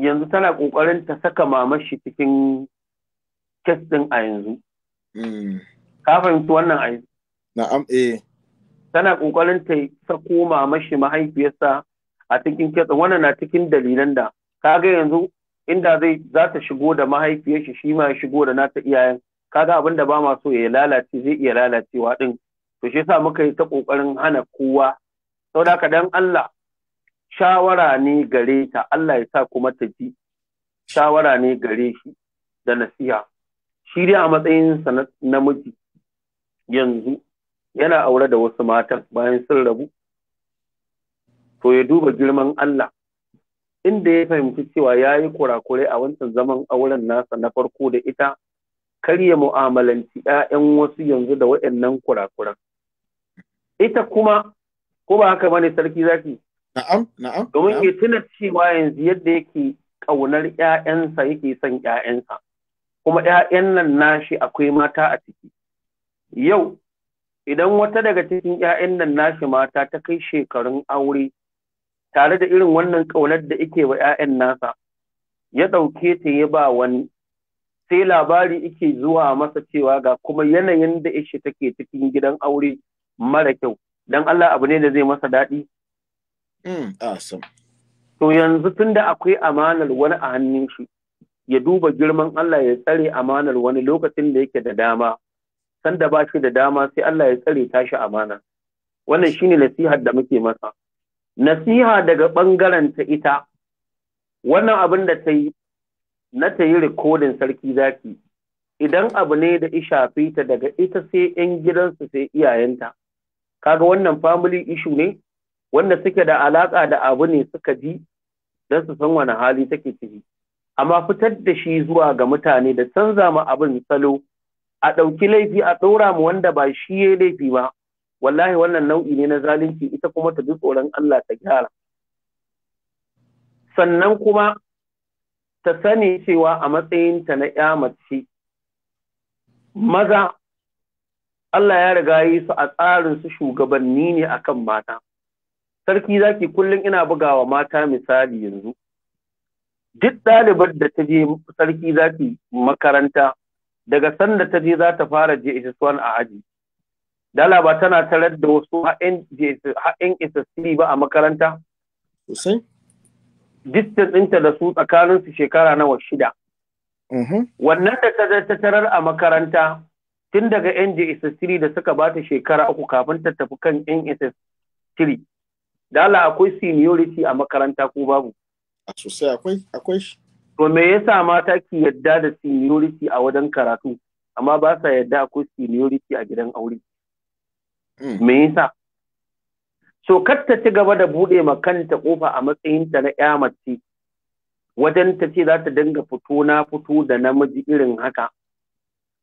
yanzu tana ƙoƙarin ta saka mamashi cikin kes a yanzu mm. ka fahimci wannan ai na'am eh tana ƙoƙarin ta sako mamashi mahaifiyarsa a cikin kes wannan na cikin dalilan da kaga yanzu inda zai za ta shigo da mahaifiyarsa shi shi ma ya shigo da nata iyayen kaga abin da ba ma so ya lalace zai iya lalacewa din to shi yasa muka yi ta kokarin hana kowa saboda ka dan Allah shawara ne gare ta Allah ya sa kuma ta ji shawara ne gare shi da nasiha shi dai a matsayinsa na namiji yanzu yana aure da wasu matan bayan sun rabu to ya duba girman Allah inda ya fahimci cewa ya yi kurakurai a wancan zaman auren nasa na farko da ita kar ya mu'amalanci 'ya'yan wasu yanzu da waɗannan kurakuran ita kuma ko ba haka bane sarki zaki na'am na'am domin ya tuna cewa yanzu yadda yake ƙaunar 'ya'yansa yake son 'ya'yansa kuma 'ya'yan nan nashi akwai mata a ciki yau idan wata daga cikin 'ya'yan nan nashi mata ta kai shekarun aure tare da irin wannan ƙaunar da yake wa 'ya'yan nasa ya ɗauke ta ya ba wani sai labari ike zuwa masa cewa ga kuma yanayin da ishe take cikin gidan aure mara kyau dan Allah abu ne da zai masa daɗi mm, to yanzu da akwai amanar wani a hannun shi ya duba girman Allah ya tsare amanar wani lokacin da yake da dama sanda ba shi da dama sai Allah ya tsare tashi amana wannan shine nasihar da muke masa nasiha daga ɓangaren ta ita wannan abin da ta yi na ta yi rikodin sarki zaki idan abu ne da ya ta daga ita sai 'yan gidansu sai iyayenta kaga wannan family issue ne wanda suke da alaƙa da abu ne suka ji don su san wani hali take ciki amma fitar da shi zuwa ga mutane da canza ma abin salo a ɗauki laifi a ɗora mu wanda ba shi ya laifi ba wallahi wannan nau'i ne na zalunci ita kuma ta ji tsoron Allah ta gyara sannan kuma ta sani cewa a matsayinta na ya mace maza Allah ya riga yi su a tsarin su shugabanni ne akan mata sarki zaki kullum ina bugawa mata misali yanzu duk ɗalibar da ta je sarki zaki makaranta daga sanda ta je za ta fara JSS1 a aji dala ba tana tarar da wasu ha'in SSC ba a makaranta distance ɗinta da su tsakanin su shekara nawa shida. Mhm. Wannan da ta tarar a makaranta tun daga NJSS3 da suka ba ta shekara uku kafin ta tafi kan NSS3. Dala akwai seniority a makaranta ko babu. A sosai akwai akwai shi. To me yasa mata ki yadda da seniority a wajen karatu amma ba sa yadda akwai seniority a gidan aure. Hmm. Me yasa? so kar ta ci gaba da buɗe ma kanta ƙofa a matsayinta na ƴa mace wajen ta ce za ta dinga fito na fito da namiji irin haka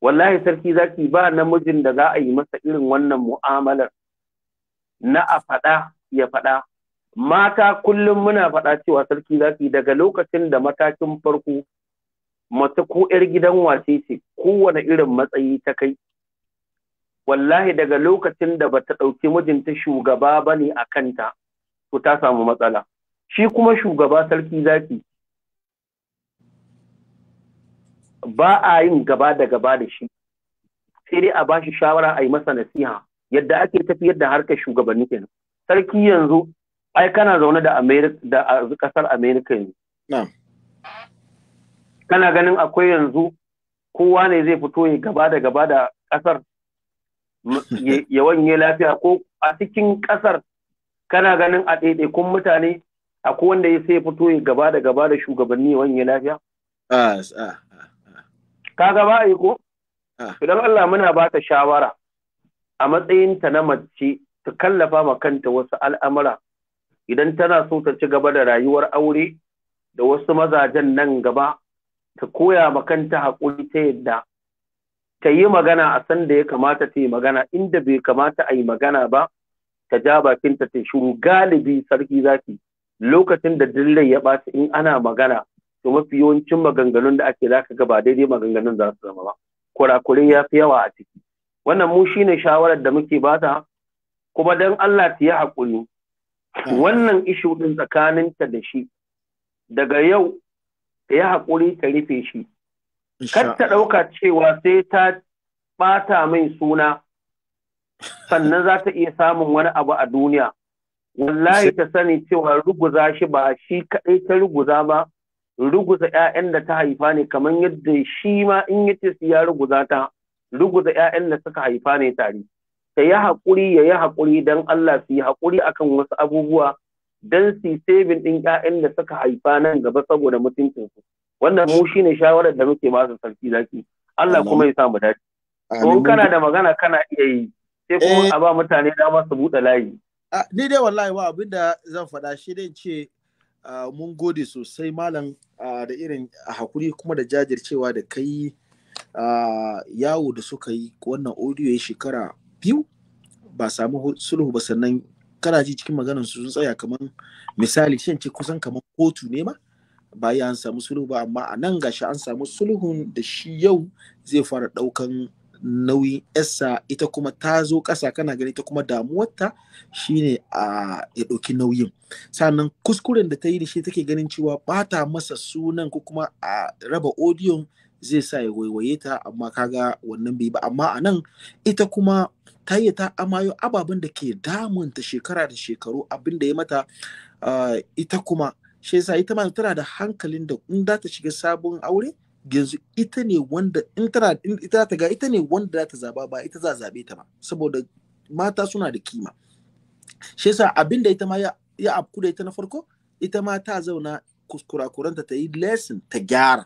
wallahi sarki zaki ba namijin da za a yi masa irin wannan mu'amalar na a faɗa ya faɗa mata kullum muna faɗa cewa sarki zaki daga lokacin da matakin farko mace ko 'yar gidan wace ce kowane irin matsayi ta kai wallahi daga lokacin da bata ɗauki mijinta shugaba ba ne a kanta to ta samu matsala shi kuma shugaba sarki zaki ba a yin gaba da gaba da shi sai dai a ba shi shawara a yi masa nasiha yadda ake tafiyar da harkar shugabanni kenan sarki yanzu ai kana zaune da da kasar america yanzu kana ganin akwai yanzu kowa ne zai fito ya gaba da gaba da kasar ya wanye lafiya ko a cikin ƙasar kana ganin a kun mutane a wanda ya sai fito ya gaba da gaba da shugabanni ya lafiya? Ah, ah, ah. Ka gaba a yi ko? Idan Allah muna ba ta shawara a matsayin ta na mace ta kallafa ma kanta wasu al'amura idan tana so ta ci gaba da rayuwar aure da wasu mazajen nan gaba ta koya ma kanta haƙuri ta yadda ta yi magana a san da ya kamata ta yi magana inda bai kamata a yi magana ba ta ja bakin ta shuru galibi sarki zaki lokacin da dillai ya ɓata in ana magana to mafi yawancin maganganun da ake zaka ga ba daidai maganganun za su zama ba kurakure ya fi yawa a ciki wannan mu shine shawarar da muke bata kuma dan Allah ta yi haƙuri wannan ishu din tsakaninta da shi daga yau ta yi haƙuri ta rufe shi Kar ta ɗauka cewa sai ta ɓata mai suna sannan za ta iya samun wani abu a duniya. Wallahi ta sani cewa ruguza shi ba shi kaɗai ta ruguza ba, ruguza ‘ya'yan da ta haifa ne kamar yadda shi ma in ya ce ya ruguza ta, ruguza ‘ya'yan da suka haifa ne tare. Ta yi haƙuri ya yi haƙuri don Allah su yi haƙuri akan wasu abubuwa don su yi ɗin ‘ya'yan da suka haifa nan gaba saboda mutuncinsu. wannan mu shine shawarar da muke ba su sarki zaki Allah kuma ya sa mu dace to kana da magana kana iya yi sai kuma eh. a ba mutane dama su buɗe layi ni dai wallahi abin da zan faɗa shi dai ce mun gode sosai malam da irin hakuri kuma da jajircewa da kai yawo da suka yi wannan audio ya shekara biyu ba samu sulhu ba sannan kana ji cikin maganar su sun tsaya kamar misali shan ce kusan kamar kotu ne ma baya an samu sulhu ba amma a nan gashi an samu sulhun da shi yau zai fara ɗaukan nauyin yasa ita kuma ta zo ƙasa kana gani ta kuma damuwarta shine a ya ɗauki nauyin sannan kuskuren da ta yi da shi take ganin cewa ba ta masa sunan ko kuma a raba odiyon zai sa ya waiwaye ta amma kaga wannan bai ba amma a nan ita kuma ta yi ta amayo ababen da ke damunta shekara da shekaru abin da ya mata ita kuma shi yasa ita ma tana da hankalin da in za ta shiga sabon aure yanzu ita ne wanda in tana ita ta ga ita ne wanda za ta zaba ba ita za zabe ta ba saboda mata suna da kima shi yasa abin da ita ma ya ya afku da ita na farko ita ma ta zauna kuskurakuranta ta yi lesson ta gyara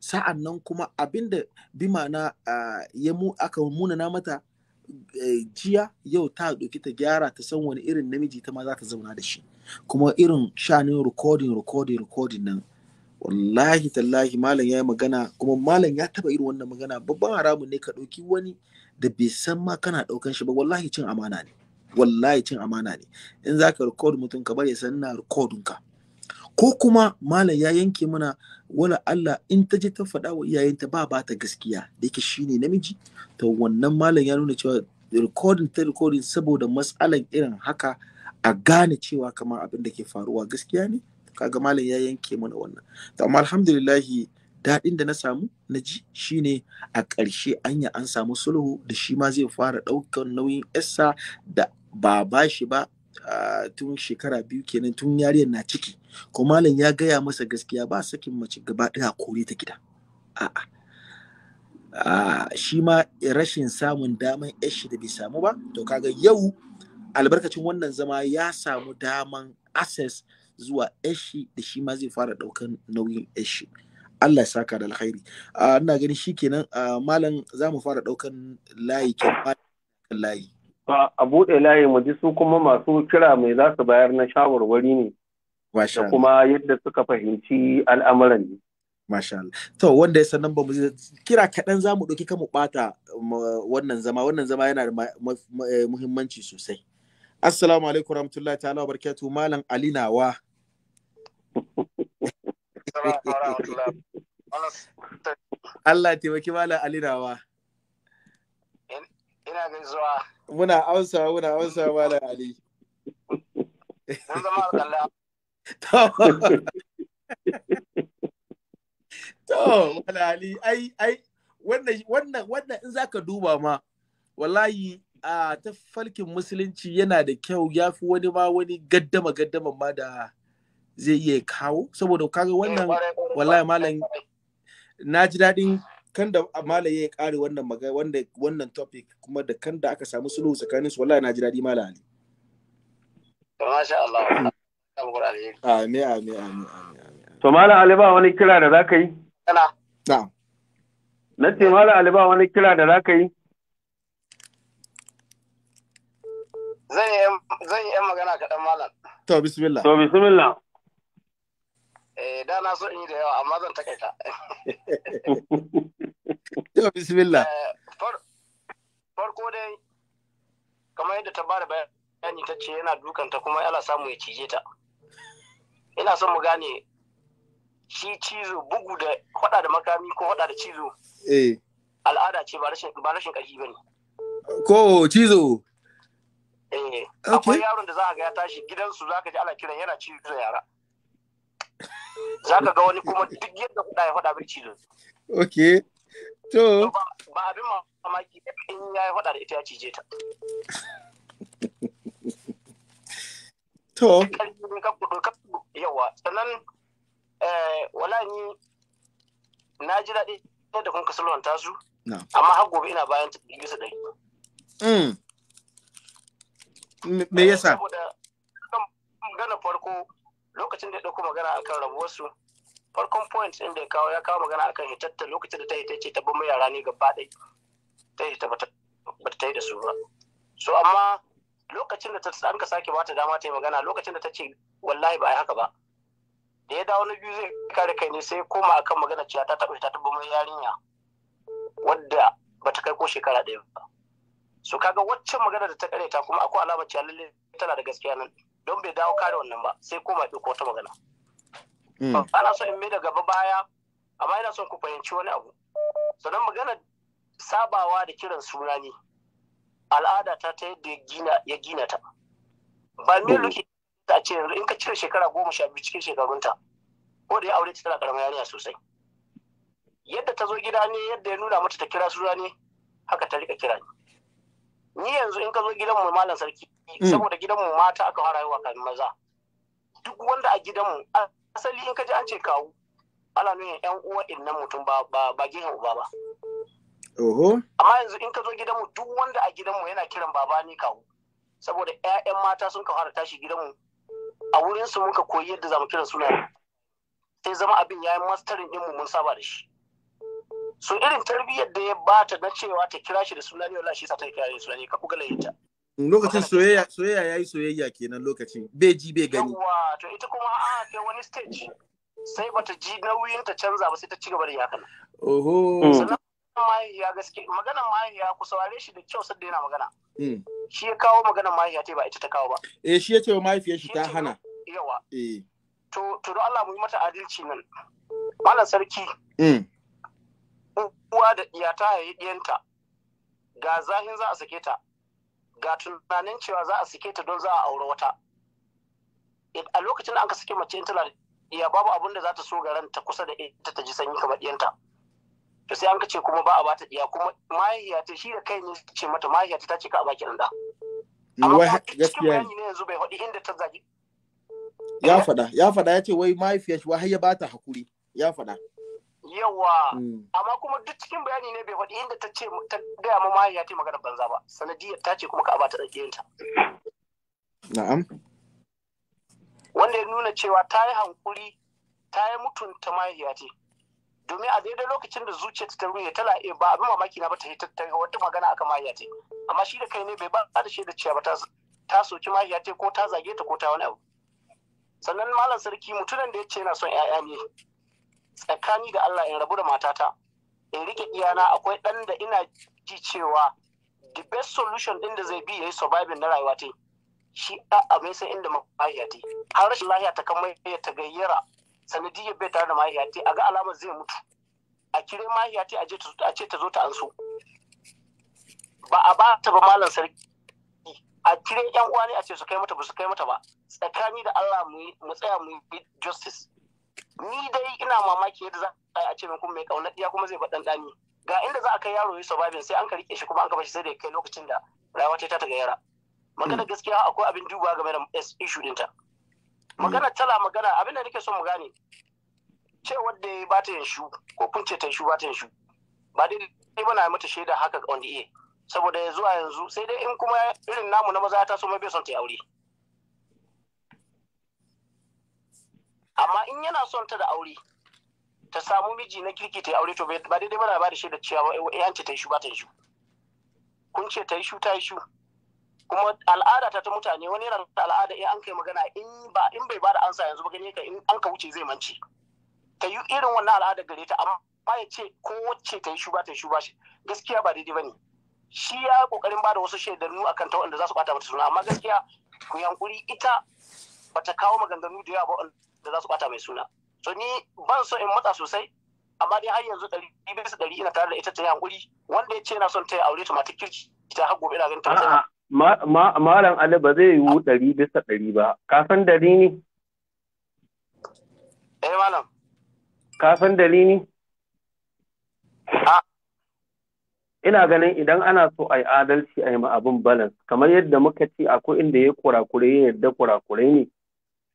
sa'an nan kuma abin da bi ma'ana ya mu aka munana mata eh, jiya yau ta ɗauki ta gyara ta san wani irin namiji ta ma za ta zauna da shi kuma irin shanin recording recording recording nan wallahi tallahi malam ya yi magana kuma malam ya taba irin wannan magana babban haramun ne ka ɗauki wani da bai san ma kana ɗaukan shi ba wallahi cin amana ne wallahi cin amana ne in za ka record mutum ka bari ya san na recording ka ko kuma malam ya yanke mana wala Allah in ta je ta faɗa wa iyayenta ba ba ta gaskiya da yake shine namiji to wannan malam ya nuna cewa recording ta recording saboda matsalan irin haka a gane cewa kamar abin da ke faruwa gaskiya ne kaga malam ya yanke mana wannan to amma alhamdulillahi daɗin da na samu na ji shine a ƙarshe anya an samu sulhu da shi ma zai fara ɗaukan nauyin yassa da ba ba shi ba tun shekara biyu kenan tun yariyar na ciki ko malam ya gaya masa gaskiya ba sakin mace gaba ɗaya kore ta gida a'a shi ma rashin samun daman yashi da bai samu ba to kaga yau albarkacin wannan zama ya samu daman access zuwa yashi da shi ma zai fara daukan nauyin yashi Allah ya saka da alkhairi ina ganin shikenan malam za mu fara daukan layi kan layi a bude layi mu ji su kuma masu kira mai za su bayar na shawarwari ne da kuma yadda suka fahimci al'amuran ne Masha Allah. To wanda ya san nan ba mu kira kaɗan za mu ɗauki kan mu ɓata wannan zama wannan zama yana da eh, muhimmanci sosai. Assalamu alaikum rahmatullahi ta'ala barkatu Malam Ali Nawa. Allah taimaki Malam Ali Nawa. Ina zuwa. Muna ausa muna ausa Malam Ali. Mun To, Malam Ali, ai ai wannan wannan wannan in zaka duba ma wallahi a falkin musulunci yana da kyau ya fi wani ma wani gaddama gaddama ma da zai iya kawo saboda kaga wannan wallahi malam na ji daɗin kan da malam ya kare wannan magana wanda wannan topic kuma da kan da aka samu sulhu tsakanin su wallahi na ji daɗi malam ali masha Allah amin amin amin amin to malam ali ba wani kira da zaka yi na'am na ce malam ali ba wani kira da zaka yi Zan yi 'yan magana kaɗan malam. To, bismillah. To, bismillah. Eh, da na so in yi da yawa, amma zan takaita. To, bismillah. Eh, farko dai, kamar yadda ta bada bayani ta ce yana dukanta kuma yala samu ya cije ta. Ina son mu gane shi cizo bugu da hada da makami ko hada da cizo. Eh. Al'ada ce ba rashin ƙarfi ba ne. Ko cizo. eh yaron da za ga ya tashi gidansu za ka ji kiran yana ci da yara za duk yadda ok to ba abin mamaki in ya ya cije ta to eh, wala ni na ji daɗi da kun kasulwanta su amma har gobe ina bayan ta bisa ɗari mm. me eh, yasa saboda magana farko lokacin da ya dauko magana akan rabuwarsu farkon point din da ya kawo ya kawo magana akan hitatta lokacin da ta hita ce ta bamu yara ne gaba ɗaya ta hita ba ta yi da su ba so amma lokacin da ta an ka sake ta dama ta yi magana lokacin da ta ce wallahi ba a yi haka ba da ya dawo na biyu zai kare kai ne sai koma akan magana cewa ta taɓa ta taɓa yarinya wadda ba ta kai ko shekara ɗaya ba su kaga waccan magana da ta ta kuma akwai alamar cewa lalle tana da gaskiya nan don bai dawo kare wannan ba sai koma ɗauko wata magana mm. ana so in mai da gaba baya amma yana son ku fahimci wani abu sannan magana sabawa da kiran suna ne al'ada ta ta yadda ya gina ta ba me mm. luke ta ce yanzu in ka cire shekara goma sha biyu cikin shekarunta ko da ya aure ta tana karamar yariya sosai yadda ta zo gida ne yadda ya nuna mata ta kira suna ne haka ta rika kira ne ni yanzu in ka zo gidanmu malam sarki mm. saboda gidanmu mata aka fara yawa kan maza duk wanda a gidanmu asali in ka ji an ce kawu ana nuna yan uwa innan mutum ba ba ba gehen uba ba oho amma yanzu in ka zo gidanmu duk wanda a gidanmu yana kiran baba ni kawu saboda ƴaƴan mata sun ka fara tashi gidanmu a wurin su muka koyi yadda zamu kira suna sai zama abin yayin masterin din mu mun saba da shi so irin tarbiyyar da ya bata na cewa ta kira shi da suna ne wallahi shi sa ta kira shi suna ne ka kuga layinta lokacin soyayya soyayya yayi soyayya kenan lokacin bai ji bai gani yawa to ita kuma a kai wani stage sai bata ji nauyin ta canza ba sai ta ci gaba da yakan oho hmm. sannan mahaiya gaske maganar mahaiya ku saurare shi da kyau sadda yana magana hmm. shi ya kawo maganar mahaiya ta ba ita ta kawo ba eh shi ya ce wa mahaifiyar shi ta hana yawa eh to to don Allah mu yi mata adalci nan malam sarki hmm. uwa da iya ta yi ɗiyanta ga zahin za a sake ta ga tunanin cewa za a sake ta don za a aure wata a lokacin da ka sake mace in tana iya babu abin da za ta so garan ta kusa da ita ta ji sanyi kamar ɗiyanta to sai an ka ce kuma ba a bata iya kuma mahaifiya ta shi da kai ne ce mata mahaifiya ta ce ka a baki nan da amma cikin bayani ne yanzu bai faɗi inda ta zagi ya faɗa ya faɗa ya ce wai mahaifiyar shi wai har ya bata hakuri ya faɗa yawa mm. amma kuma duk cikin bayani ne bai faɗi inda ta ce ta gaya ma mahaifiya ta magana banza ba sanadiyar ta ce kuma ka abata tsakiyarta na'am wanda ya nuna cewa ta yi hankuri ta yi mutunta mahaifiya ce domin a daidai lokacin da zuciyarta ta ruye tana iya ba abin mamaki na ba ta yi ta wata magana akan mahaifiya ce amma shi da kai ne bai ba da shaida cewa ba ta soki mahaifiya ce ko ta zage ta ko ta wani abu sannan malam sarki mutumin da ya ce yana son 'ya'ya ne tsakani ga Allah in rabu da matata in rike iyana akwai ɗan da ina ji cewa the best solution ɗin da zai bi ya yi surviving na rayuwa te shi a mai sai inda mahaifiya te har rashin lahiya ta kan mahaifiya ta gayyara Sanadiyar bai tare da mahaifiya te a ga alamar zai mutu a kire mahaifiya te a ce ta zo ta anso ba a ba ta ba malam sarki a kire yan uwa ne a ce su kai mata ba su kai mata ba tsakani da Allah mu tsaya mu yi justice ni dai ina mamaki yadda za a ce min kuma mai kauna iya kuma zai baɗan ɗani ga inda za a kai yaro yi sababin sai an ka rike shi kuma an ka bashi sai da kai lokacin da rayuwa ta ta gayyara magana hmm. gaskiya akwai abin duba game da issue ɗinta hmm. magana tala magana abin da nake son mu gane cewar da ya bata yin shu ko ce ta shu bata yin shu ba dai dai bana mata shaida haka on the saboda ya zuwa yanzu sai dai in kuma irin namu na maza ya so mai bai son ta yi aure amma in yana son ta da aure ta samu miji na kirki ta aure to ba daidai bana ba da shi da cewa yanci ta yi shu ba ta yi shu kun ce ta yi shu ta yi shu kuma al'ada ta ta mutane wani yana da al'ada in an kai magana in ba in bai ba da ansa yanzu ba gani ka in an ka wuce zai mance ta yi irin wannan al'ada gare ta amma ya ce ko wacce ta yi shu ba ta yi shu ba shi gaskiya ba daidai bane shi ya kokarin ba da wasu shaidannu akan ta wanda za su bata mata suna amma gaskiya ku yankuri ita bata kawo maganganu da yawa ba da za su bata mai suna To ni ban so in matsa sosai amma dai har yanzu ɗari bisa ɗari ina tare da ita ta yi hankuri wanda ya ce na son ta yi aure ta mata kirki ta har gobe ina ganin ta Malam Ali ba zai yiwu ɗari bisa ɗari ba, Kafin dari ne? Eh malam. Kafin san dari ne? Ina ganin idan ana so a yi adalci a yi ma abin balance, kamar yadda muka ce akwai inda ya kurakure ya yarda kurakure ne,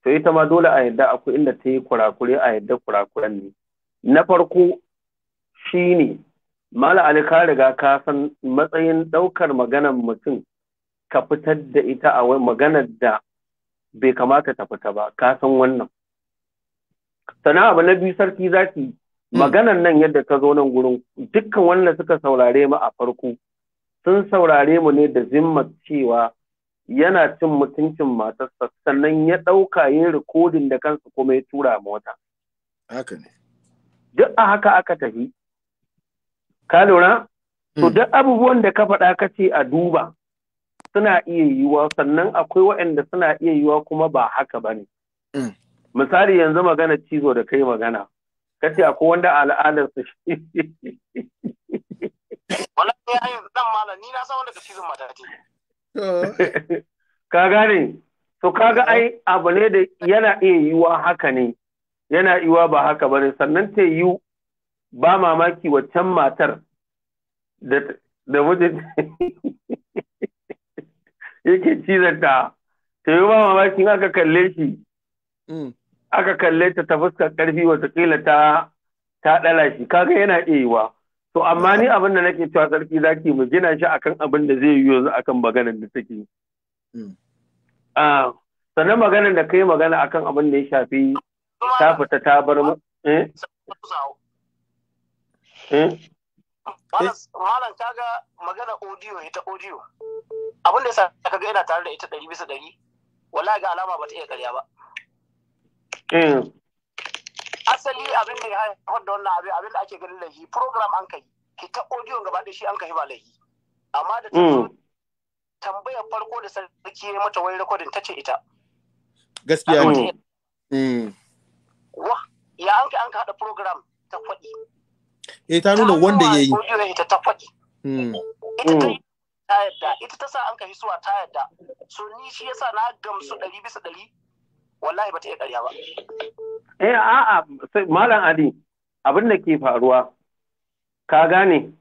to ita ma dole a yadda akwai inda ta yi kurakure a yadda kurakuren ne na farko shine mala ali ka riga ka san matsayin ɗaukar maganar mutum ka fitar da ita a maganar da bai kamata ta fita ba ka san wannan sana abu na biyu sarki zaki hmm. maganar nan yadda ta zo nan gurin dukkan wanda suka saurare mu a farko sun saurare mu ne da zimmar cewa yana cin mutuncin matarsa sannan ya ɗauka ya rikodin da kansa kuma ya tura mota. Haka ne. Duk a haka aka tafi. Ka lura? To hmm. duk abubuwan da ka faɗa ka ce a duba suna iya yiwuwa sannan akwai waɗanda suna iya yiwuwa kuma ba haka ba ne. Hmm. Misali yanzu magana cizo da kai magana. Ka ce akwai wanda al'adarsa shi. Wallahi zan malam ni na san wanda ka cizon mata ce. Ka gane, to kaga ai abu ne da yana iya yiwuwa haka ne, yana yiwuwa ba haka ba ne, sannan ta yi ba mamaki waccan matar da mijin yake cizanta, ta yi ba mamaki aka kalle shi, mm. aka kalle ta ta fuskar ƙarfi wata ta ta ɗala shi, kaga yana iya yiwuwa. To amma ni abin da nake cewa sarki zaki mu gina shi akan abin da zai yi yanzu akan maganar da take. Hmm. Ah, sannan maganar da kai magana akan abin da ya shafi ta fita ta bar mu. Eh? Eh? Malam kaga magana audio ita audio. Abin da ya sa kaga yana tare da ita ɗari bisa ɗari. Wallahi ga alama ba ta iya karya ba. Eh. asali abin da ya haifar da wannan abin da ake ganin lahi program an kai hita audio gaba da shi an kai ba lahi amma da mm. tambaya farko da sarki ya mata wani recording ta ce ita gaskiya ne mm. wa ya an kai an ka hada program ta faɗi eh ta nuna wanda ya yi audio mm. ita ta faɗi ita ta ta yadda ita ta sa an kai suwa ta yadda so ni shi yasa na gamsu ɗari bisa ɗari wallahi ba ta iya ƙarya ba eh a'a malam ali abin da ke faruwa ka gane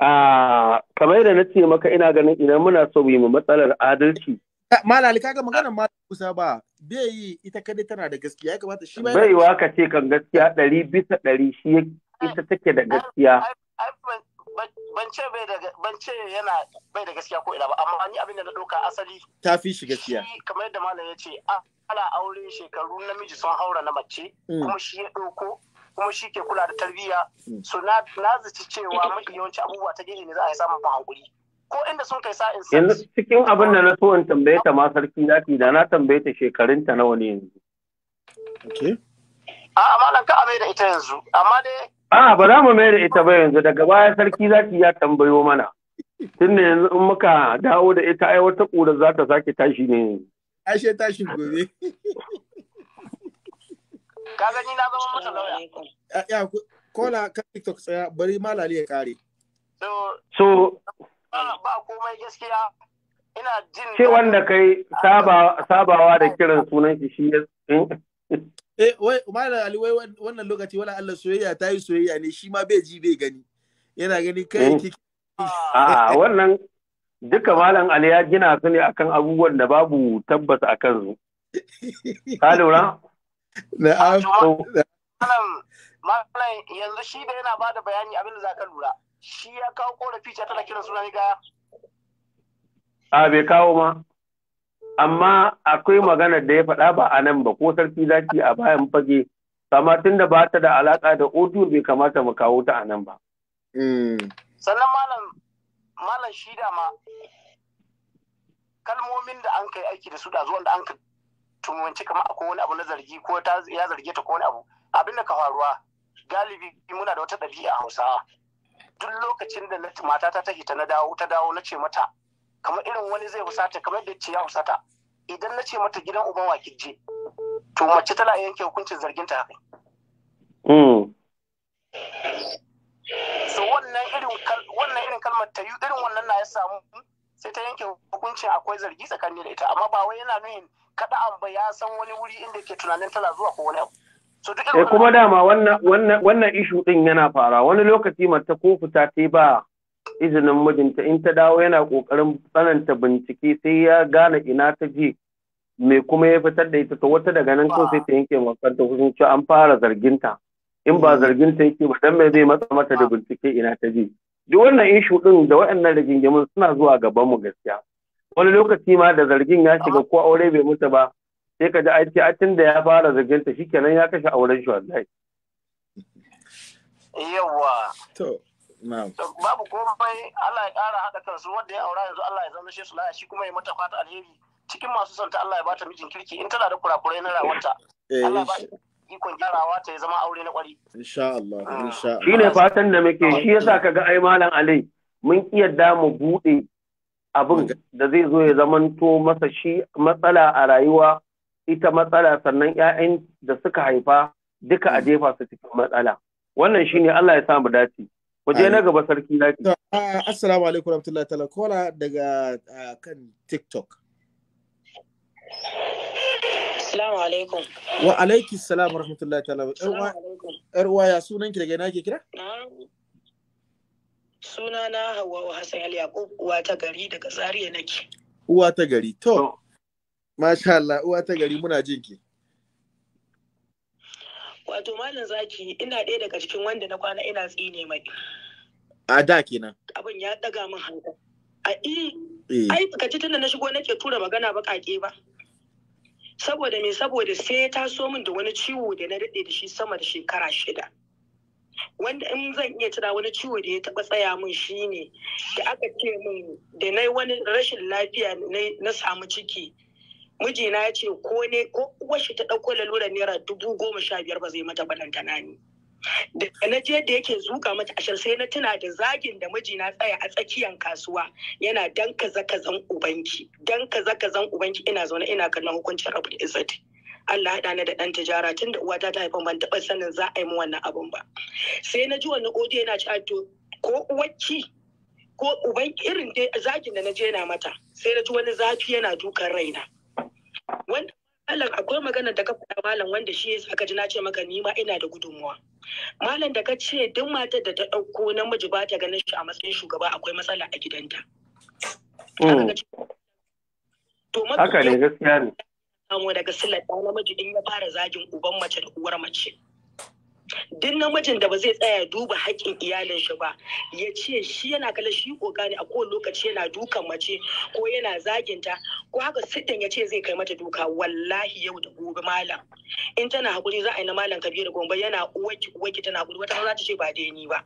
a ah, kamar da na ce maka ina ganin idan muna so mu matsalar adalci eh, malam ali kaga magana malam kusa ba bai yi ita kadai tana da gaskiya ya kamata shi bai yi wa ka ce kan gaskiya ɗari bisa ɗari shi ita take da gaskiya ban ce bai da ban ce yana bai da gaskiya ko ina ba amma ni abin da na ɗauka asali ta fi shi gaskiya kamar yadda malam ya ce ah, ana aure shekaru namiji sun haura na mace mm. kuma shi ya ɗauko kuma shi ke kula da tarbiyya mm. so na zaci cewa mafi yawanci abubuwa ta gini ne za a yi samun hankuri ko inda sun kai sa'in yanzu cikin abin da na so in tambaye ta ma sarki zaki da na tambaye ta shekarun ta nawa ne yanzu a'a malam ka amai da ita yanzu amma dai a'a ba za mu mai da ita ba yanzu daga baya sarki ki ya tambayo mana tunda yanzu in muka dawo da ita ai wata ƙura za ta sake tashi ne yanzu ashe tashin gobe ka gani na zama masa lauya kola kan tiktok tsaya bari malali ya kare so ba komai gaskiya ina jin ce wanda kai sabawa da kiran sunan shi shi eh? eh wai malali wai wannan lokaci wala Allah soyayya ta yi soyayya ne shi ma bai ji bai gani yana gani kai eh. ki a ah. wannan duka malam ali ya gina su ne akan abubuwan da babu tabbas a kansu ka lura na'am malam yanzu shi da yana ba da bayani abin da za ka lura shi ya kawo korafi ta tana kiran suna ga a bai kawo ma amma akwai magana da ya faɗa ba a nan ba ko sarki zaki a bayan fage kama tun da ba ta da alaƙa da audio bai kamata mu kawo ta a nan ba. Hmm. Sannan malam shi dama kalmomin da an kai aiki da su da zuwan da an ka tumanci kamar akwai wani abu na zargi ko ya zarge ta ko wani abu abin da ka faruwa galibi muna da wata ɗabi'a a hausawa duk lokacin da matata ta hita na dawo ta dawo na ce mata kamar irin wani zai husata kamar da ce ya husata idan na ce mata gidan uban wakil je to mace tana yanke hukuncin zargin ta haka hmm. irin wannan irin kalmar ta irin wannan na ya samu sai ta yanke hukuncin akwai zargi tsakanin da ita amma ba wai yana nuhin kada an ba ya san wani wuri inda ke tunanin tana zuwa ko wani abu eh kuma dama wannan ishu din yana fara wani lokaci mata ko fita ta ba izinin mijinta in ta dawo yana kokarin tsananta bincike sai ya gane ina ta je me kuma ya fitar da ita to wata daga nan kawai sai ta yanke mafarta hukunci an fara zarginta in ba mm. zargin ta yake ba dan me zai matsa mata da ah. bincike ina ta je duk wannan ishu din da waɗannan rigingimin suna zuwa gaban mu gaskiya wani lokaci ma da zargin ya shiga ah. ko aure bai mutu ba sai ka ji a ce tun da ya fara zargin ta shikenan ya kashe auren shi wallahi yawa to babu komai Allah ya kara haka kansu wanda ya aura yanzu Allah ya zama shi su shi kuma ya mata fata alheri cikin masu santa Allah ya bata mijin kirki in tana da kurakurai na rawanta eh, Allah ya ikon gyarawa ta zama aure na kwari. Shi ne fatan da muke shi yasa kaga ai malam Ali mun kiyarda mu buɗe abin da zai zo ya zamanto masa shi matsala a rayuwa ita matsala sannan 'ya'yan da suka haifa duka a mm. jefa su cikin matsala. Wannan shine Allah ya sa mu dace. Waje na gaba sarki lafi. Assalamu alaikum daga kan TikTok. Assalamu alaikum. Wa alaikis salam wa rahmatullahi ta'ala. Yar uwa ya sunan ki daga ina ke kira? Suna na Hawwa Hassan Ali Yaqub uwa ta gari daga Zaria nake. Uwa ta gari to. Masha Allah uwa ta gari muna jin ki. Wato malam zaki ina ɗaya daga cikin wanda na kwana ina tsine mai. A da kenan. Abin ya daga min hankali. A eh. ai ka ji tunda na shigo nake tura magana baƙaƙe ba. saboda me saboda sai ya taso min da wani ciwo da na daɗe da shi sama da shekara shida wanda in zan iya tuna wani ciwo da ya taɓa tsaya min ne da aka ce min da na wani rashin lafiya na samu ciki mijina ya ce ko ne ko uwar shi ta ɗauko lalurar naira dubu goma sha biyar ba zai mata balantana ne. da na je da yake zuka mata ashar sai na tuna da zagin da na tsaya a tsakiyar kasuwa yana dan kaza kazan ubanki dan kaza kazan ubanki ina zaune ina kallon hukuncin rabu da izzati Allah haɗa ni da ɗan tijara tun da uwata ta haifan ban taɓa sanin za a yi mu wannan abun ba sai na ji wani odiyo yana ci to ko uwaki ko uban irin dai zagin da na je yana mata sai na ji wani zafi yana dukan raina wanda Malam akwai magana da ka faɗa malam wanda shi ya saka ji na ce maka ni ma ina da gudunmuwa. Malam da ka ce duk matar da ta ɗauko namiji ba ta ganin shi a matsayin shugaba akwai matsala a gidanta. Hmm. Haka ne gaskiya ne. Samu daga silar ɗan namiji in ya fara zagin uban mace da uwar mace. duk namijin da ba zai tsaya duba haƙƙin iyalin shi ba ya ce shi yana kala shi ƙoƙa ne a kowane lokaci yana dukan mace ko yana zaginta ko haka sitin ya ce zai kai mata duka wallahi yau da gobe malam in tana hakuri za a yi na malam kabiru gombe yana uwaki uwaki tana hakuri wata za ta ce ba dai ni ba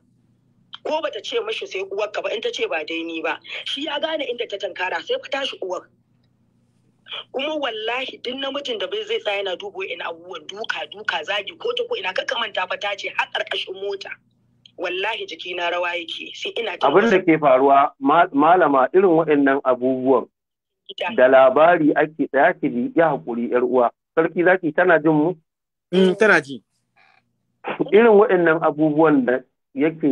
ko bata ce mashi sai uwarka ba in ta ce ba dai ni ba shi ya gane inda ta tankara sai ka tashi uwar kuma wallahi duk namijin da bai zai tsaya yana dubo ina abubuwan duka duka zagi ko ta ko ina ka manta fa ta ce har ƙarƙashin mota wallahi jiki na rawa yake sai ina abin da ke faruwa malama irin waɗannan abubuwan da labari ake tsaya ki bi ya hakuri yar uwa sarki zaki tana jin mu mm, tana ji irin waɗannan abubuwan da yake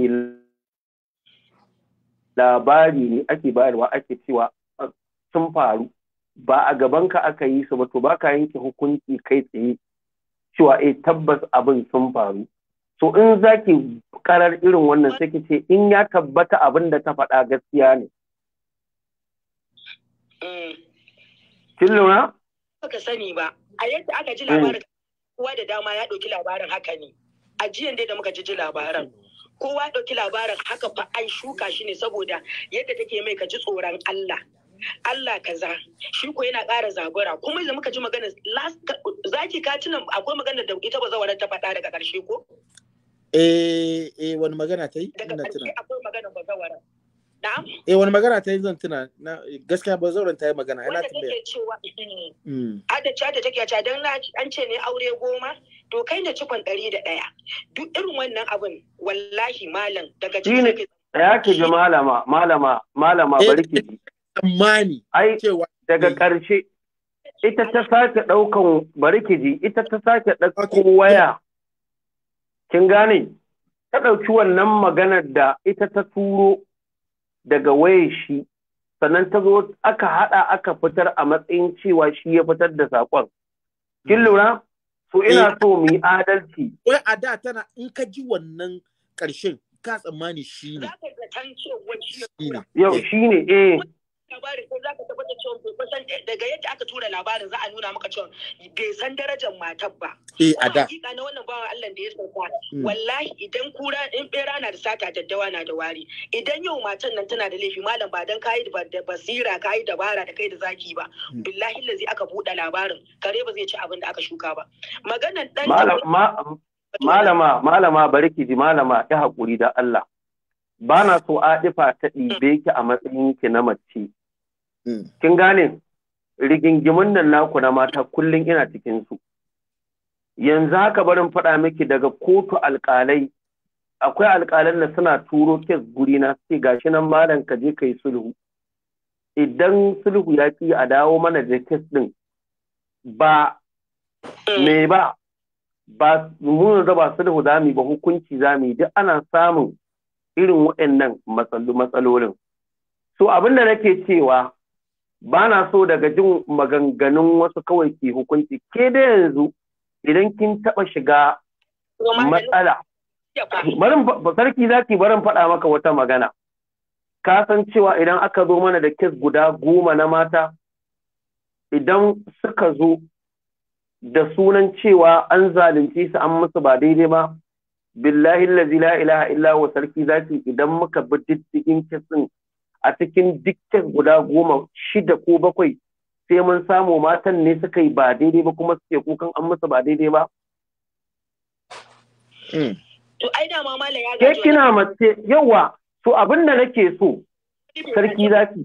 labari ne ake bayarwa ake cewa sun faru ba a gabanka aka yi su ba to ba ka yanke hukunci kai tsaye cewa eh tabbas abin sun faru so in zaki karar irin wannan sai ki ce in ya tabbata abin da ta faɗa gaskiya ne mm. kin lura ka sani ba a yadda aka ji mm. labarin kowa da dama ya ɗauki labarin haka ne a jiyan dai da muka ji labarin, kowa ya ɗauki labarin haka fa an shuka shi ne saboda yadda take mai ka ji tsoron Allah Allah kaza shi ko yana ƙara zagora kuma yanzu muka ji magana zaki ka tunan akwai magana da ita ba zawarar ta faɗa daga ƙarshe ko eh eh wani magana ta yi daga ƙarshe akwai magana ba zawarar Eh wani magana ta yi zan tuna na gaskiya ba zauren ta yi magana ina tambaya. Wanda take cewa hmm, hmm. adalci adalci take cewa dan an ce ne aure goma to kai da cikon ɗari da ɗaya duk irin wannan abin, wallahi malam daga cikin ya ke ji malama malama malama bari ki tsammani cewa daga eh. ƙarshe ita ta sake ɗaukan barikiji ita ta sake ɗaukan waya kin gane ta ɗauki wannan maganar da ita ta turo daga wayar shi sannan ta zo aka haɗa aka fitar a matsayin cewa shi ya fitar da saƙon kin hmm. lura so ina eh. so mu yi adalci wai a da tana in ka ji wannan ƙarshen ka tsammani shi ne yau shi ne eh labarin sai zaka tabbata cewa bai kusan eh, daga yadda aka tura labarin za a nuna maka cewa bai san darajar matar ba. Eh a da. Hakika na wannan bawan Allah da ya sauka. Hmm. Wallahi idan kura in bera na da sata daddawa na da wari. Idan yau matan nan tana da laifi malam ba dan kayi da basira kayi dabara da kai da zaki ba. Hmm. Billahi lazi aka buɗe labarin kare ba zai ci abin da aka shuka ba. Maganar dan Malama, malama, bari ki ji malama, ya haƙuri da Allah. ba na so a ɗifa ta ɗibe ki a matsayin ki na mace kin gane rigingimun nan naku na mata kullum ina cikin su yanzu haka barin faɗa miki daga kotu alƙalai akwai alƙalan da suna turo kes guri na sai gashi nan malam ka je kai sulhu idan sulhu ya ki a dawo mana da kes din ba me ba ba mun da ba sulhu zamu ba hukunci zamu duk ana samun irin waɗannan matsalolin so abinda da nake cewa ba na so daga jin maganganun wasu kawai ke hukunci ke da yanzu idan kin taɓa shiga matsala barin sarki zaki barin faɗa maka wata magana ka san cewa idan aka zo mana da kes guda goma na mata idan suka zo da sunan cewa an zalunce su an musu ba daidai ba billahi la ilaha illa wa sarki zaki idan muka bi diddigin kes a cikin dukkan guda goma shida ko bakwai sai mun samu matan ne suka yi ba daidai ba kuma suke kukan an musu ba daidai ba? Hmm. To ai da mama ya gaji. kina mace yawa to abin da nake so sarki zaki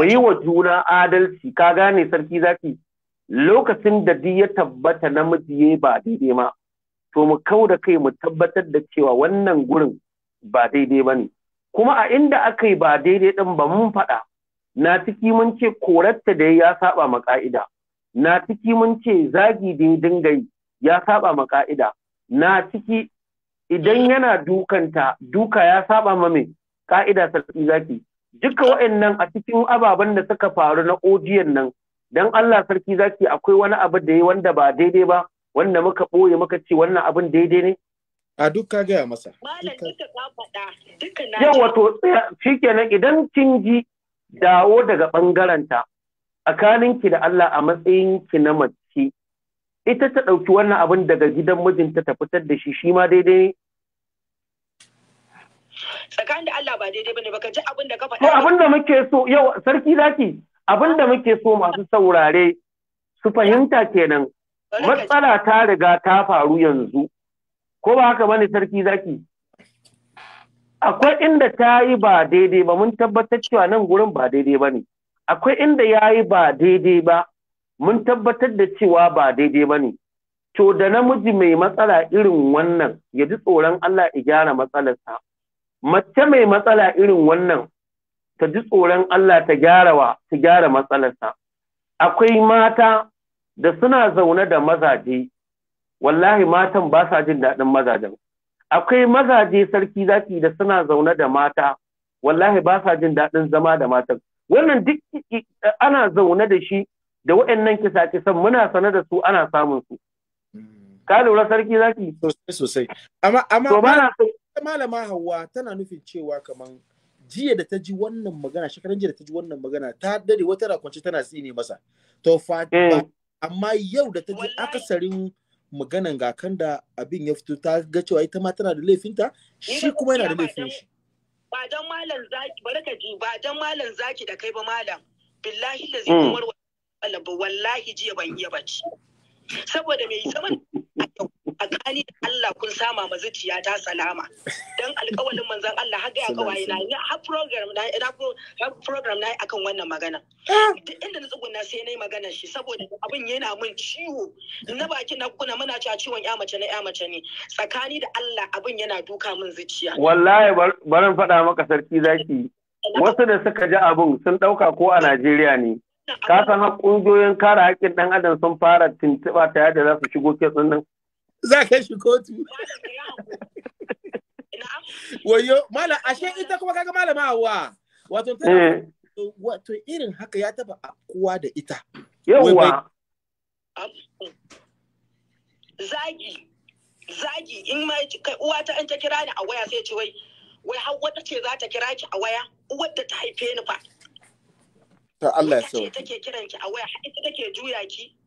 mu yi wa juna adalci ka gane sarki zaki lokacin da duk ya tabbata namiji yayi ba daidai ma to mu kauda kai mu tabbatar da cewa wannan gurin ba daidai ba ne. kuma a inda aka yi ba daidai ɗin ba mun faɗa na ciki mun ce koratta da ya saba ma ƙa'ida na ciki mun ce zagi da dinga yi ya saba ma ƙa'ida na ciki idan yana dukanta duka ya saba ma mai ƙa'ida sarki zaki duka wa'annan a cikin ababen da suka faru na odiyan nan dan Allah sarki zaki akwai wani abu da ya wanda ba daidai ba wanda muka ɓoye muka ce wannan abin daidai ne A duk ka gaya masa. Yau wato shi kenan idan kin ji dawo daga ɓangaranta tsakaninki da Allah a matsayinki na mace ita ta ɗauki wannan abin daga gidan mijinta ta fitar da shi shi ma daidai tsakanin da Allah ba daidai bane baka ji abin da ka faɗa. To abin da muke so yau sarki zaki abin da muke so masu saurare su fahimta kenan matsala ta riga ta faru yanzu ko ba haka bane sarki zaki akwai inda ta yi ba daidai ba mun tabbatar cewa nan gurin ba daidai ba ne akwai inda ya yi ba daidai ba mun tabbatar da cewa ba daidai ba ne to da namiji mai matsala irin wannan ya ji tsoron Allah ya gyara matsalarsa mace mai matsala irin wannan ta ji tsoron Allah ta gyara wa ta gyara matsalarsa akwai mata da suna zaune da mazaje wallahi matan ba sa jin daɗin mazajen akwai mazaje sarki zaki da suna zaune da mata wallahi ba sa jin daɗin zama da matan wannan duk ana zaune da shi da waɗannan kisa kisan muna sane da su ana samun su hmm. ka lura sarki zaki sosai sosai amma amma malama hawa tana nufin cewa kaman jiya da ta ji wannan magana shekaran jiya da ta ji wannan magana ta dare wata rakwance tana tsini masa to fa eh. amma yau da ta ji akasarin maganan ga kan da abin ya fito ta ga cewa ita ma tana da laifinta shi kuma yana da laifin shi ba dan malam zaki bari ka ji ba dan malam zaki da kai ba malam billahi da zai kamar wallahi jiya ban yi bacci saboda mai zaman a tsakani Allah kun sama ma zuciya ta salama dan alƙawalin manzon Allah har ga kawai na ni har program na akan wannan magana duk inda na tsuguna sai nayi magana shi saboda abin yana min ciwo na baki na kuna muna cewa ciwon ya mace na ya mace ne tsakani da Allah abin yana duka min zuciya wallahi barin faɗa maka sarki zaki wasu da suka ji abin sun ɗauka ko a Najeriya ne. Ka san ƙungiyoyin kare haƙƙin ɗan adam sun fara tuntuɓa ta yadda za su shigo ke za ka shi kotu wayo mala ashe ita kuma kaga malama hawa wato eh. wato irin haka ya taba akuwa da ita yawa zagi zagi in ma kai uwa ta an ta kira ni a waya sai ce wai wai har wata ce za ta kira ki a waya uwar da ta haife ni fa ta Allah ya sauke take kiran ki a waya har ita take juya ki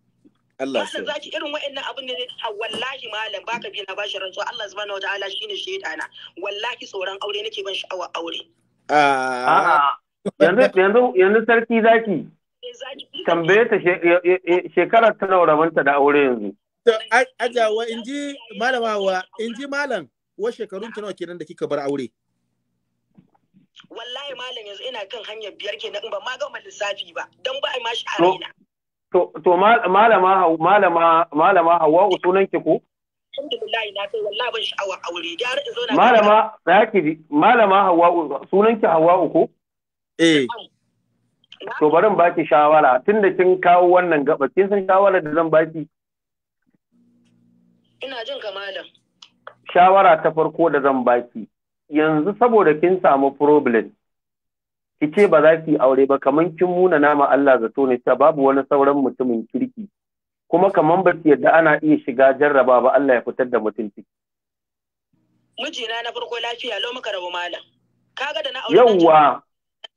Allah sai zaki irin wa'annan abin ne a wallahi malam baka bi na bashi rantsuwa Allah subhanahu wataala shine shaidana wallahi tsoron aure nake ban sha'awar aure ah. yanzu yanzu yanzu sarki zaki eh, tambaye ta shekarar ta nawa rabanta da aure yanzu to ajawa inji malama wa ji malam wa shekarun ta nawa kenan da kika bar aure wallahi malam yanzu ina kan hanyar biyar kenan in ba ma gama lissafi ba don ba a mashi shi a To, to malama malama malama sunan ki ko? Alhamdulillah na kai ban sha'awa aure. in zo na Malama za a malama sunan ki hawa ko? Eh. To barin baki shawara tunda kin kawo wannan gaba kin san shawara da zan baki. Ina jin malam. Shawara ta farko da zan baki. Yanzu saboda kin samu problem. ki ce ba za ki aure ba kaman kin muna nama Allah zato ne ta babu wani sauran mutumin kirki kuma kaman ba ki yadda ana iya shiga jarraba ba Allah ya fitar da mutum ciki mijina na farko lafiya lau muka rabu malam kaga da na aure yawwa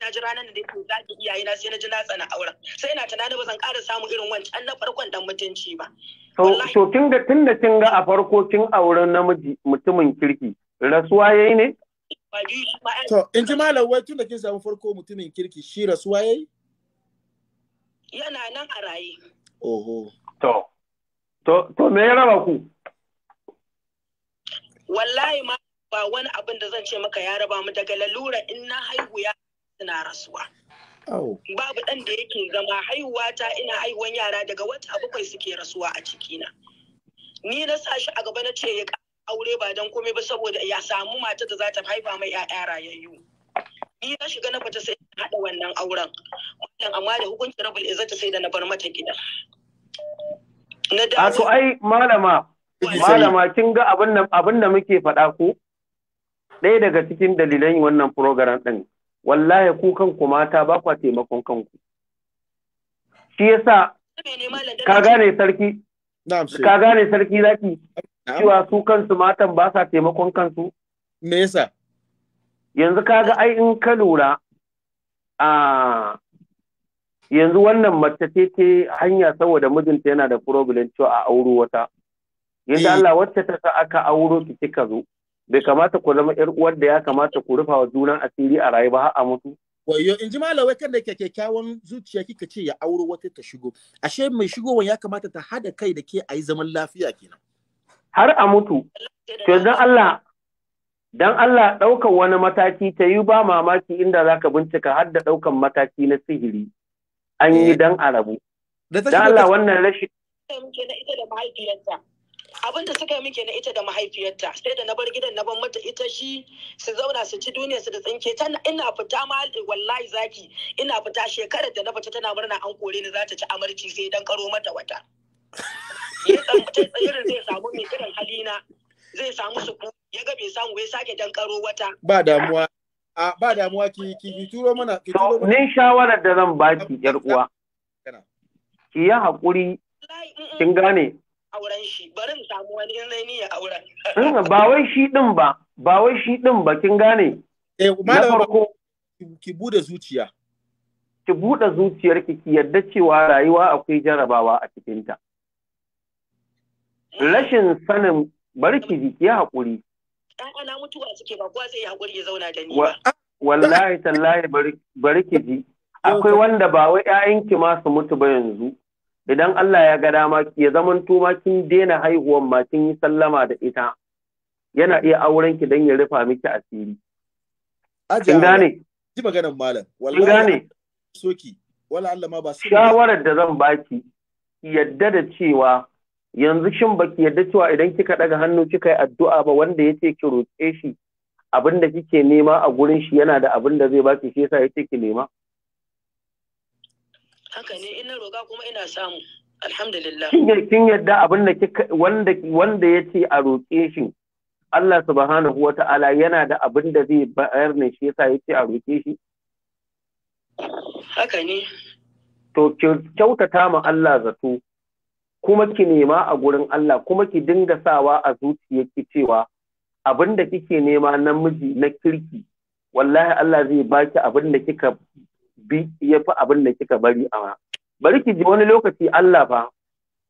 na ji ranar da dai ko za ki iyaye na sai na ji na tsana auren sai na tunani ba zan ƙara samu irin wancan na farkon dan mutunci ba to kin ga tun da kin ga a farko kin auren namiji mutumin kirki rasuwa yayi ne To, in ji malam wai tun da kin samu farko mutumin kirki shi rasuwa yayi? Yana nan a raye. Oho. To, to, to me ya raba ku? Wallahi ma ba wani abin da zan ce maka ya raba mu daga lalura in na haihu ya suna rasuwa. Babu ɗan da yake zama haihuwa ta ina haihuwan yara daga wata bakwai suke rasuwa a cikina. Ni na sa shi a gaba na ce ya aure ba don komai ba saboda ya samu mata da za ta haifa mai ƴaƴa rayayyu ni na shiga na fita sai na haɗa wannan auren wannan amma da hukuncin rabul izzata sai da na bar mata gida a to ai malama malama kin ga abin da muke faɗa ko ɗaya daga cikin dalilan wannan program ɗin wallahi ku kanku mata ba kwa taimakon kanku shi yasa ka gane sarki ka gane sarki zaki cewa su kansu matan ba sa taimakon kansu me yasa yanzu kaga ai in ka lura a yanzu wannan mace ce ce hanya saboda mijinta yana da problem cewa a auro wata yanzu mm. Allah wacce ta sa aka auro ki kika zo bai kamata ku zama yar uwar da ya kamata ku rufa wa junan asiri a rayuwa har a mutu wayo in ji malawa kan da ke kyakkyawan zuciya kika ce ya auro wata ta shigo ashe mai shigowan ya kamata ta haɗa kai da ke a yi zaman lafiya kenan har a mutu to don Allah dan Allah ɗaukar wani mataki ta yi ba mamaki inda za ka bincika har da ɗaukan mataki na sihiri an yi eh. dan arabu dan Allah wannan rashin abin da suka muke na ita da mahaifiyarta sai da na bar gidan na bar mata ita shi su zauna su ci duniya su da tsinke ta ina fita ma wallahi zaki ina fita shekarar da na fita tana murna an kore ni za ta ci amarci sai dan karo mata wata ya tsanci tsirin zai samu mai irin halina zai samu su ya ga bai samu ya sake dankaro wata ba damuwa a ba damuwa ki ki turo mana ki turo mana ne shawarar da zan ba ki yar uwa ki yi hakuri kin gane auren shi barin samu wani in zai niyya auren mm, ba wai shi din ba ba wai shi din ba kin gane eh na farko ki bude zuciya ki buɗe zuciyarki ki yarda cewa rayuwa akwai jarabawa a cikinta. rashin sanin barki ki ji haƙuri ana mutuwa suke ba zai yi haƙuri ya zauna da ni wallahi tallahi bari ki ji akwai wanda ba wai 'ya'yanki ma su mutu ba yanzu idan Allah ya ga dama ya zaman ma kin daina haihuwan ma kin yi sallama da ita yana iya aurenki don ya rufa miki asiri kin gane ji maganar malam wallahi gane soki wala Allah ma ba shawarar da zan baki yadda da cewa yanzu shin baki yarda cewa idan kika daga hannu kika yi addu'a ba wanda yace ki roƙe shi abin da kike nema a gurin shi yana da abin da zai baki shi yasa yace ki nema haka ne ina roƙa kuma ina samu alhamdulillah kin yarda abin da wanda wanda yace a roƙe shi Allah subhanahu wa ta'ala yana da abin da zai bayar ne shi yasa yace a roƙe shi haka ne to kyautata ma Allah zato kuma ki nema a gurin Allah kuma ki dinga sawa a zuciyarki cewa abin da kike nema namiji na kirki wallahi Allah zai baki abin da kika bi yafi abin da kika bari a bari ki ji wani lokaci Allah fa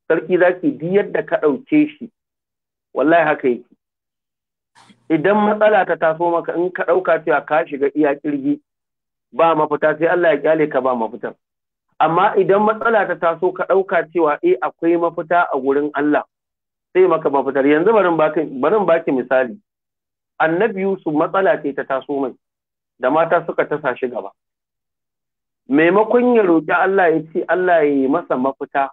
sarki zaki bi yadda ka ɗauke shi wallahi haka yake idan matsala ta taso maka in ka ɗauka cewa ka shiga iya kirgi ba mafita sai Allah ya kyale ka ba mafitar amma idan matsala ta taso ka ɗauka cewa e akwai mafita a gurin Allah sai maka mafitar yanzu barin baki misali annabi Yusuf matsala ce ta taso mai da mata suka tasa shi gaba maimakon ya roƙi Allah ya ce Allah ya yi masa mafita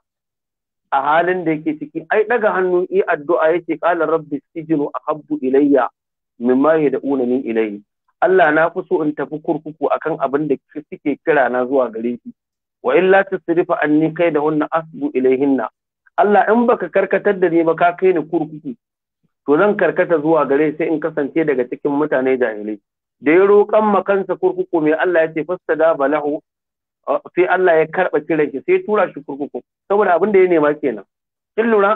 a halin da yake ciki ai daga hannu yi addu'a yake qala rabbi a ahabbu ilayya mimma da min ilayya Allah na fi so in tafi kurkuku akan abin da suke kira na zuwa gare shi wa illa tasrifa anni kai da wannan asbu ilaihinna Allah in baka karkatar da ni ba ka kai ni kurkuku to zan karkata zuwa gare sai in kasance daga cikin mutane jahilai da ya roƙan makansa kurkuku mai Allah ya ce fastada balahu uh, sai Allah ya karba kiran shi sai tura shi kurkuku saboda abin da ya nema kenan kin lura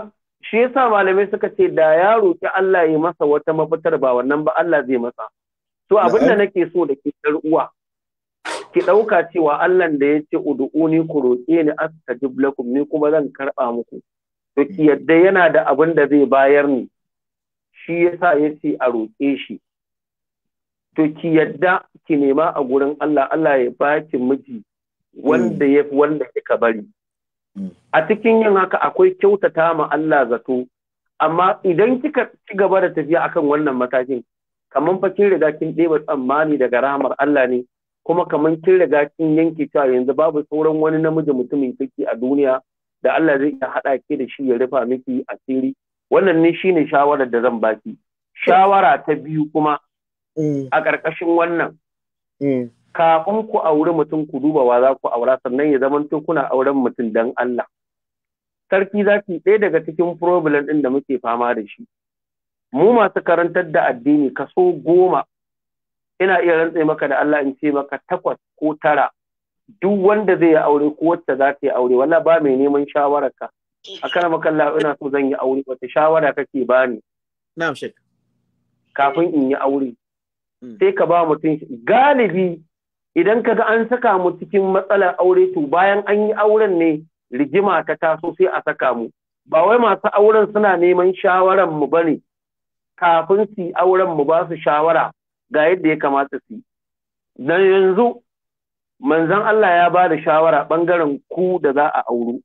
shi yasa malamai suka ce da ya roki Allah ya masa wata mafitar ba wannan ba Allah zai masa to abin da nake so da ke uwa ki ɗauka cewa Allah da ya ce udu'uni ku roƙe ni astajib lakum ni kuma zan karɓa muku to ki yadda yana da abin da zai bayar ni shi yasa ya ce a roƙe shi to ki yadda ki nema a gurin Allah Allah ya baki miji wanda ya wanda kika bari mm. a cikin yin haka akwai kyautata ma Allah zato amma idan kika ci gaba da tafiya akan wannan matakin kamar fa kin riga kin ɗeba tsammani daga rahamar Allah ne kuma kamar kin riga kin yanke cewa yanzu babu sauran wani namiji mutumin kake a duniya da Allah zai iya haɗa ke da shi ya rufa miki asiri wannan ne shine shawarar da zan baki shawara ta biyu kuma mm. a ƙarƙashin wannan mm. kafin ku aure mutum ku duba wa za ku aura sannan ya zama to kuna auren mutum dan Allah sarki zaki ɗaya daga cikin problem ɗin da muke fama da shi mu masu karantar da addini kaso goma ina iya rantse maka da Allah in ce maka takwas ko tara duk wanda zai yi aure ko wacce za ta yi aure wala ba mai neman shawararka a kana makalla ina so zan yi aure wata shawara kake bani na'am shek kafin in yi aure hmm. sai ka ba mutum galibi idan kaga an saka mu cikin matsalar aure to bayan an yi auren ne rigima ta taso sai a saka mu ba wai masu auren suna neman shawaran mu bane kafin su yi auren mu ba su shawara ga yadda ya kamata su yi dan yanzu Manzan Allah ya ba da shawara ɓangaren ku da za a auro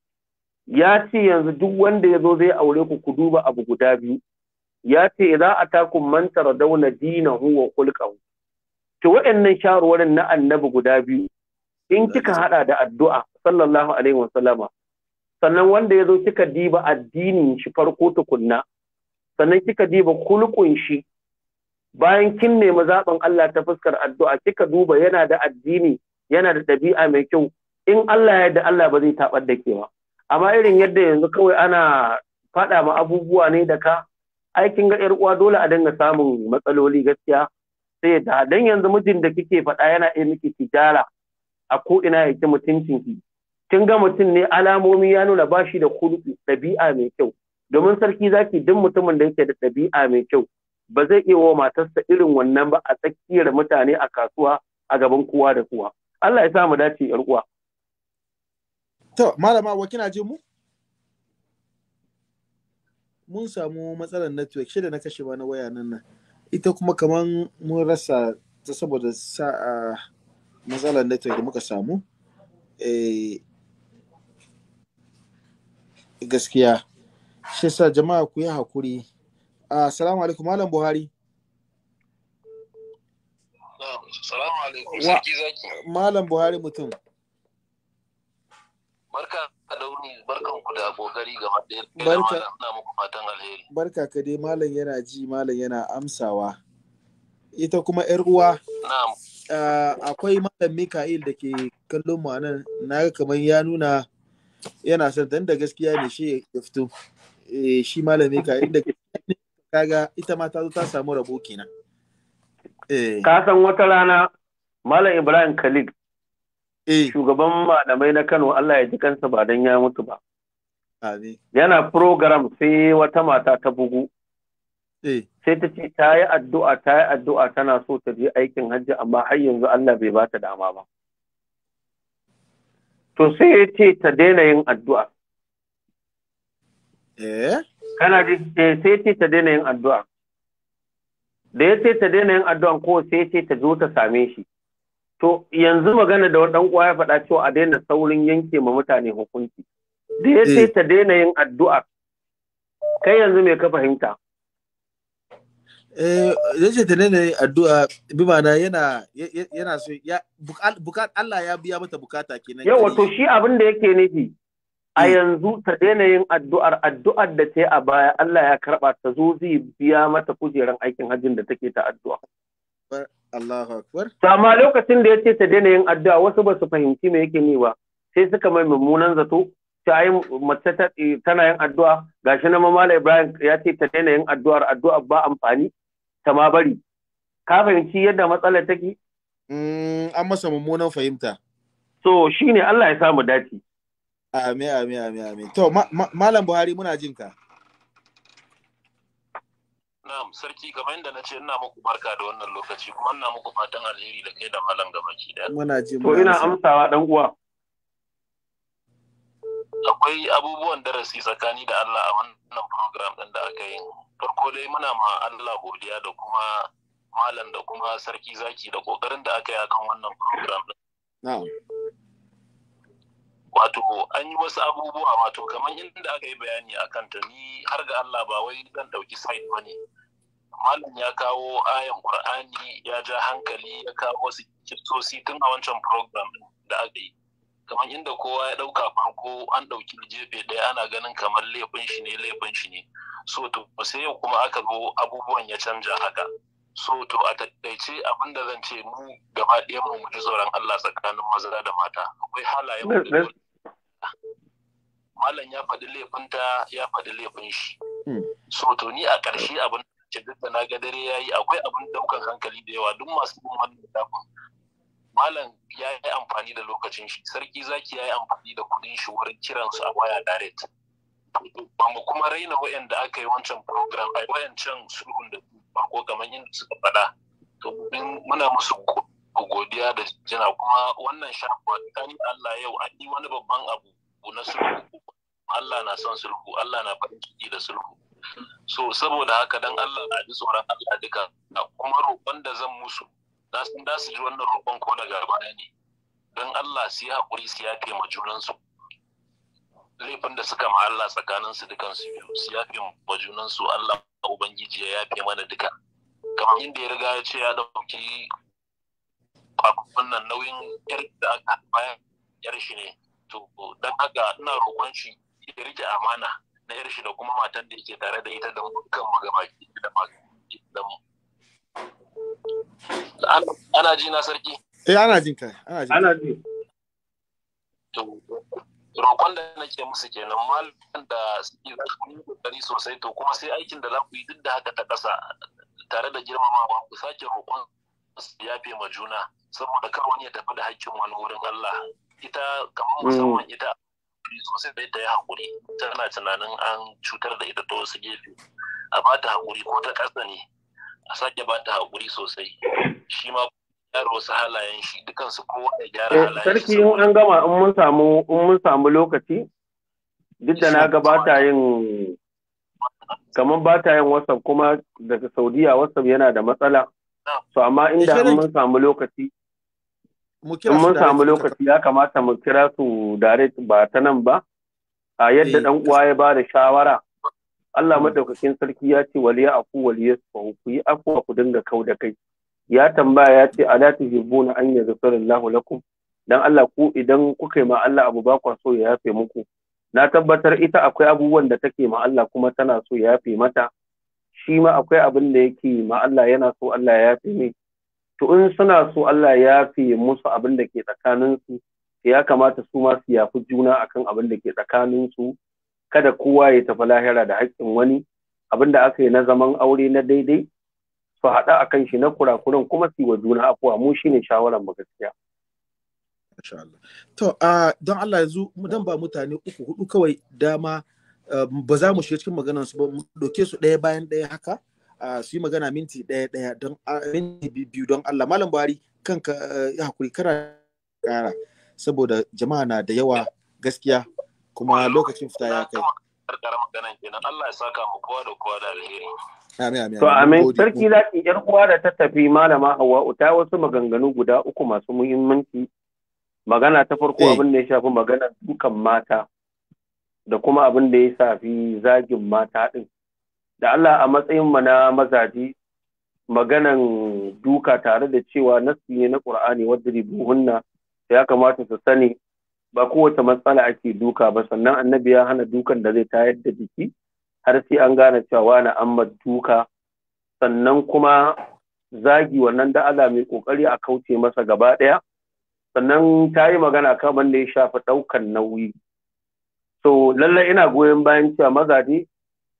ya ce yanzu duk wanda ya zo zai aure ku ku duba abu guda biyu ya ce za a taku mantar dauna dina wa kulqahu to waɗannan shawarwarin na annabi guda biyu in kika haɗa da addu'a sallallahu alaihi wa sallama. sannan wanda ya zo kika diba addinin shi farko tukunna sannan kika diba kulkun shi bayan kin nemi zaɓin Allah ta fuskar addu'a kika duba yana da addini yana da ɗabi'a mai kyau in Allah ya da Allah ba zai taɓar da ke ba amma irin yadda yanzu kawai ana faɗa ma abubuwa ne da ka aikin ga ƴar uwa dole a dinga samun matsaloli gaskiya sai da dan yanzu mijin da kike faɗa yana iya miki tijara a ko ina yake mutuncin ki kin ga mutum ne alamomi ya nuna bashi da ɗabi'a mai kyau domin sarki zaki duk mutumin da yake da ɗabi'a mai kyau ba zai iya wa matarsa irin wannan ba a tsakiyar mutane a kasuwa a gaban kowa da kowa Allah ya sa mu dace yar uwa to malama wa kina mu mun samu matsalar network shida na kashe na waya nan nan ita kuma kamar mun rasa ta saboda sa'a matsalar network da muka samu eh, gaskiya shi sa jama'a ku yi hakuri Assalamu alaikum Malam Buhari. Assalamu alaikum Sarki Zaki. Malam Buhari mutum. Barka da dauni, barkan ku da abokari ga madayar. Barka na muku fatan alheri. Barka ka dai malam yana ji, malam yana amsawa. Ita kuma ƴar uwa. Na'am. akwai malam Mika'il da ke kallon mu nan, na ga kamar ya nuna yana son dan da gaskiya ne shi ya fito. Eh shi malam Mika'il da ke kaga ita ma ta zo ta samu rabo kenan eh. ka san wata rana malam ibrahim khalid eh. shugaban malamai na kano allah ya ji kansa ba dan ya mutu ba yana program sai wata mata ta bugu eh. sai ta ce ta yi addu'a ta yi addu'a tana so ta je aikin hajji amma har yanzu Allah bai ba ta dama ba to sai ya ce ta daina yin addu'a eh kana ji eh, sai ce ta daina yin addu'a da ya ce ta daina yin addu'a ko sai ce ta zo ta same shi to yanzu magana da wadan uwa ya faɗa cewa a daina saurin yanke ma mutane hukunci da ya ce eh. ta daina yin addu'a kai yanzu me ka fahimta eh yace ta daina yin addu'a bi ma'ana yana yana so ya bukat Allah ya biya mata bukata kenan yawa to shi abin da yake nufi a mm. yanzu ta daina yin addu'ar addu'ar da ta yi a baya Allah ya karɓa ta zo zai biya mata kujeran aikin hajjin da take ta addu'a. Allahu Akbar. Sama lokacin da ya ce ta daina yin addu'a wasu ba su fahimci me yake ni ba sai suka mai mummunan zato ta yi mace eh, tana yin addu'a gashi na mamala Ibrahim ya ce ta daina yin addu'ar addu'a ba amfani ta ma bari. Ka fahimci yadda matsalar take? Mm, an masa mummunan fahimta. So shine Allah ya samu dace. Amin, amin, amin, amin. To, Malam Buhari muna jin ka. Na'am, sarki kamar yadda na ce ina muku barka da wannan lokaci kuma ina muku fatan alheri da kai da malam gabaki da. Muna ji To ina amsawa dan uwa. Akwai abubuwan darasi tsakani da Allah a wannan program din da aka yi. Farko dai muna ma Allah godiya da kuma malam da kuma sarki zaki da kokarin da aka yi akan wannan program din. Na'am. wato an yi wasu abubuwa wato kamar inda aka yi bayani a kanta ni har ga Allah ba wai zan ɗauki sai ba ne malam ya kawo ayan Qur'ani ya ja hankali ya kawo wasu kisosi tun a wancan program da aka yi kamar inda kowa ya ɗauka farko an ɗauki jefe ɗaya ana ganin kamar laifin shi ne laifin shi ne so to sai yau kuma aka zo abubuwan ya canja haka so to a taƙaice abin da zan ce mu gaba ɗaya mu ji tsoron Allah tsakanin maza da mata akwai halayen malam ya faɗi laifinta ya faɗi laifin shi hmm. so to ni a ƙarshe abin ce duk da na ga dare yayi akwai abin ɗaukar hankali da yawa duk masu yin wannan littafin malam ya yi amfani da lokacin shi sarki zaki ya yi amfani da kuɗin shi wurin kiransu a waya direct ba mu kuma raina wayanda aka yi wancan program a wayancan sulhun da su ko kamar yadda suka faɗa to muna musu godiya da jina kuma wannan shafa ni Allah yau a yi wani babban abu na sulhu Allah na son sulhu Allah na farin ciki da sulhu so saboda haka dan Allah na ji tsoron Allah duka kuma roƙon da zan musu da su ji wannan roƙon ko daga baya ne dan Allah su yi haƙuri su yafe ma junansu laifin da suka ma'alla tsakanin su dukan su biyu su yafe fi junan su Allah ubangiji ya yafe mana duka kamar inda ya riga ya ce ya dauki wannan nauyin yar da aka bayan yar shi ne to dan haka ina roƙon shi ya rike amana na yar shi da kuma matan da yake tare da ita da dukkan magabaki da magabaki da mu ana ji na sarki eh ana jin ka. ana ji to roƙon da nake musu kenan malam da suke kokari sosai to kuma sai aikin da za ku yi duk da haka ta ƙasa tare da girmamawa ku sake roƙon su yafe ma juna saboda kar wani ya tafi da haƙƙin wani wurin Allah ita kamar mm. musamman ita sosai da ita ya haƙuri tana tunanin an cutar da ita ta wasu gefe a bata ta haƙuri ko ta ƙasa ne a sake bata ta haƙuri sosai shi ma gyara wasu halayen shi dukansu kowa ya gyara eh, halayen sarki in an gama in mun samu in mun samu lokaci duk da na ga ba ta yin kamar ba ta yin whatsapp kuma daga saudiya whatsapp yana da matsala to amma inda in mun samu lokaci in mun samu lokaci ya kamata mu kira su direct ba ta nan ba a yadda dan eh, uwa ya ba da shawara Allah mm. madaukakin sarki ya ce waliya aku waliyasfahu ku yi afuwa ku dinga kau da kai ya tambaya ya ce ala na an yaghfirallahu lakum dan Allah ku idan kuka yi ma Allah abu ba kwa so ya yafe muku na tabbatar ita akwai abubuwan da take ma Allah kuma tana so ya yafe mata shi ma akwai abin da yake ma Allah yana so Allah ya yafe ne to in suna so Allah ya yafe musu abin da ke tsakanin su ya kamata su ma su yafi juna akan abin da ke tsakaninsu? kada kowa ya tafi lahira da haƙƙin wani abin da aka yi na zaman aure na daidai su haɗa a kan shi na kurakuran kuma su yi wa juna afuwa mu shine shawaran mu gaskiya. To, don Allah yanzu dan ba mutane uku hudu kawai dama um, ba za mu shiga cikin maganar su ba mu doke su ɗaya bayan ɗaya haka su yi magana minti ɗaya ɗaya don minti biyu don Allah. Malam Buhari kanka eh, ya hakuri kara kara saboda jama'a na da yawa gaskiya kuma lokacin fita ya kai. Allah ya saka mu kowa da kowa da alheri. To amin sarki zaki yar uwa da ta tafi malama hawa ta wasu maganganu guda uku masu muhimmanci magana ta farko eh. abin da ya shafi magana dukan mata da kuma abin da ya shafi zagin mata din da Allah a matsayin mu na mazaji maganan duka tare da cewa nasi ne na Qur'ani wadda ribuhunna ya kamata su sani ba kowace matsala ake duka ba sannan annabi ya hana dukan da zai tayar da jiki har sai an gane cewa wani an duka sannan kuma zagi wannan da Allah mai kokari a kauce masa gaba ɗaya sannan ta yi magana kan wanda ya shafa ɗaukan nauyi so lallai ina goyon bayan cewa mazaje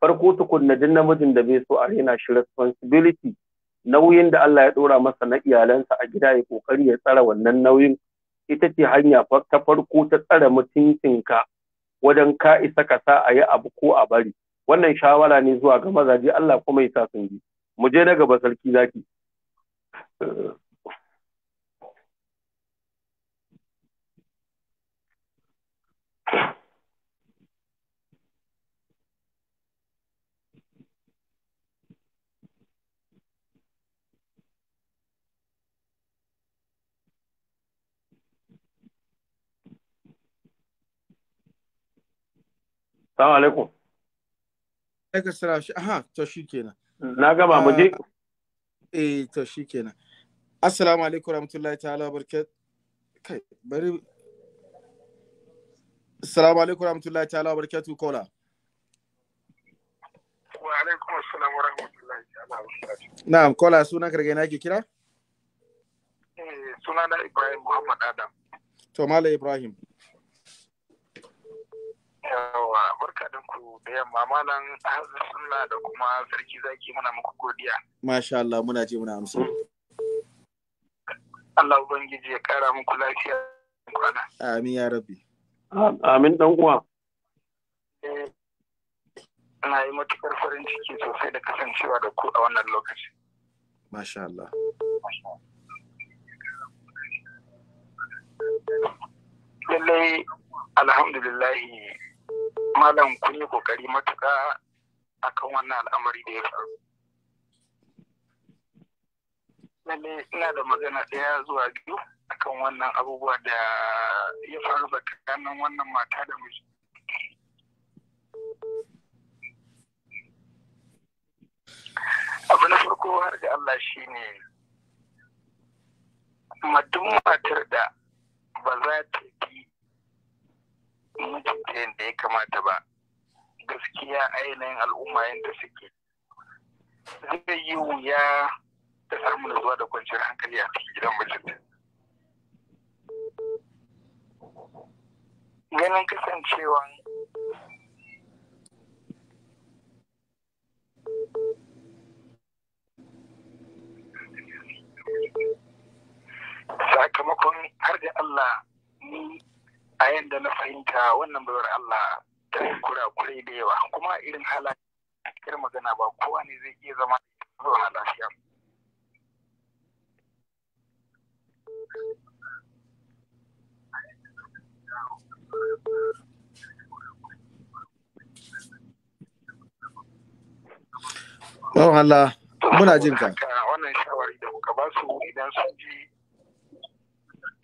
farko tukunna duk namijin da bai so a rena shi responsibility nauyin da Allah ya ɗora masa na iyalansa a gida ya kokari ya tsara wannan nauyin ita ce hanya ta farko ta tsara mutuncinka wajen ka isa ka sa a yi abu ko a bari wannan shawara ne zuwa ga mazaje Allah kuma ya sa ji mu je na gaba sarki zaki Assalamu alaikum. sara shi aha, to shi kenan. Na gama mu je. Ah, eh, to shi kenan. Assalamu alaikum warahmatullahi ta'ala barkat. Kai, bari. Assalamu alaikum warahmatullahi ta'ala barkat ku kola. Wa alaikum assalam warahmatullahi ta'ala barkat Na'am, kola sunan karge na ke kira? Eh, sunana Ibrahim Muhammad Adam. To Malam Ibrahim. Yawa barka da ku da yamma malam Ahmad suna da kuma sarki zaki muna muku godiya. Masha Allah muna ce muna amsa. Allah ubangiji ya kara muku lafiya kwana. Amin ya rabbi. Ah, amin dan uwa. Eh, ina yi matukar farin ciki sosai da kasancewa da ku a wannan lokaci. Masha Allah. Lallai alhamdulillahi malam kun yi kokari matuka akan wannan al'amari da ya faru lalle ina da magana ɗaya zuwa biyu akan wannan abubuwa da ya faru tsakanin wannan mata da miji abu na farko har da Allah shine ne. matar da ba za ta bi mutum da ya kamata ba gaskiya ainihin al'umma yadda suke zai yi wuya ta samu nutsuwa da kwanciyar hankali a cikin gidan mutum ganin kasancewa sakamakon har da Allah ni a yadda na fahimta wannan bayar Allah ta kura kurakurai da yawa kuma irin halayyar magana ba kowa ne zai iya zama zuwa lafiya. Bawan Allah, muna jin ka. Wannan shawari da kuka ba su idan sun ji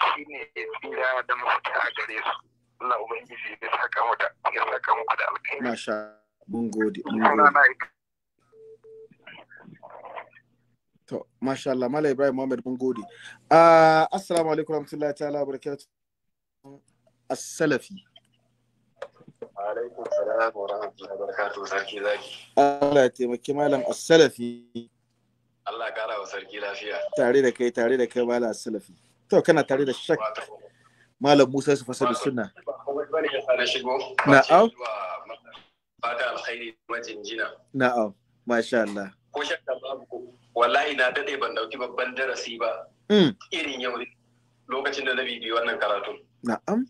shi ne tsira da mafita a gare su na ubangiji da saka mata ya saka muku da alkhairi masha mun gode mun gode to masha Allah Malam Ibrahim Muhammad mun gode uh, assalamu alaikum warahmatullahi ta'ala barakatuh as-salafi alaikum wa sarki zaki Allah ya taimaki malam as-salafi Allah kara wa sarki lafiya tare da kai tare da kai malam as-salafi to kana tare da shak malam musa su fasa da suna na'am fata alkhairi majinjina na'am masha Allah ko shakka babu wallahi na dade ban dauki babban darasi ba hmm. irin yau lokacin da na bibi wannan karatu na'am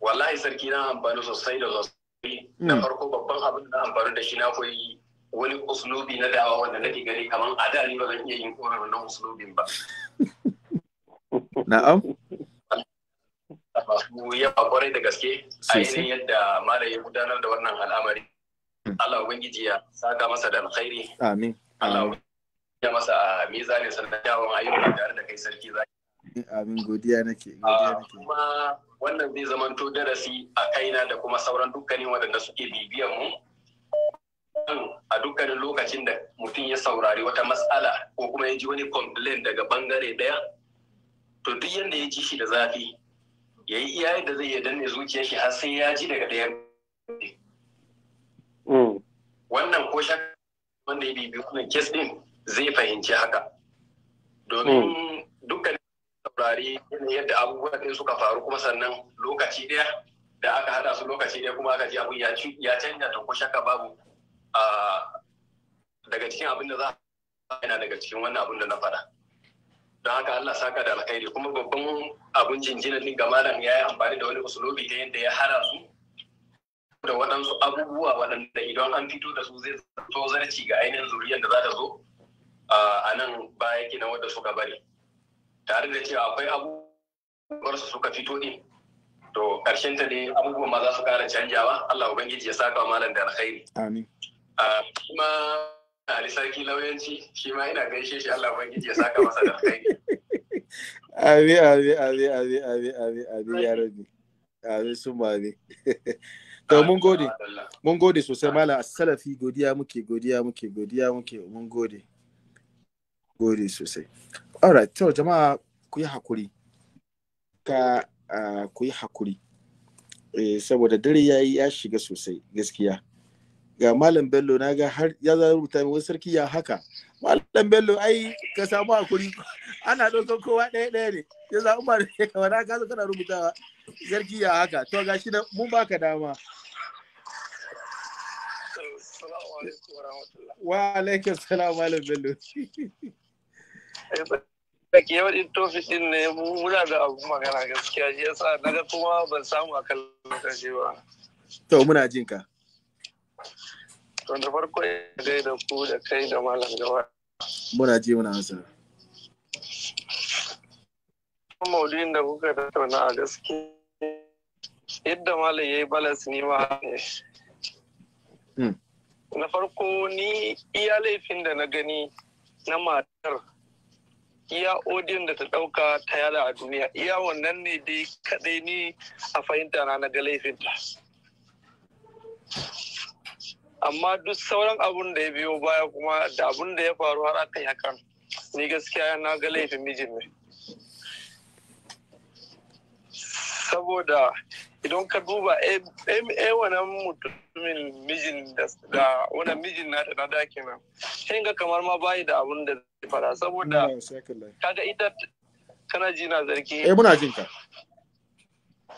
wallahi sarki na amfani sosai da sosai na hmm. farko babban abin da amfani da shi na koyi wani uslubi na dawa wanda nake gani kamar a da ni ba zan iya yin korar wannan uslubin ba Na'am. ya yawa kwarai da gaske a yanayin yadda mara ya gudanar da wannan al'amari. Hmm. Allah Ubangiji ya saka masa da alkhairi. Amin. Allah ya masa a mizanin sanadawan ayyuka tare da kai sarki zaki. Amin godiya ah, nake. Kuma wannan zai zamanto darasi a kaina da kuma sauran dukkanin waɗanda suke bibiyan mu. a dukkanin lokacin da mutum ya saurari wata matsala ko kuma ya ji wani complain daga bangare daya to duk yadda ya ji shi da zafi ya yi iya yadda zai iya danne zuciyar shi har sai ya ji daga ɗaya mm. wannan ko shakka wanda ya bibi wannan kes din zai fahimci haka domin mm. dukkan saurari yadda abubuwa ɗin suka faru kuma sannan lokaci ɗaya da aka hada su lokaci ɗaya kuma aka ji abu ya canja to ko shakka babu ah, daga cikin abin da za a yana daga cikin wannan abin da na faɗa. don haka Allah saka da alkhairi kuma babban abun jinjina din ga malam ya yi amfani da wani usulobi ta yadda ya hara su da waɗansu abubuwa waɗanda idan an fito da su zai zo zarci ga ainihin zuriyar da za ta zo a nan baya na wadda suka bari tare da cewa akwai abubuwar su suka fito din to karshen ta ne abubuwan ma za su ƙara canjawa Allah ubangiji ya saka malam da alkhairi amin kuma Ali sarki lauyanci shi ma ina gaishe shi Allah ubangiji ya saka masa da alkhairi. Ami ami ami ami ami ami ya rabi. Ami su mami. To mun gode. Mun gode sosai malam salafi godiya muke godiya muke godiya muke mun gode. Gode sosai. Alright, to jama'a ku yi hakuri. Ka ah, ku yi hakuri. Eh, saboda dare ya yi ya shiga sosai gaskiya. ga malam bello na ga har ya za rubuta mai sarki ya haka malam bello ai ka samu hakuri ana ɗaukar kowa ɗaya ɗaya ne ya za umar ya kawo na ka kana rubutawa sarki ya haka to ga shi mun baka dama wa alaikum salam malam bello da ke yawan tofisin ne muna da abu magana gaskiya shi yasa na ga kuma ban samu a kallon lokaci ba to muna jinka wanda farko ya da ku da kai da malam Gaba? Muna ji muna Maudin da kuka tattauna a gaske yadda malam ya yi balas ni ma ne. Hmm. Na farko ni iya laifin da na gani na matar iya odiyon da ta ɗauka ta yada a duniya iya wannan ne dai kaɗai ni a fahimta na na ga laifinta. amma duk sauran abun da ya biyo baya kuma da abun da ya faru har aka yi hakan ni gaskiya na ga laifin mijin ne saboda idan ka duba a eh, eh, eh, wannan mutumin mijin da wannan mijin na ta da kenan sai ga kamar ma bayi da abun da zai fara saboda kaga ita kana ji na zargi eh muna jin ka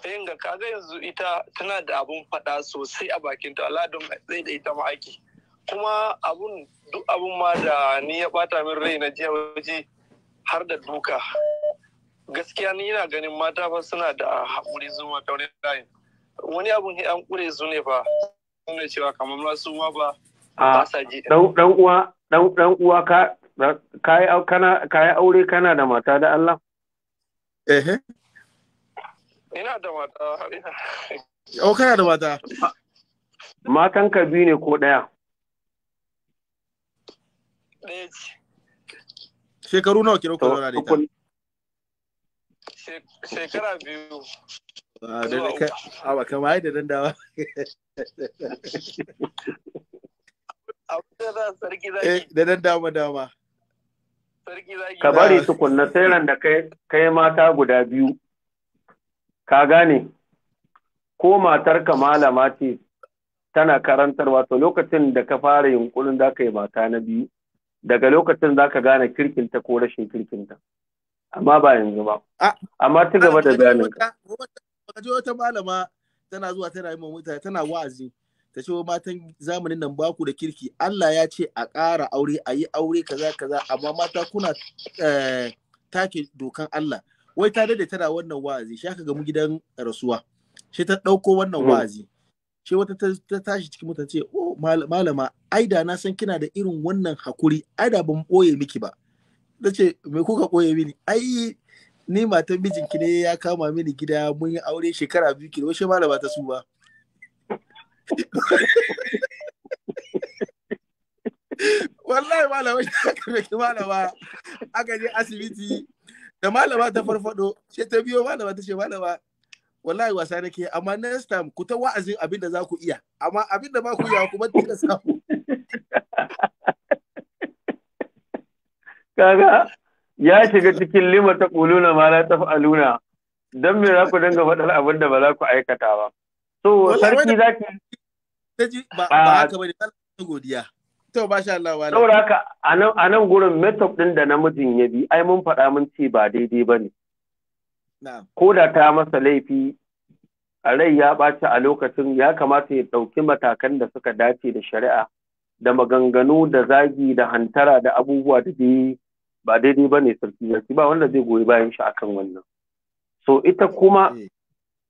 sayin ga kaga yanzu ita tana da abun faɗa sosai a bakin ta Allah don zai da ita ma kuma abun duk abun ma da ni ya bata min rai na jiya waje har da duka gaskiya ni ina ganin mata fa suna da haƙuri zuwa ta wani layin wani abun an ƙure su ne fa ne cewa kamar masu ma ba a ah, sa dan uwa dan uwa ka kai kana kai aure kana da mata da Allah eh, eh. Ina da mata O kana da mata. Matan ka biyu ne ko ɗaya? Ɗaya ce. Shekaru nawa kira ku zauna da ita? Shekara biyu. Ah, awa kama ai da dandawa. Da dan eh, dama dama. Ka bari ah. tukunna sai ran da kai mata guda biyu. ka gane ko matarka malama ce tana karantarwa to lokacin da ka fara yunkurin za ka yi mata na biyu daga lokacin za ka gane kirkinta ko rashin kirkinta amma ba yanzu ba amma ta gaba da bayanin ka wata malama tana zuwa tana yi mutane tana wa'azi ta ce matan zamanin nan ba ku da kirki Allah ya ce a ƙara aure a yi aure kaza kaza amma mata kuna eh, take dokan Allah wai ta dade tana wannan wa'azi shi aka gamu gidan rasuwa shi ta ɗauko wannan hmm. wa'azi shi wata ta tashi cikin mutane ce oh malama ai da na san kina da irin wannan hakuri ai da ban boye miki ba ta ce me kuka boye mini ai ni matan mijinki ne ya kama mini gida mun yi aure shekara biyu ki shi malama ta su ba wallahi malama shi aka malama aka je asibiti da malama ta farfado sai ta biyo malama ta ce malama wallahi wasa nake amma next time ku ta wa'azin abin da za ku iya amma abin da ba ku iya kuma tika samu kaga ya shiga cikin lima ta kuluna ma la fa'aluna dan me za ku dinga faɗar abin da ba za ku aikata ba so sarki zaki ba ba ah. haka bane godiya To ba sha Allah wala. Saboda haka a nan gurin method ɗin da namijin ya bi ai mun faɗa mun ce ba daidai ba ne. Ko da ta masa laifi a rai ya ɓaci a lokacin ya kamata ya ɗauki matakan da suka dace da shari'a da maganganu da zagi da hantara da abubuwa da dai ba daidai ba ne sarki zaki ba wanda zai goyi bayan shi akan wannan. So ita kuma eh.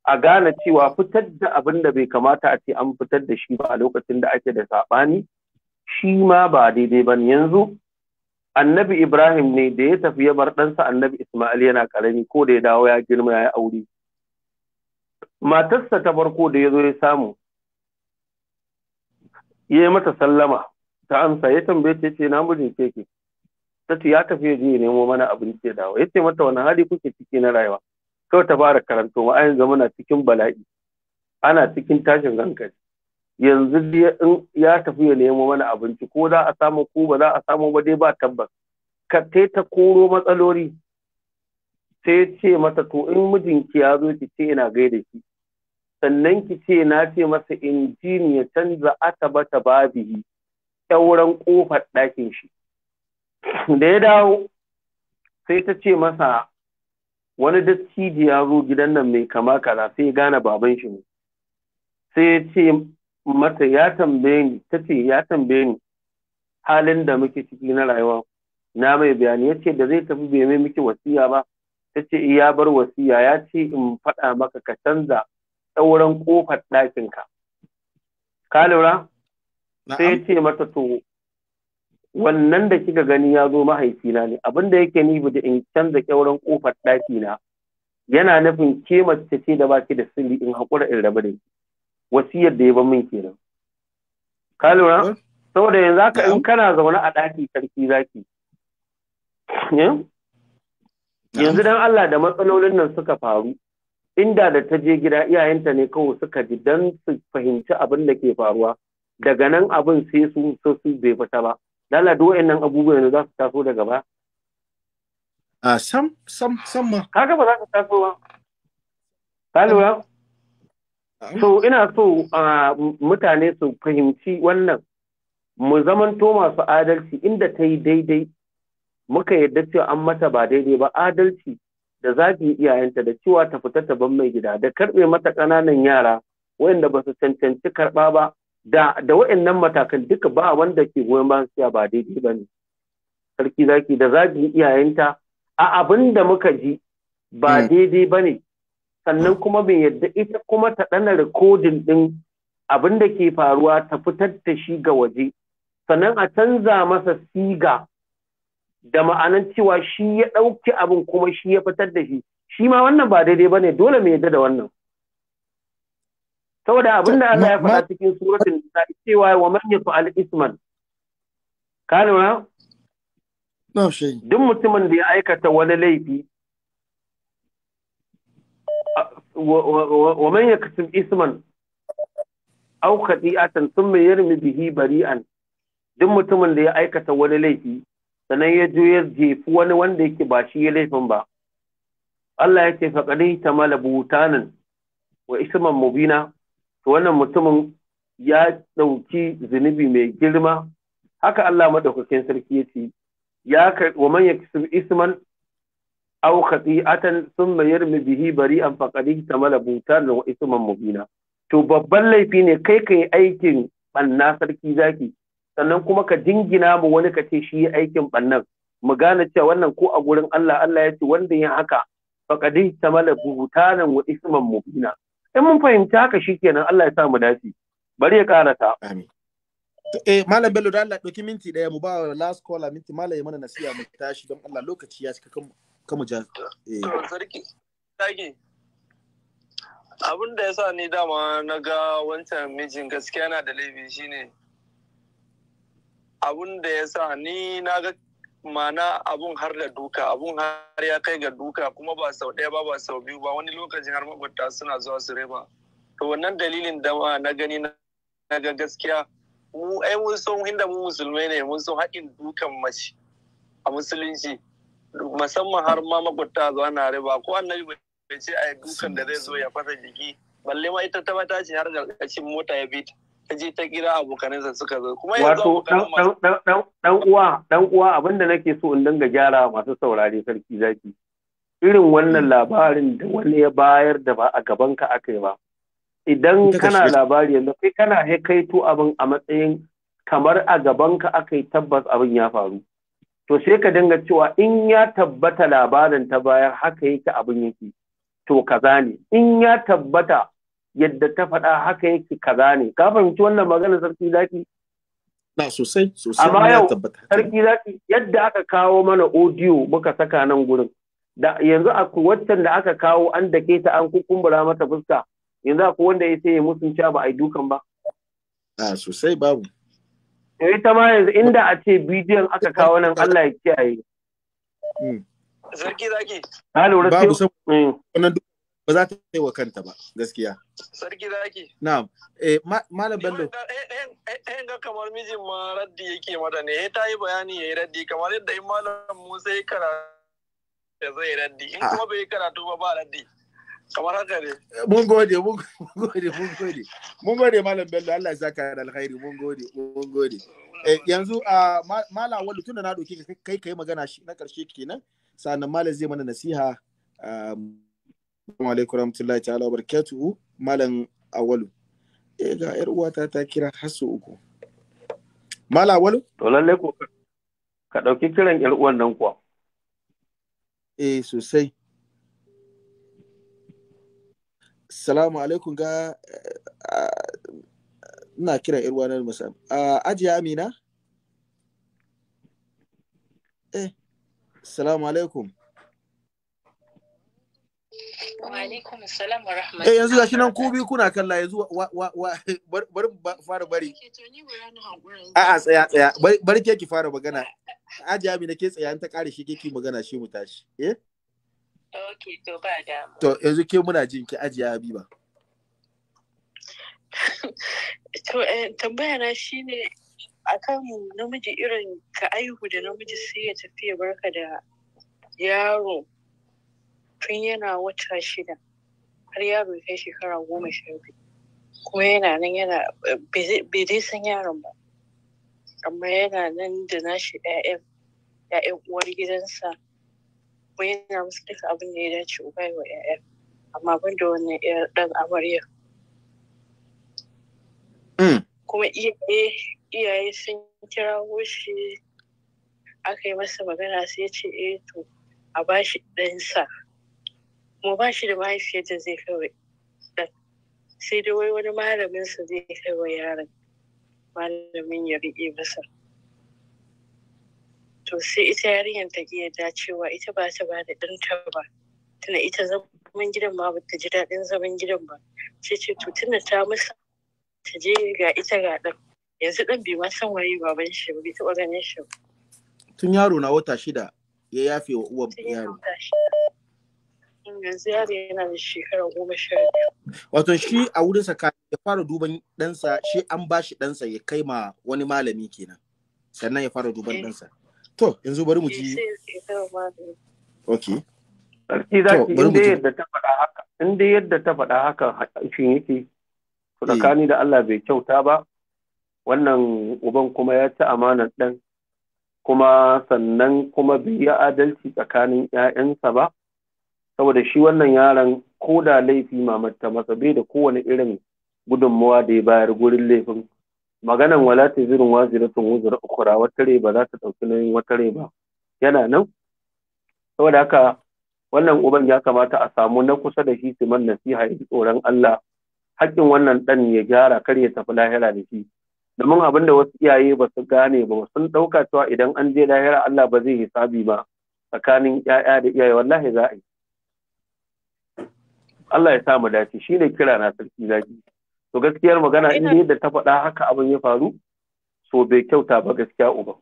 a gane cewa fitar da abin da bai kamata a ce an fitar da shi ba a lokacin da ake da saɓani. shi ma ba daidai ba yanzu annabi ibrahim ne da ya tafi ya bar ɗansa annabi ismail yana ƙarami ko da ya dawo ya girma ya yi aure matarsa ta farko da ya zo ya samu ya yi mata sallama ta amsa ya tambaye ta ce na keke ta ce ya tafi ya je ya nemo mana abinci ya dawo ya ce mata wani hali kuke ciki na rayuwa kawai ta fara karanto ma'ayin a zama na cikin bala'i ana cikin tashin hankali yanzu in ya tafi ya nemo mana abinci ko za a samu ko ba za a samu ba dai ba tabbas ka sai ta koro matsaloli sai ce masa to in mijinki ya zo ki ce ina gaida ki sannan ki ce na ce masa injin ya canza ta babihi Yauran ƙofar ɗakin shi da ya dawo sai ta ce masa wani dattijo ya zo gidan nan mai kama kaza sai ya gane baban shi ne sai ya ce mata ya tambaye ni ta ce ya tambaye ni halin da muke ciki na rayuwa na mai bayani ya ce da zai tafi bai mai miki wasiya ba ta ce eh, ya bar wasiya ya ce in faɗa maka ka canza tsauran ƙofar ɗakinka ka lura sai ya ce mata to wannan da kika gani ya zo mahaifina ne abin da yake ni da in canza ƙyauren ƙofar ɗakina yana nufin ke mace ce da baki da sirri in haƙura in rabu da ki wasiyar da ya ban min kenan ka lura saboda yanzu haka in kana zaune a ɗaki sarki zaki yanzu dan Allah da matsalolin nan suka faru inda da ta je gida iyayenta ne kawai suka ji dan su fahimci abin da ke faruwa daga nan abin sai su so su bai fita ba lala duk abubuwa abubuwan za su taso daga ba a ah, sam sam sam ma kaga ba za ka taso ba ka lura So ina so uh, mutane su fahimci wannan mu zamanto masu adalci inda ta yi daidai muka yarda cewa an mata ba daidai ba adalci da zafi iyayenta da cewa ta fita ta ban mai gida da karɓe mata ƙananan yara wayanda ba su cancanci karɓa ba da da wayannan matakan duka ba wanda ke goyon bayan siya ba daidai ba ne sarki zaki da yi iyayenta a abin da muka ji ba hmm. daidai ba ne sannan kuma bai yadda ita kuma ta ɗana rikodin ɗin abin da ke faruwa ta fitar da shi ga waje sannan a canza masa siga da ma'anan cewa shi ya ɗauki abin kuma shi ya fitar da shi shi ma wannan ba daidai ba ne dole mai yadda da wannan saboda abin da Allah ya faɗa cikin da nisa cewa wa su yaf'al isman ka lura duk mutumin da ya aikata wani laifi wa man yaktum isman aw khati'atan thumma yarmi bihi bari'an duk mutumin da ya aikata wani laifi sannan ya je ya jefi wani wanda yake ba shi ya laifin ba Allah ya ce faqadi mala butanan wa isman mubina to wannan mutumin ya ɗauki zunubi mai girma haka Allah madaukakin sarki ya ce wa man yaktum isman aw khati'atan thumma mu bihi bari'an faqad ihtamala butan wa isman to babban laifi ne kai ka yi aikin banna sarki zaki sannan kuma ka jingina mu wani ka ce shi aikin bannan mu gane cewa wannan ko a gurin Allah Allah ya ce wanda yin haka faqad ihtamala buhtanan wa isman mubina in mun fahimci haka shikenan Allah ya sa mu dace bari ya karata amin Eh, Malam Bello da Allah ɗauki minti ɗaya mu ba last caller minti Malam ya mana nasiya mu tashi don Allah lokaci ya cika kanmu. kama ja eh. sarki sarki abin yasa ni dama na ga wancan mijin gaskiya na da laifi shine abin da sa ni na ga mana abun har da duka abun har ya kai ga duka kuma ba sau ɗaya ba ba sau biyu ba wani lokacin har mabuta suna zuwa su reba to wannan dalilin da na gani na ga gaskiya mu ai mun son inda mu musulmai ne mun son haƙin dukan mace a musulunci musamman har ma makwabta zuwa na riba ko annabi bai ce a dukan da zai zo ya fasa jiki balle ma ita ta mata ce har ƙarƙashin mota ya bita ta je ta kira abokanansa suka zo kuma ya wato dan uwa dan uwa abinda nake so in dinga gyara masu saurare sarki zaki irin wannan labarin da wani ya bayar da ba a gaban ka aka yi ba idan kana labari yanzu kai kana kai abin a matsayin kamar a gabanka ka aka yi tabbas abin ya faru to sai ka dinga cewa in ya tabbata labarin ta bayar haka yake abin yake to kaza ne in ya tabbata yadda ta faɗa haka yake kaza ne ka fahimci wannan maganar sarki zaki na sosai sosai amma yau sarki zaki yadda aka kawo mana audio muka saka nan gurin da yanzu akwai waccan da aka kawo an dake ta an kukumbura mata fuska yanzu akwai wanda ya sai ya musunta ba a yi dukan ba a sosai babu ita ma yanzu inda a ce bidiyon aka kawo nan Allah ya kiyaye hmm. sarki zaki na lura babu hmm. wannan ba za ta yi wa kanta ba gaskiya sarki zaki Na eh malam bello Ɗayan eh, eh, eh, ga kamar mijin ma raddi yake mata ne ya ta yi bayani ya yi raddi kamar yadda in malam Musa ya karatu zai raddi in ah. kuma bai karatu ba ba raddi kamar haka ne mun gode mun gode mun gode mun gode malam bello Allah ya saka da alkhairi mun gode mun gode eh, yanzu ah, a malam wallu tunda na doke kai kai magana shi na karshe kenan sannan malam zai mana nasiha ah, assalamu alaikum warahmatullahi ta'ala barakatuhu malam awalu eh ga yar uwata ta kira har su uku malam awalu to lalle ko ka dauki kiran yar uwan nan kuwa eh sosai salamu alaikum ga eh, ina kiran irwa na musam ajiya amina eh salamu alaikum Eh yanzu gashi nan ku biyu kuna kalla yanzu bari fara bari. A'a tsaya tsaya bari ke ki fara magana. Ajiya amina ke tsaya an ta kare shi ke ki magana shi mu tashi. Eh? Ok, to ba damu. To yanzu ke muna jin ki ajiya Habiba. to eh, tambaya na shine kan namiji irin ka aihu da namiji sai ya tafi ya barka da yaro tun yana wata shida har yaro ya kai shekara goma sha biyu kuma yana nan yana eh, bai dai san yaron ba amma yana nan da nashi 'ya'yan uwar gidansa ko yana musu duka abin da ya dace uba wa 'ya'ya amma ban da wannan ɗan amarya mm. kuma iyaye sun kira shi aka yi masa magana sai ce eh to a ba shi ɗansa mu ba shi da mahaifiyar da zai kai ɗan sai dai wai wani malaminsa zai kai wa yaron malamin ya riƙe masa to sai ita yarinyar ta ki yadda cewa ita ba ta ba da ɗanta ba tana ita zaman gidan ma ta ji daɗin zaman gidan ba sai ce to tunda ta musa ta je ga ita ga ɗan yanzu ɗan bai ma san waye baban shi ba bai taɓa ganin shi ba. tun yaro na wata shida ya yafe wa uwan yaro. yanzu yaro yana da shekara goma sha Wato shi a wurin sa ya fara duban ɗansa shi an ba shi ɗansa ya kai ma wani malami kenan sannan ya fara duban eh. ɗansa. to yanzu bari mu ji okay sarki zaki inda yadda ta faɗa haka inda yadda ta faɗa haka shin yake eh. tsakani da Allah bai kyauta ba wannan uban kuma ya ci amanar ɗan kuma sannan kuma bai yi adalci tsakanin 'ya'yansa ba saboda shi wannan yaron ko da laifi mamatta masa bai da kowane irin gudunmawa da ya bayar gurin laifin maganan wala ta zirin tun wuzura ukura wata ba za ta ɗauki nauyin wata ba yana nan saboda haka wannan uban ya kamata a samu na kusa da shi su man nasiha ya tsoron Allah haƙƙin wannan dan ya gyara kar ya tafi lahira da shi domin abin da wasu iyaye ba su gane ba sun ɗauka cewa idan an je lahira Allah ba zai hisabi ba tsakanin ƴaƴa da iyaye wallahi za a yi Allah ya sa mu dace shine kira na sarki zaki to gaskiyar magana inda yadda ta faɗa haka abin ya faru so bai kyauta ba gaskiya uba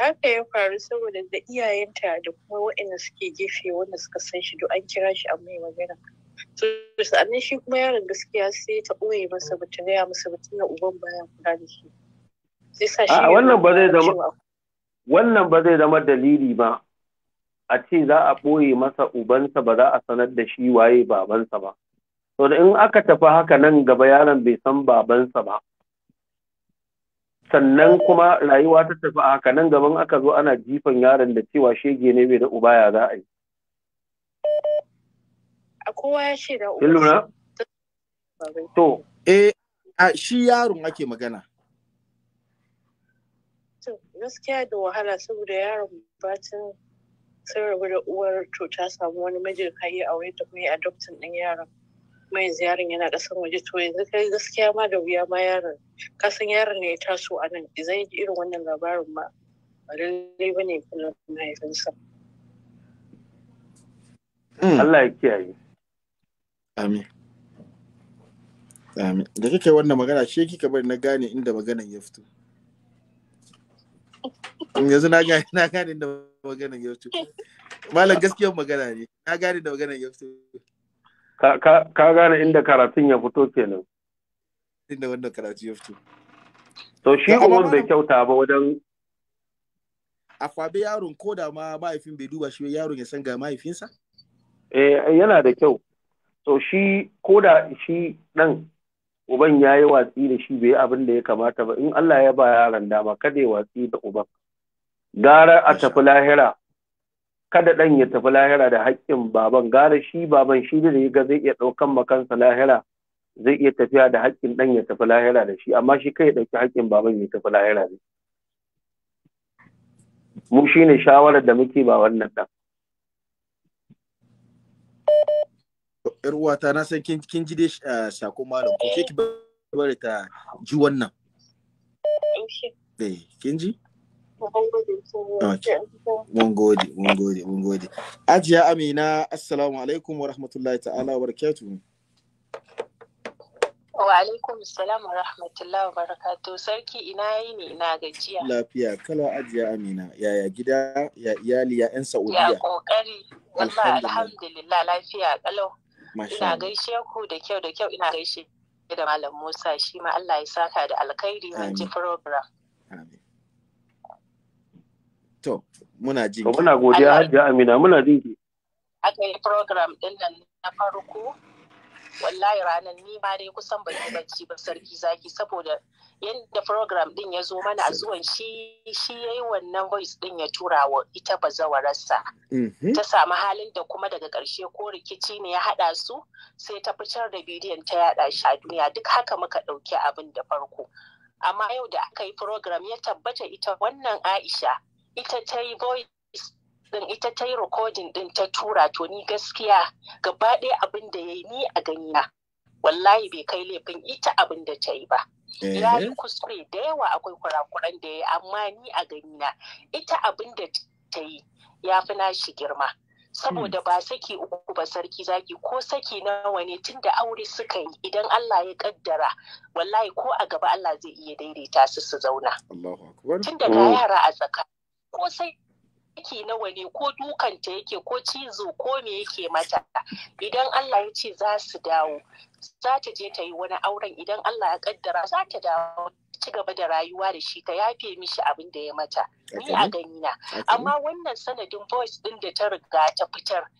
haka ya faru saboda da iyayenta da kuma waɗanda suke gefe wanda suka san shi do an kira shi a mai magana to sa'annan shi kuma yaron gaskiya sai ta ɓoye masa ba ta gaya masa ba tunda uban baya kula da shi a wannan ba zai zama wannan ba zai zama dalili ba a ce za a ɓoye masa ubansa ba za a sanar da shi waye babansa ba to da in aka tafi haka nan gaba yaron bai san babansa ba sannan kuma rayuwa ta tafi haka nan gaban aka zo ana jifan yaron da cewa shege ne bai da uba ya za a yi a kowa ya ce da uba to eh a shi yaron ake magana gaskiya da wahala saboda yaron batun sun rabu da uwar to ta samu wani mijin kayi a ta kuma yi adoptin din yaron mai ziyarar yana kasan waje to yanzu kai gaskiya ma da wuya ma yaron kasan yaron ne ya taso a nan zai ji irin wannan labarin ma ba lallai ba ne kullum mahaifinsa. Hmm. Allah ya kiyaye. Amin. Amin. Da kake wannan magana shi yake bari na gane inda maganan ya fito. Hmm, yanzu na gane inda maganan ya fito. Malam gaskiyar magana ne. Na gane da maganan ya fito. ka gane inda karatun ya fito kenan inda wanda karatu ya fito to shi umar bai kyauta ba wajen a kwabe yaron ko da ma mahaifin bai duba shi yaron ya san ga mahaifinsa eh yana da kyau to shi ko da shi dan uban ya yi watsi da shi bai abin da ya kamata ba in Allah ya ba yaron dama kada ya watsi da uban gara a tafi lahira kada ɗan ya tafi lahira da haƙƙin baban gara shi baban shi da ya ga zai iya ɗaukan makansa lahira zai iya tafiya da haƙƙin ɗan ya tafi lahira da shi amma shi kai ɗauki haƙƙin baban ya tafi lahira ne mu shi ne shawarar da muke ba wannan ɗan. ‘Yar uwata na san kin ji dai eh, sako malam ko ke ki bari ta ji wannan. Eh, kin ji? Mun gode, mun gode, mun gode. Ajiya Amina, Assalamu alaikum wa rahmatullahi ta'ala wa barakatuhu. Wa alaikum salam wa rahmatullahi wa barakatuhu. Sarki ina yi ne ina gajiya. Lafiya, kala Ajiya Amina, yaya gida, ya iyali, ya 'yan Saudiya. Ya kokari, wallah alhamdulillah lafiya kalau. Ina gaishe ku da kyau da kyau ina gaishe da Malam Musa shi ma Allah ya saka da alkhairi mun ji program. Amin. To, muna jin Muna godiya Hajiya Amina, muna ji. Aka yi program ɗin nan na farko, wallahi ranar ni ma dai kusan ban yi bacci ba sarki zaki saboda yadda program ɗin ya zo mana a zuwan shi shi yayi wannan voice ɗin ya tura wa ita bazawararsa. Mm-hmm. Ta samu halin da kuma daga ƙarshe ko rikici ne ya haɗa su sai ta fitar da bidiyon ta yaɗa shi a duniya duk haka muka ɗauki abin da farko. Amma yau da aka yi program ya tabbata ita wannan Aisha ita ta yi voice din ita ta yi recording din ta tura to ni gaskiya gaba ɗaya abin da ya yi ni a ganina wallahi bai kai laifin ita abin da ta yi ba ya yi eh. kuskure da yawa akwai kurakuran da ya amma ni a ganina ita abin da ta yi ya fi nashi girma saboda hmm. ba saki uku ba sarki zaki ko saki nawa ne tun da aure suka yi idan Allah ya kaddara wallahi ko a gaba Allah zai iya daidaita su su zauna tun da ga yara a tsaka ko sai yake nawa ne ko dukanta yake ko cizo ko me yake mata idan Allah ya ce za su dawo za ta je ta yi wani auren idan Allah ya kaddara za ta dawo ci gaba da rayuwa da shi ta yafe mishi abin da ya mata ni a ganina amma wannan sanadin voice din da ta riga ta fitar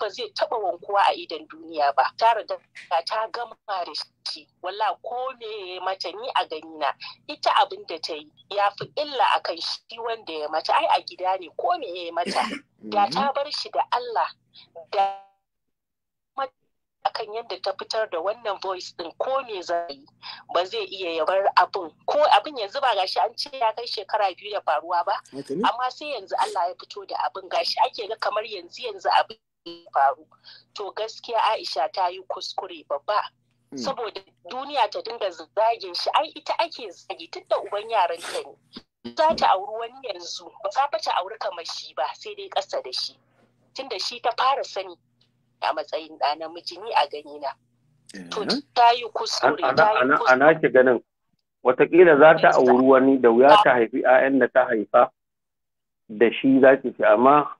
ba zai taba wankuwa a idan duniya ba tara da ta gama da shi walla ko me mata ni a gani na ita abin da ta yi ya fi illa akan shi wanda ya mata ai a gida ne ko me ya mata da ta mm-hmm. bar shi da Allah da akan yadda ta fitar da wannan voice din ko me zai ba zai iya ya bar abin ko abin yanzu ba gashi an ce ya kai shekara biyu da faruwa ba amma sai yanzu Allah ya fito da abin gashi ake ga kamar yanzu yanzu abin faru to gaskiya aisha ta yi kuskure babba hmm. saboda duniya ta dinga zagin shi ai ita ake zagi tun da uban yaran ta ne za ta auri wani yanzu ba za ta auri kamar shi ba sai dai kasa da shi tun da shi ta fara sani a matsayin ɗa namiji ni a gani na to eh. ta yi kuskure ana ki ganin watakila za ta auri wani da wuya ta haifi 'ya'yan da ta haifa da shi za ki ci amma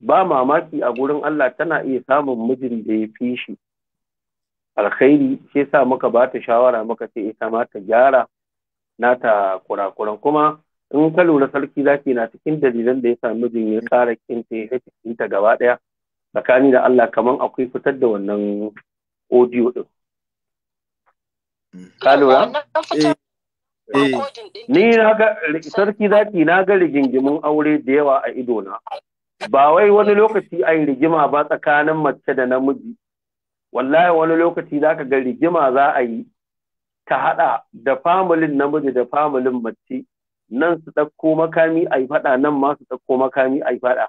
ba mamaki a gurin Allah tana iya samun mijin da ya fi shi alkhairi sai sa muka ba ta shawara muka ce ita ma ta gyara nata kurakuran kuma in ka lura sarki zaki na cikin dalilan da ya sa mijin ya ƙara kinta ya ta gaba ɗaya tsakani da Allah kamar akwai fitar da wannan audio ɗin. Ka lura? Eh, eh. Ni na ga sarki zaki na ga rigingimin aure da yawa a idona ba wai wani lokaci a rigima ba tsakanin mace da namiji wallahi wani lokaci za ka ga rigima za a yi ta haɗa da familin namiji da familin mace nan su ɗauko makami a yi faɗa nan ma su ɗauko makami a yi faɗa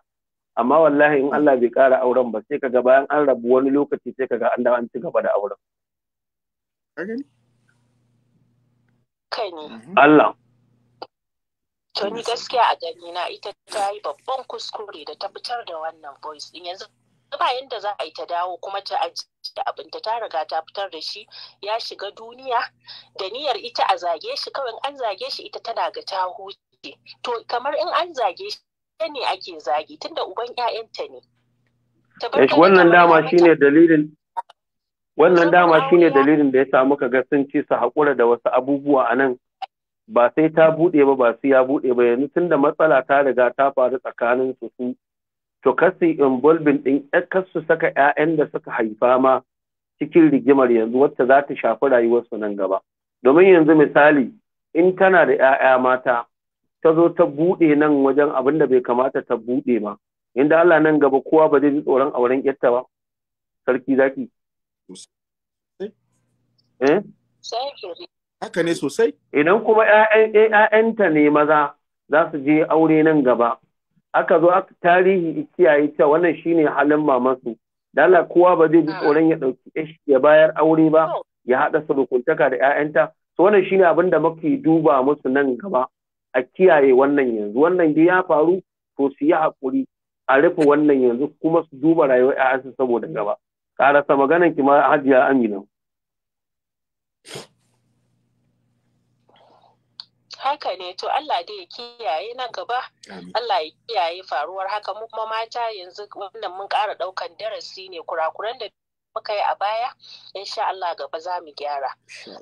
amma wallahi in Allah bai ƙara auren ba sai kaga bayan an rabu wani lokaci sai kaga an da an ci gaba da auren mhm. Allah To ni gaskiya a gani na ita ta yi babban kuskure da ta fitar da wannan voice din yanzu ba yadda za a yi ta dawo kuma ta ajiye abin ta riga ta fitar da shi ya shiga duniya da niyyar ita a zage shi kawai an zage shi ita tana ga ta huce to kamar in an zage shi ne ake tun tunda uban 'ya'yanta ne eh, wannan dama shine dalilin dalilin da ya sa muka ga sun ce su haƙura da wasu abubuwa a nan ba sai ta buɗe ba ba sai ya buɗe ba yanzu da matsala ta riga ta faru tsakanin su su to kasi involving din kar su saka ƴaƴan da suka haifa ma cikin rigimar yanzu wacce za ta shafi su nan gaba domin yanzu misali in tana da ƴaƴa mata ta zo ta buɗe nan wajen abin da bai kamata ta buɗe ba inda Allah nan gaba kowa ba zai ji tsoron auren yarta ba sarki zaki eh Haka ne sosai. Idan kuma ‘ya'yanta ne maza za su je aure nan gaba, aka zo aka tarihi kiyaye ta wannan shine halin mamansu. Dala kowa ba zai bi tsoron ya ɗauki ya bayar aure ba ya haɗa rukuntaka da ‘ya'yanta. So wannan shine abin da muke duba musu nan gaba a kiyaye wannan yanzu. Wannan dai ya faru to su yi haƙuri a rufe wannan yanzu kuma su duba rayuwar ‘ya'yansu saboda gaba. Karasa maganan ki ma Hajiya Amina. haka ne to Allah dai ya kiyaye na gaba Allah ya kiyaye faruwar haka mu kuma mata yanzu wannan mun ƙara ɗaukan darasi ne kurakuran da muka yi a baya insha Allah gaba za mu gyara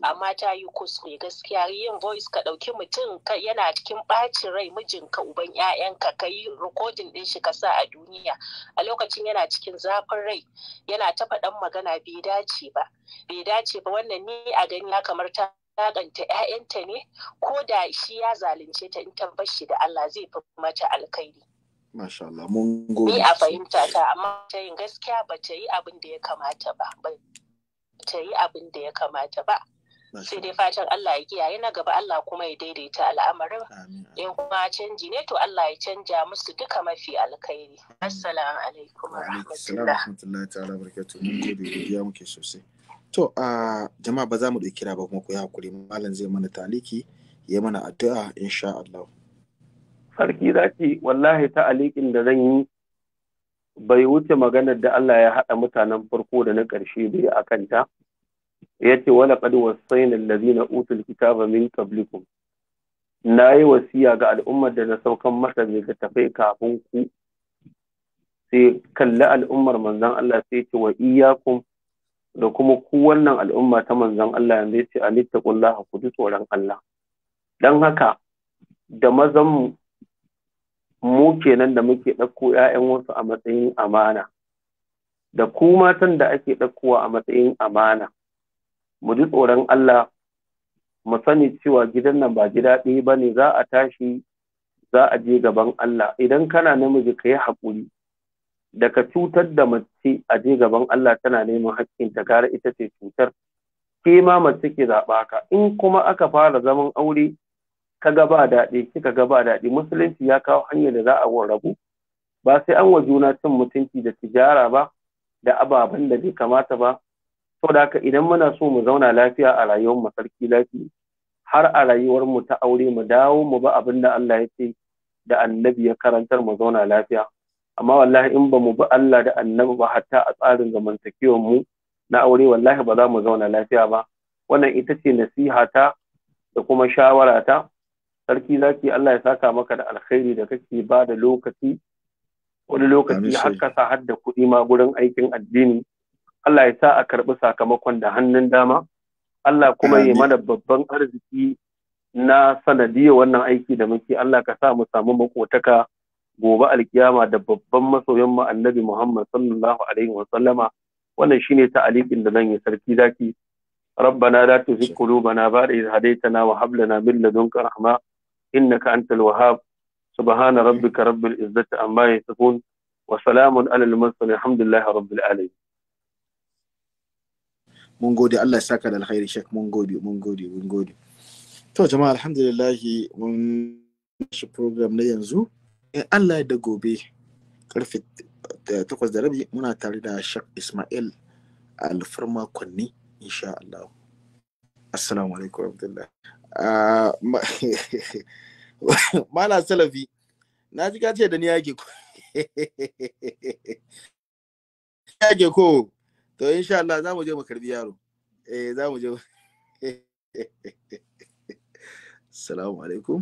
amma ta yi kuskure gaskiya yin voice ka ɗauki mutum yana cikin ɓacin rai mijinka uban ƴaƴanka ka yi recording ɗin shi ka sa a duniya a lokacin yana cikin zafin rai yana ta faɗan magana bai dace ba bai dace ba wannan ni a gani kamar ta wulakanta ‘ya'yanta ne ko da shi ya zalunce ta in tabbar shi da Allah zai fi mata alkhairi. Masha Allah mun gode. Ni a fahimta ta amma ta yin gaskiya ba ta yi abin da ya kamata ba. Ba ta yi abin da ya kamata ba. Sai dai fatan Allah ya kiyaye na gaba Allah kuma ya daidaita al'amarin. In kuma canji ne to Allah ya canja musu duka mafi alkhairi. Assalamu alaikum wa rahmatullah. Assalamu alaikum wa rahmatullah ta'ala barakatuh. Mun gode godiya muke sosai. To a jama'a ba za mu ɗauki kira ba kuma ku yi hakuri malam zai mana taliki ya mana addu'a insha Allah. Sarki zaki wallahi ta alikin da zan yi bai wuce maganar da Allah ya haɗa mutanen farko da na ƙarshe biyu a akanta. Ya ce wala qad wasaina allazina utul kitaba min qablikum. Na yi wasiya ga al'ummar da na saukan masa tafai kafin ku sai kalli al'ummar manzon Allah sai ce wa iyyakum da kuma ku wannan al'umma ta manzon Allah yanzu yace kullaha ku ji tsoron Allah dan haka da mazan mu mu kenan da muke ɗauko ƴaƴan wasu a matsayin amana da ku matan da ake ɗaukowa a matsayin amana mu ji tsoron Allah mu sani cewa gidan nan ba gida ɗaya ba ne za a tashi za a je gaban Allah idan kana namiji ka yi haƙuri daga cutar da mace a je gaban Allah tana neman hakkin ta gara ita ce cutar ke ma mace ke zaɓa ka in kuma aka fara zaman aure ka ga ba daɗi kika ga ba daɗi musulunci ya kawo hanyar da za a rabu ba sai an wa juna cin mutunci da tijara ba da ababen da bai kamata ba Sau da haka idan muna so mu zauna lafiya a rayuwar mu sarki lafiya har a rayuwar mu ta aure mu dawo mu ba abin da Allah ya ce da annabi ya karantar mu zauna lafiya amma wallahi in ba mu bi Allah da annabi ba hatta a tsarin zamantakewar mu na aure wallahi ba za mu zauna lafiya ba wannan ita ce nasiha ta da kuma shawara ta sarki zaki Allah ya saka maka da alkhairi da kake ba da lokaci wani lokaci har ka sa har da kuɗi ma gurin aikin addini Allah ya sa a karɓi sakamakon da hannun dama Allah kuma ya mana babban arziki na sanadiyar wannan aiki da muke Allah ka sa mu samu makotaka gobe alkiyama da babban masoyan mu annabi Muhammad sallallahu alaihi wa sallama wannan shine ta'aliqin da zan yi sarki zaki ربنا لا تزغ قلوبنا بعد إذ هديتنا وهب لنا من لدنك رحمة إنك أنت الوهاب سبحان ربك رب العزة عما يصفون وسلام على المرسلين الحمد لله رب العالمين mun gode Allah ya saka da alkhairi shek mun gode mun gode mun gode to jama'a alhamdulillah mun shi program na yanzu in Allah da gobe karfe eh, takwas da rabi muna tare da Shak Ismail a alfarma kwanni insha Allah assalamu alaikum ah, Ma mala salafi na ji kace da ni yage ko yage ko to insha Allah za mu je mu karbi yaro eh za mu je assalamu alaikum